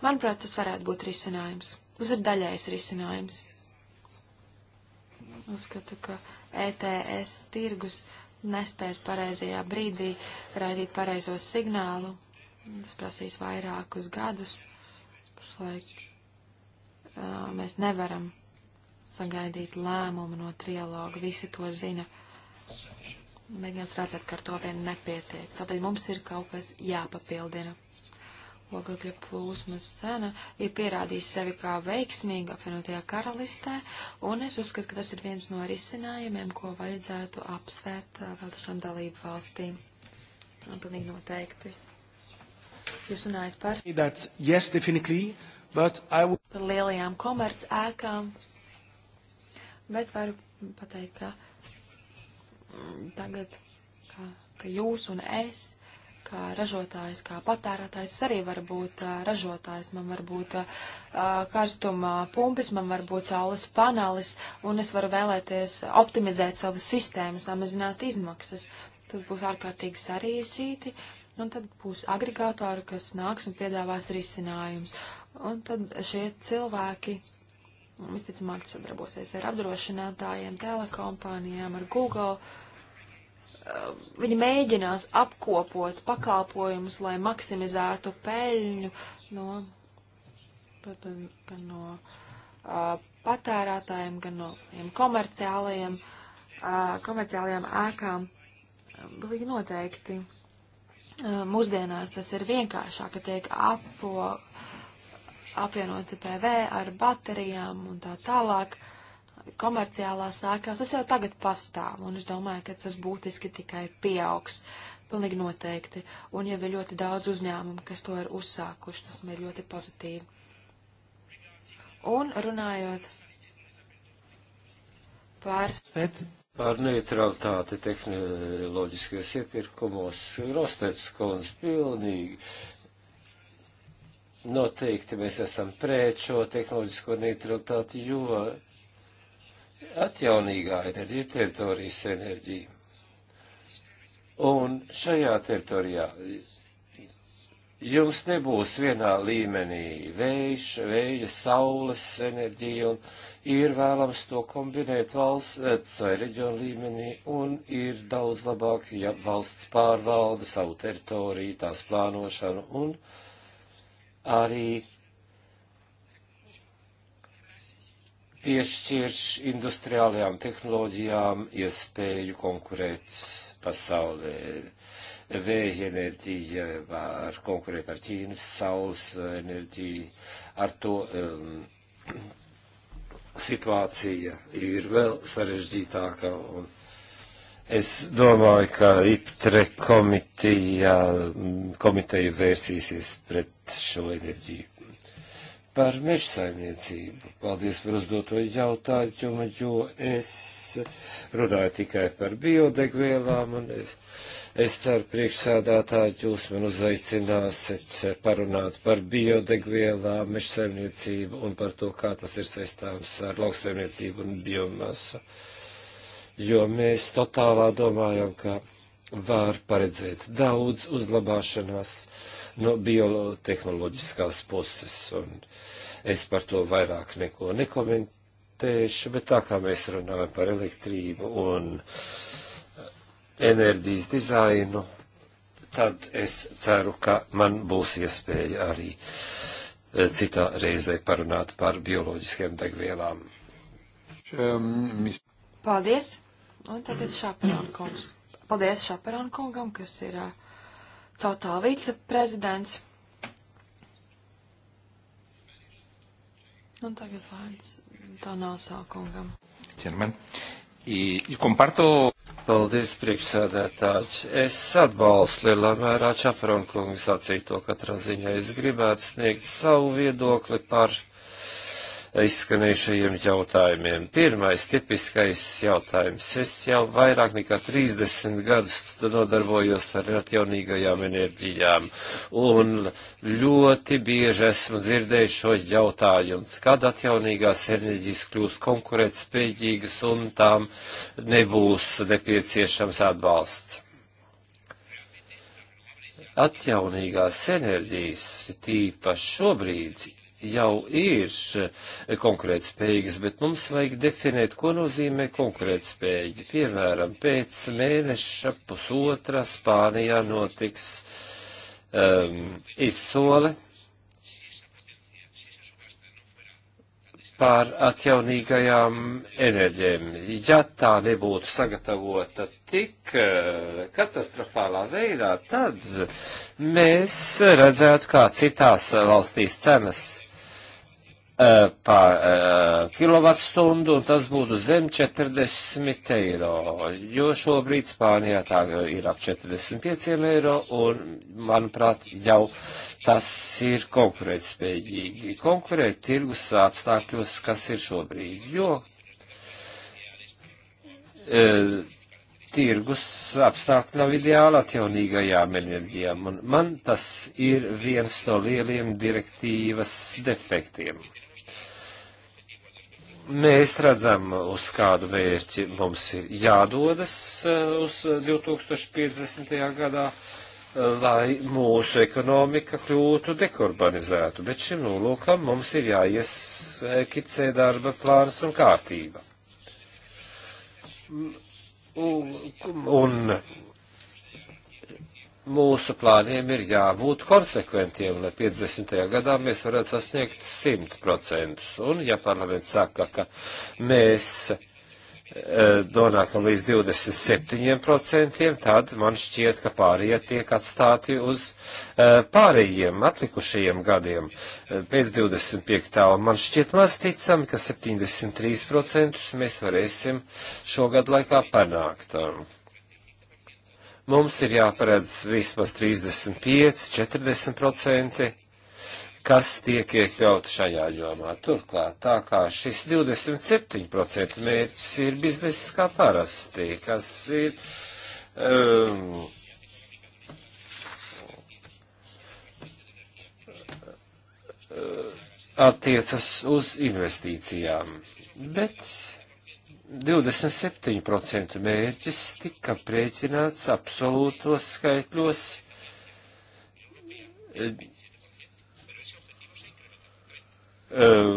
Manuprāt, tas varētu būt risinājums. Tas ir daļais risinājums. Uzskatu, ka ETS tirgus nespēs pareizajā brīdī raidīt pareizo signālu. Tas prasīs vairākus gadus. Pašlaik uh, mēs nevaram sagaidīt lēmumu no trialoga. Visi to zina. Mēģinās redzēt, ka ar to vien nepietiek. Tātad mums ir kaut kas jāpapildina. Ogļu plūsmas cena ir pierādījusi sevi kā veiksmīga apvienotajā karalistē, un es uzskatu, ka tas ir viens no risinājumiem, ko vajadzētu apsvērt uh, vēl dažām dalību valstīm. Pilnīgi noteikti. Jūs runājat par. That's yes, definitely, but I would. Par lielajām komerc ēkām bet varu pateikt, ka mm, tagad, ka, ka jūs un es, kā ražotājs, kā patērētājs, es arī varu būt ražotājs, man var būt karstuma pumpis, man var būt saules panelis, un es varu vēlēties optimizēt savus sistēmas, samazināt izmaksas. Tas būs ārkārtīgi sarežģīti, un tad būs agregātori, kas nāks un piedāvās risinājums. Un tad šie cilvēki Visticamāk, tas sadarbosies ar apdrošinātājiem, telekompānijām, ar Google. Uh, viņi mēģinās apkopot pakalpojumus, lai maksimizētu peļņu no, gan no uh, patērētājiem, gan no komerciālajiem, uh, komerciālajām ēkām. Līdz noteikti uh, mūsdienās tas ir vienkāršāk, ka tiek apo, apvienoti PV ar baterijām un tā tālāk, komerciālās sākās, tas jau tagad pastāv, un es domāju, ka tas būtiski tikai pieaugs, pilnīgi noteikti, un jau ir ļoti daudz uzņēmumu, kas to ir uzsākuši, tas man ir ļoti pozitīvi. Un runājot par. Stēt. Par neutralitāti tehnoloģiskajos iepirkumos Rostets kundze pilnīgi Noteikti mēs esam pret šo tehnoloģisko neutralitāti, jo atjaunīgā enerģija ir teritorijas enerģija. Un šajā teritorijā jums nebūs vienā līmenī vējš, vēja, saules enerģija, un ir vēlams to kombinēt valsts vai eh, reģionu līmenī, un ir daudz labāk, ja valsts pārvalda savu teritoriju, tās plānošanu un plānošanu arī piešķirš industriālajām tehnoloģijām iespēju konkurēt pasaulē. Vēja enerģija var konkurēt ar Ķīnas saules enerģiju, ar to um, situācija ir vēl sarežģītāka un Es domāju, ka ITRE komitija, komiteja vērsīsies pret šo enerģiju. Par mežsaimniecību. Paldies par uzdoto jautājumu, jo es runāju tikai par biodegvielām. Un es, es ceru, priekšsādātāji, jūs man uzaicināsiet parunāt par biodegvielām, mežsaimniecību un par to, kā tas ir saistāms ar lauksaimniecību un biomasu. Uh, jo mēs totālā domājam, ka var paredzēt daudz uzlabāšanās no biotehnoloģiskās puses, un es par to vairāk neko nekomentēšu, bet tā kā mēs runājam par elektrību un enerģijas dizainu, tad es ceru, ka man būs iespēja arī eh, citā reizē parunāt par bioloģiskiem degvielām. Paldies! Un tagad Šaperona kungs. Paldies Šaperona kungam, kas ir tautāla viceprezidents. Un tagad vārds tā nav sākungam. Čermen. I, comparto... Paldies, priekšsēdētāji. Es atbalstu lielā mērā Čaparonkungu sacīto katrā ziņā. Es gribētu sniegt savu viedokli par izskanējušajiem jautājumiem. Pirmais tipiskais jautājums. Es jau vairāk nekā 30 gadus nodarbojos ar atjaunīgajām enerģijām un ļoti bieži esmu dzirdējis šo jautājumu, kad atjaunīgās enerģijas kļūs konkurētspējīgas un tām nebūs nepieciešams atbalsts atjaunīgās enerģijas, tīpaši šobrīd, jau ir eh, konkurētspējīgas, bet mums vajag definēt, ko nozīmē konkurētspēja. Piemēram, pēc mēneša pusotra Spānijā notiks um, izsole pār atjaunīgajām enerģēm. Ja tā nebūtu sagatavota tik eh, katastrofālā veidā, tad mēs redzētu, kā citās valstīs cenas Eh, par eh, kilovatstundu, un tas būtu zem 40 eiro, jo šobrīd Spānijā tā ir ap 45 eiro, un, manuprāt, jau tas ir konkurētspējīgi. Konkurēt tirgus apstākļos, kas ir šobrīd, jo e, tirgus apstākļi nav ideāli atjaunīgajām enerģijām, un man tas ir viens no lieliem direktīvas defektiem Mēs redzam, uz kādu vērķi mums ir jādodas eh, uz 2050. gadā, eh, lai mūsu ekonomika kļūtu dekorbanizētu, bet šim nolūkam mums ir jāieskicē darba plāns un kārtība. Un, un mūsu plāniem ir jābūt konsekventiem, lai 50. gadā mēs varētu sasniegt 100%. Un ja parlaments saka, ka mēs e, nonākam līdz 27%, tad man šķiet, ka pārējie tiek atstāti uz e, pārējiem atlikušajiem gadiem e, pēc 25. un man šķiet maz ticami, ka 73% mēs varēsim šogad laikā panākt. Um. Mums ir jāparedz vismaz 35-40%, kas tiek iekļauti šajā jomā. Turklāt, tā kā šis 27% mērķis ir bizness kā parasti, kas ir. Um, uh, attiecas uz investīcijām, bet 27% mērķis tika prēķināts absolūtos skaitļos. Eh,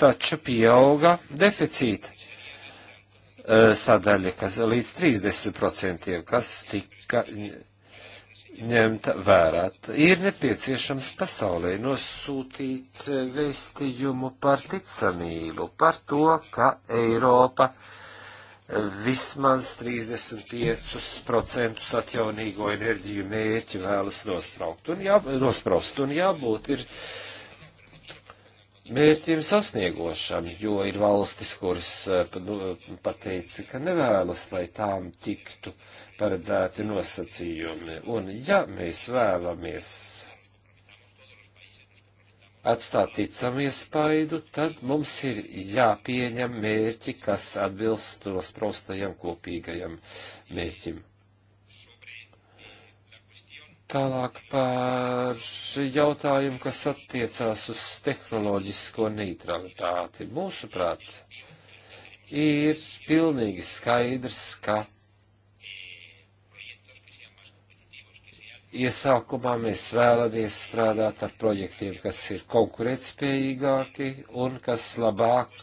taču pieauga deficīta eh, sadaļa, kas līdz 30%, kas tika ņemta vērā. Ir nepieciešams pasaulē nosūtīt eh, vēstījumu par ticamību, par to, ka Eiropa eh, vismaz 35% atjaunīgo enerģiju mērķi vēlas nospraukt un jā, nospraust, un jābūt ir mērķiem sasniegošam, jo ir valstis, kuras eh, nu, pateica, ka nevēlas, lai tām tiktu paredzēti nosacījumi. Un ja mēs vēlamies atstāt ticamu iespaidu, tad mums ir jāpieņem mērķi, kas atbilst nospraustajam kopīgajam mērķim. Tālāk par jautājumu, kas attiecās uz tehnoloģisko neutralitāti. Mūsuprāt, ir pilnīgi skaidrs, ka iesākumā mēs vēlamies strādāt ar projektiem, kas ir konkurētspējīgāki un kas labāk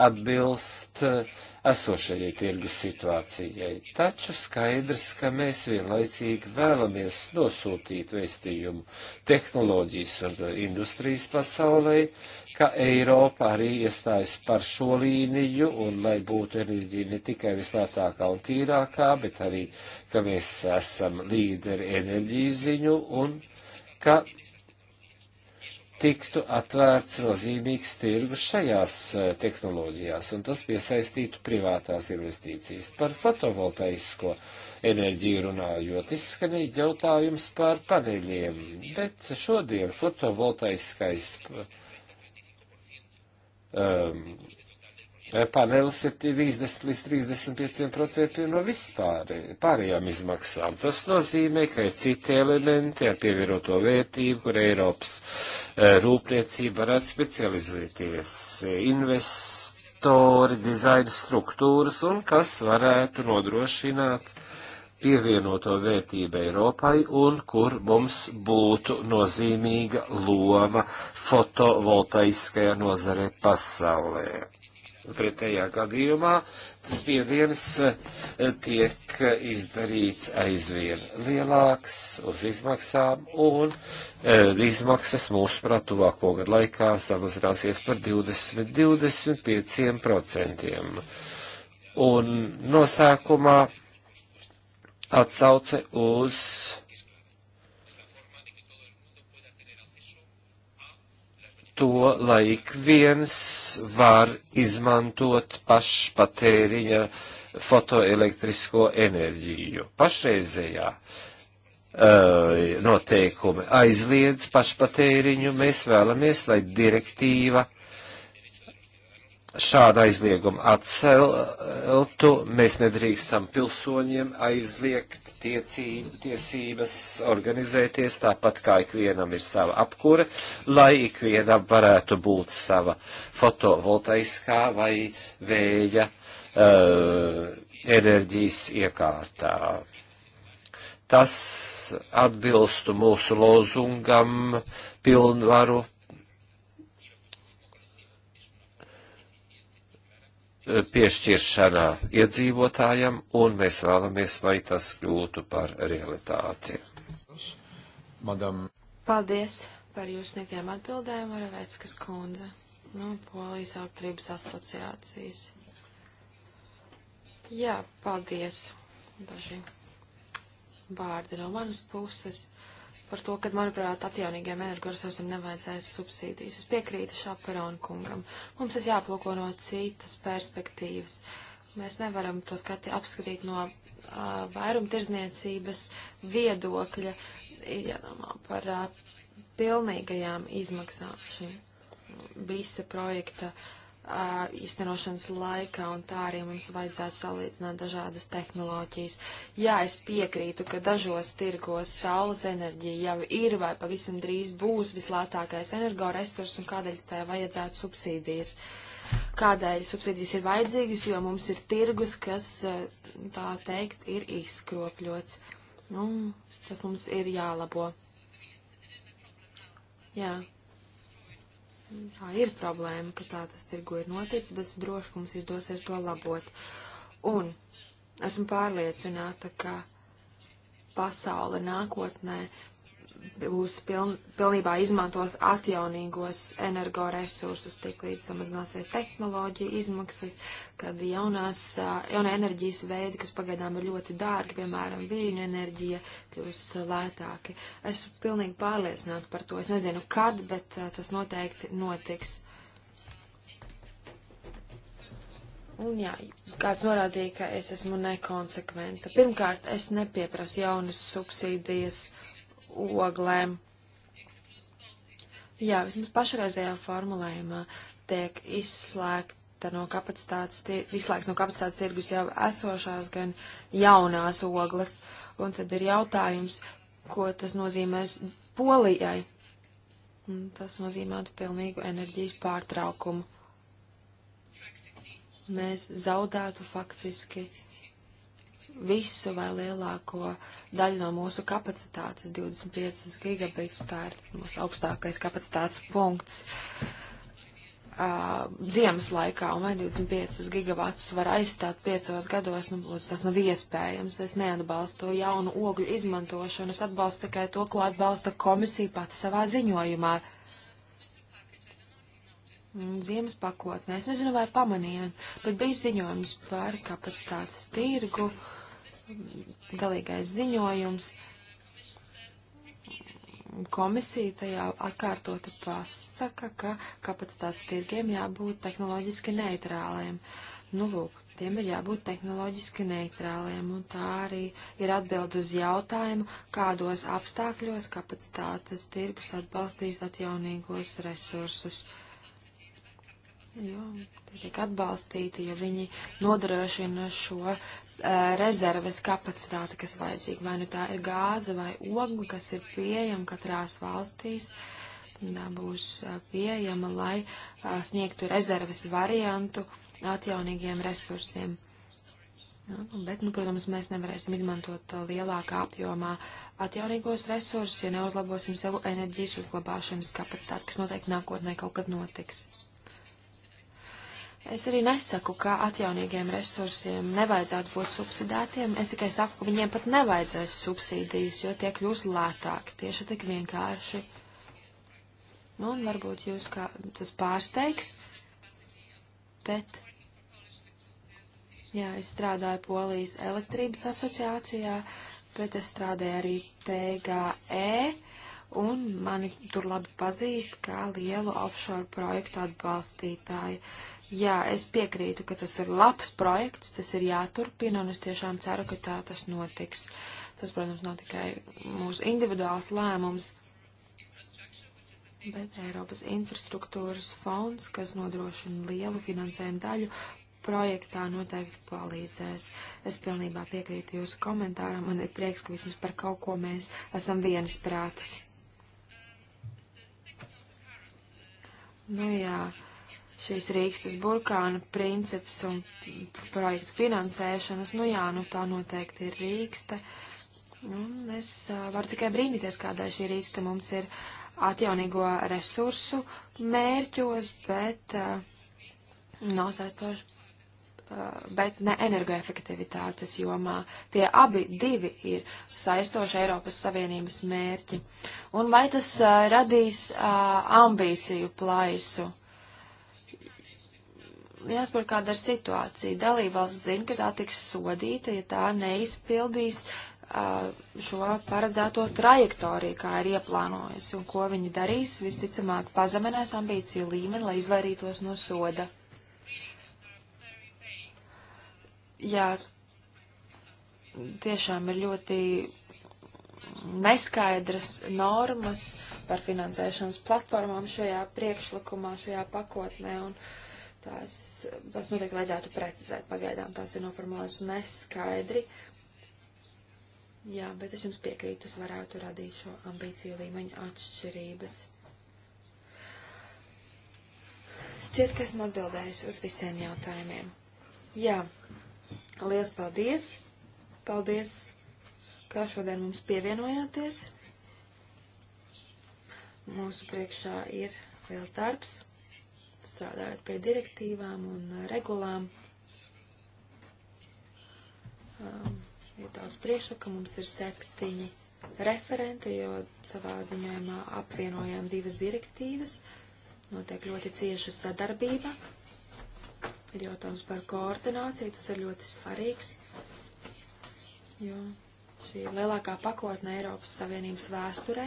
atbilst eh, esošajai tirgus situācijai. Taču skaidrs, ka mēs vienlaicīgi vēlamies nosūtīt vēstījumu tehnoloģijas un eh, industrijas pasaulē, ka Eiropa arī iestājas par šo līniju un lai būtu enerģija ne tikai vislētākā un tīrākā, bet arī, ka mēs esam līderi enerģijas ziņu un ka tiktu atvērts nozīmīgs tirgus šajās eh, tehnoloģijās, un tas piesaistītu privātās investīcijas. Par fotovoltaisko enerģiju runājot, izskanīja jautājums par paneļiem, bet šodien fotovoltaiskais um, panelis ir 50 līdz 35% no vispārējām izmaksām. Tas nozīmē, ka ir citi elementi ar pievienoto vērtību, kur Eiropas eh, rūpniecība varētu specializēties, investori, dizaina struktūras un kas varētu nodrošināt pievienoto vērtību Eiropai un kur mums būtu nozīmīga loma fotovoltaiskajā nozarē pasaulē Pretējā gadījumā spiediens eh, tiek izdarīts aizvien lielāks uz izmaksām, un e, izmaksas mūsu pratuvāko gadu laikā samazināsies par 20-25%. Un nosākumā atsauce uz to, lai ik viens var izmantot pašpatēriņa fotoelektrisko enerģiju. Pašreizējā uh, noteikumi aizliedz pašpatēriņu, mēs vēlamies, lai direktīva uh, šādu aizliegumu atceltu, mēs nedrīkstam pilsoņiem aizliegt tiecība, tiesības organizēties, tāpat kā ikvienam ir sava apkūra, lai ikvienam varētu būt sava fotovoltaiskā vai vēja uh, enerģijas iekārtā. Tas atbilstu mūsu lozungam pilnvaru Eh, piešķiršanā iedzīvotājam, un mēs vēlamies, lai tas kļūtu par realitāti. Madam. Paldies par jūsu sniegtiem atbildēm, Araveckas kundze, no nu, Polijas elektrības asociācijas. Jā, paldies. Daži vārdi no manas puses par to, ka, manuprāt, atjaunīgiem energoresursiem nevajadzēs subsīdijas. Es piekrītu Šaperona kungam. Mums tas jāplūko no citas perspektīvas. Mēs nevaram to skati apskatīt no uh, vairumtirzniecības viedokļa, jādomā par uh, pilnīgajām izmaksām šim visa projekta uh, īstenošanas laikā, un tā arī mums vajadzētu salīdzināt dažādas tehnoloģijas. Jā, es piekrītu, ka dažos tirgos saules enerģija jau ir vai pavisam drīz būs vislētākais energoresurs, un kādēļ tai vajadzētu subsīdijas. Kādēļ subsīdijas ir vajadzīgas, jo mums ir tirgus, kas, tā teikt, ir izskropļots. Nu, tas mums ir jālabo. Jā tā ir problēma, ka tā tas tirgu ir noticis, bet droši, ka mums izdosies to labot. Un esmu pārliecināta, ka pasaule nākotnē būs piln, pilnībā izmantos atjaunīgos energoresursus, tik līdz samazināsies tehnoloģija izmaksas, kad jaunās, jaunie enerģijas veidi, kas pagaidām ir ļoti dārgi, piemēram, vīņu enerģija, kļūs lētāki. Esmu pilnīgi pārliecināta par to. Es nezinu, kad, bet tas noteikti notiks. Un jā, kāds norādīja, ka es esmu nekonsekventa. Pirmkārt, es nepieprasu jaunas subsīdijas oglēm. Jā, vismaz pašreizējā formulējumā tiek izslēgta no kapacitātes, izslēgts no kapacitātes tirgus jau esošās, gan jaunās oglas. Un tad ir jautājums, ko tas nozīmēs Polijai. Un tas nozīmētu pilnīgu enerģijas pārtraukumu. Mēs zaudētu faktiski visu vai lielāko daļu no mūsu kapacitātes, 25 gigabits, tā ir mūsu augstākais kapacitātes punkts uh, ziemas laikā, un vai 25 gigabatus var aizstāt 5 gados, nu, lūdzu, tas nav iespējams, es neatbalstu to jaunu ogļu izmantošanu, es atbalstu tikai to, ko atbalsta komisija pati savā ziņojumā. Mm, ziemas pakotnē, es nezinu, vai pamanījāt, bet bija ziņojums par kapacitātes tirgu. Uh, galīgais ziņojums. Komisija tajā atkārtoti pasaka, ka kapacitātes tirgiem jābūt tehnoloģiski neitrāliem. Nu, lūk, tiem ir jābūt tehnoloģiski neitrāliem, un tā arī ir atbild uz jautājumu, kādos apstākļos kapacitātes tirgus atbalstīs atjaunīgos resursus. Jo, tie tiek atbalstīti, jo viņi nodrošina šo Eh, rezerves kapacitāte, kas vajadzīga. Vai nu tā ir gāze vai ogli, kas ir pieejama katrās valstīs. Tā būs eh, pieejama, lai eh, sniegtu rezerves variantu atjaunīgiem resursiem. Ja, nu, bet, nu, protams, mēs nevarēsim izmantot lielākā apjomā atjaunīgos resursus, ja neuzlabosim savu enerģijas uzglabāšanas kapacitāti, kas noteikti nākotnē kaut kad notiks. Es arī nesaku, ka atjaunīgiem resursiem nevajadzētu būt subsidētiem. Es tikai saku, ka viņiem pat nevajadzēs subsīdijas, jo tie kļūs lētāki. Tieši tik vienkārši. Nu, un varbūt jūs kā tas pārsteigs, bet. Jā, es strādāju Polijas elektrības asociācijā, bet es strādāju arī PGE mani tur labi pazīst kā lielu offshore projektu atbalstītāju. Jā, es piekrītu, ka tas ir labs projekts, tas ir jāturpina, un es tiešām ceru, ka tā tas notiks. Tas, protams, nav tikai mūsu individuāls lēmums, bet Eiropas infrastruktūras fonds, kas nodrošina lielu finansējumu daļu, projektā noteikti palīdzēs. Es pilnībā piekrītu jūsu komentāram, un ir prieks, ka vismaz par kaut ko mēs esam vienas prātas. Nu jā, šīs Rīkstas burkāna princips un projektu finansēšanas, nu jā, nu tā noteikti ir Rīksta. Un es varu tikai brīnīties, kādā šī Rīksta mums ir atjaunīgo resursu mērķos, bet uh, nav saistoši Eh, bet ne energoefektivitātes jomā. Tie abi divi ir saistoši Eiropas Savienības mērķi. Un vai tas uh, radīs uh, ambīciju plaisu? Jāspēr kāda ir situācija. Dalībvalsts zina, ka tā tiks sodīta, ja tā neizpildīs uh, šo paredzēto trajektoriju, kā ir ieplānojusi, un ko viņi darīs, visticamāk pazeminēs ambīciju līmeni, lai izvairītos no soda. jā, tiešām ir ļoti neskaidras normas par finansēšanas platformām šajā priekšlikumā, šajā pakotnē, un tās, tas noteikti vajadzētu precizēt. Pagaidām tās ir noformulētas neskaidri. Jā, bet es jums piekrītu, tas varētu radīt šo ambīciju līmeņu atšķirības. Šķiet, ka esmu atbildējusi uz visiem jautājumiem. Jā. Yeah. Liels paldies! Paldies, ka šodien mums pievienojāties. Mūsu priekšā ir liels darbs, strādājot pie direktīvām un uh, regulām. Um, ir daudz priekšlikumu, mums ir septiņi referenti, jo savā ziņojumā apvienojām divas direktīvas. Notiek ļoti cieša sadarbība ir jautājums par koordināciju, tas ir ļoti svarīgs, jo šī lielākā pakotne Eiropas Savienības vēsturē,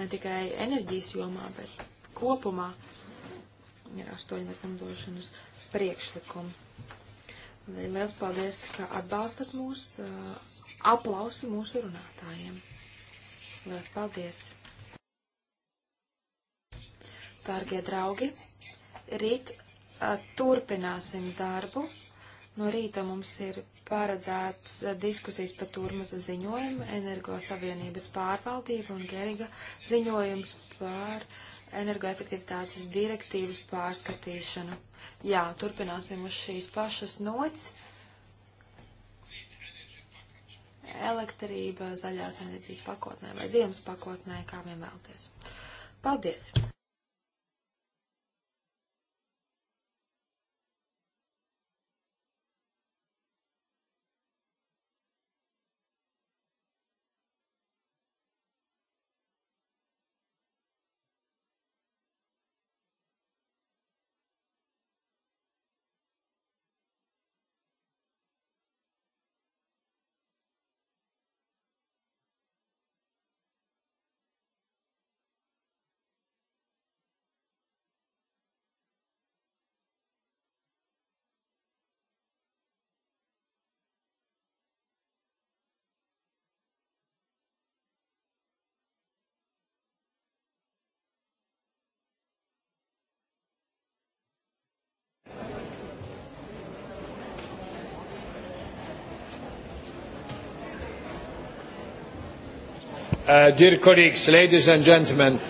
ne tikai enerģijas jomā, bet kopumā ir astoņi likumdošanas priekšlikumi. Liels paldies, ka atbalstat mūs, aplausi mūsu runātājiem. Liels paldies! Dārgie draugi, rīt turpināsim darbu. No rīta mums ir paredzēts diskusijas par turmasa ziņojumu, energosavienības pārvaldību un Geriga ziņojums par energoefektivitātes direktīvas pārskatīšanu. Jā, turpināsim uz šīs pašas nots. Elektrība zaļās enerģijas pakotnē vai ziemas pakotnē, kā vien vēlties. Paldies! Uh, dear colleagues, ladies and gentlemen,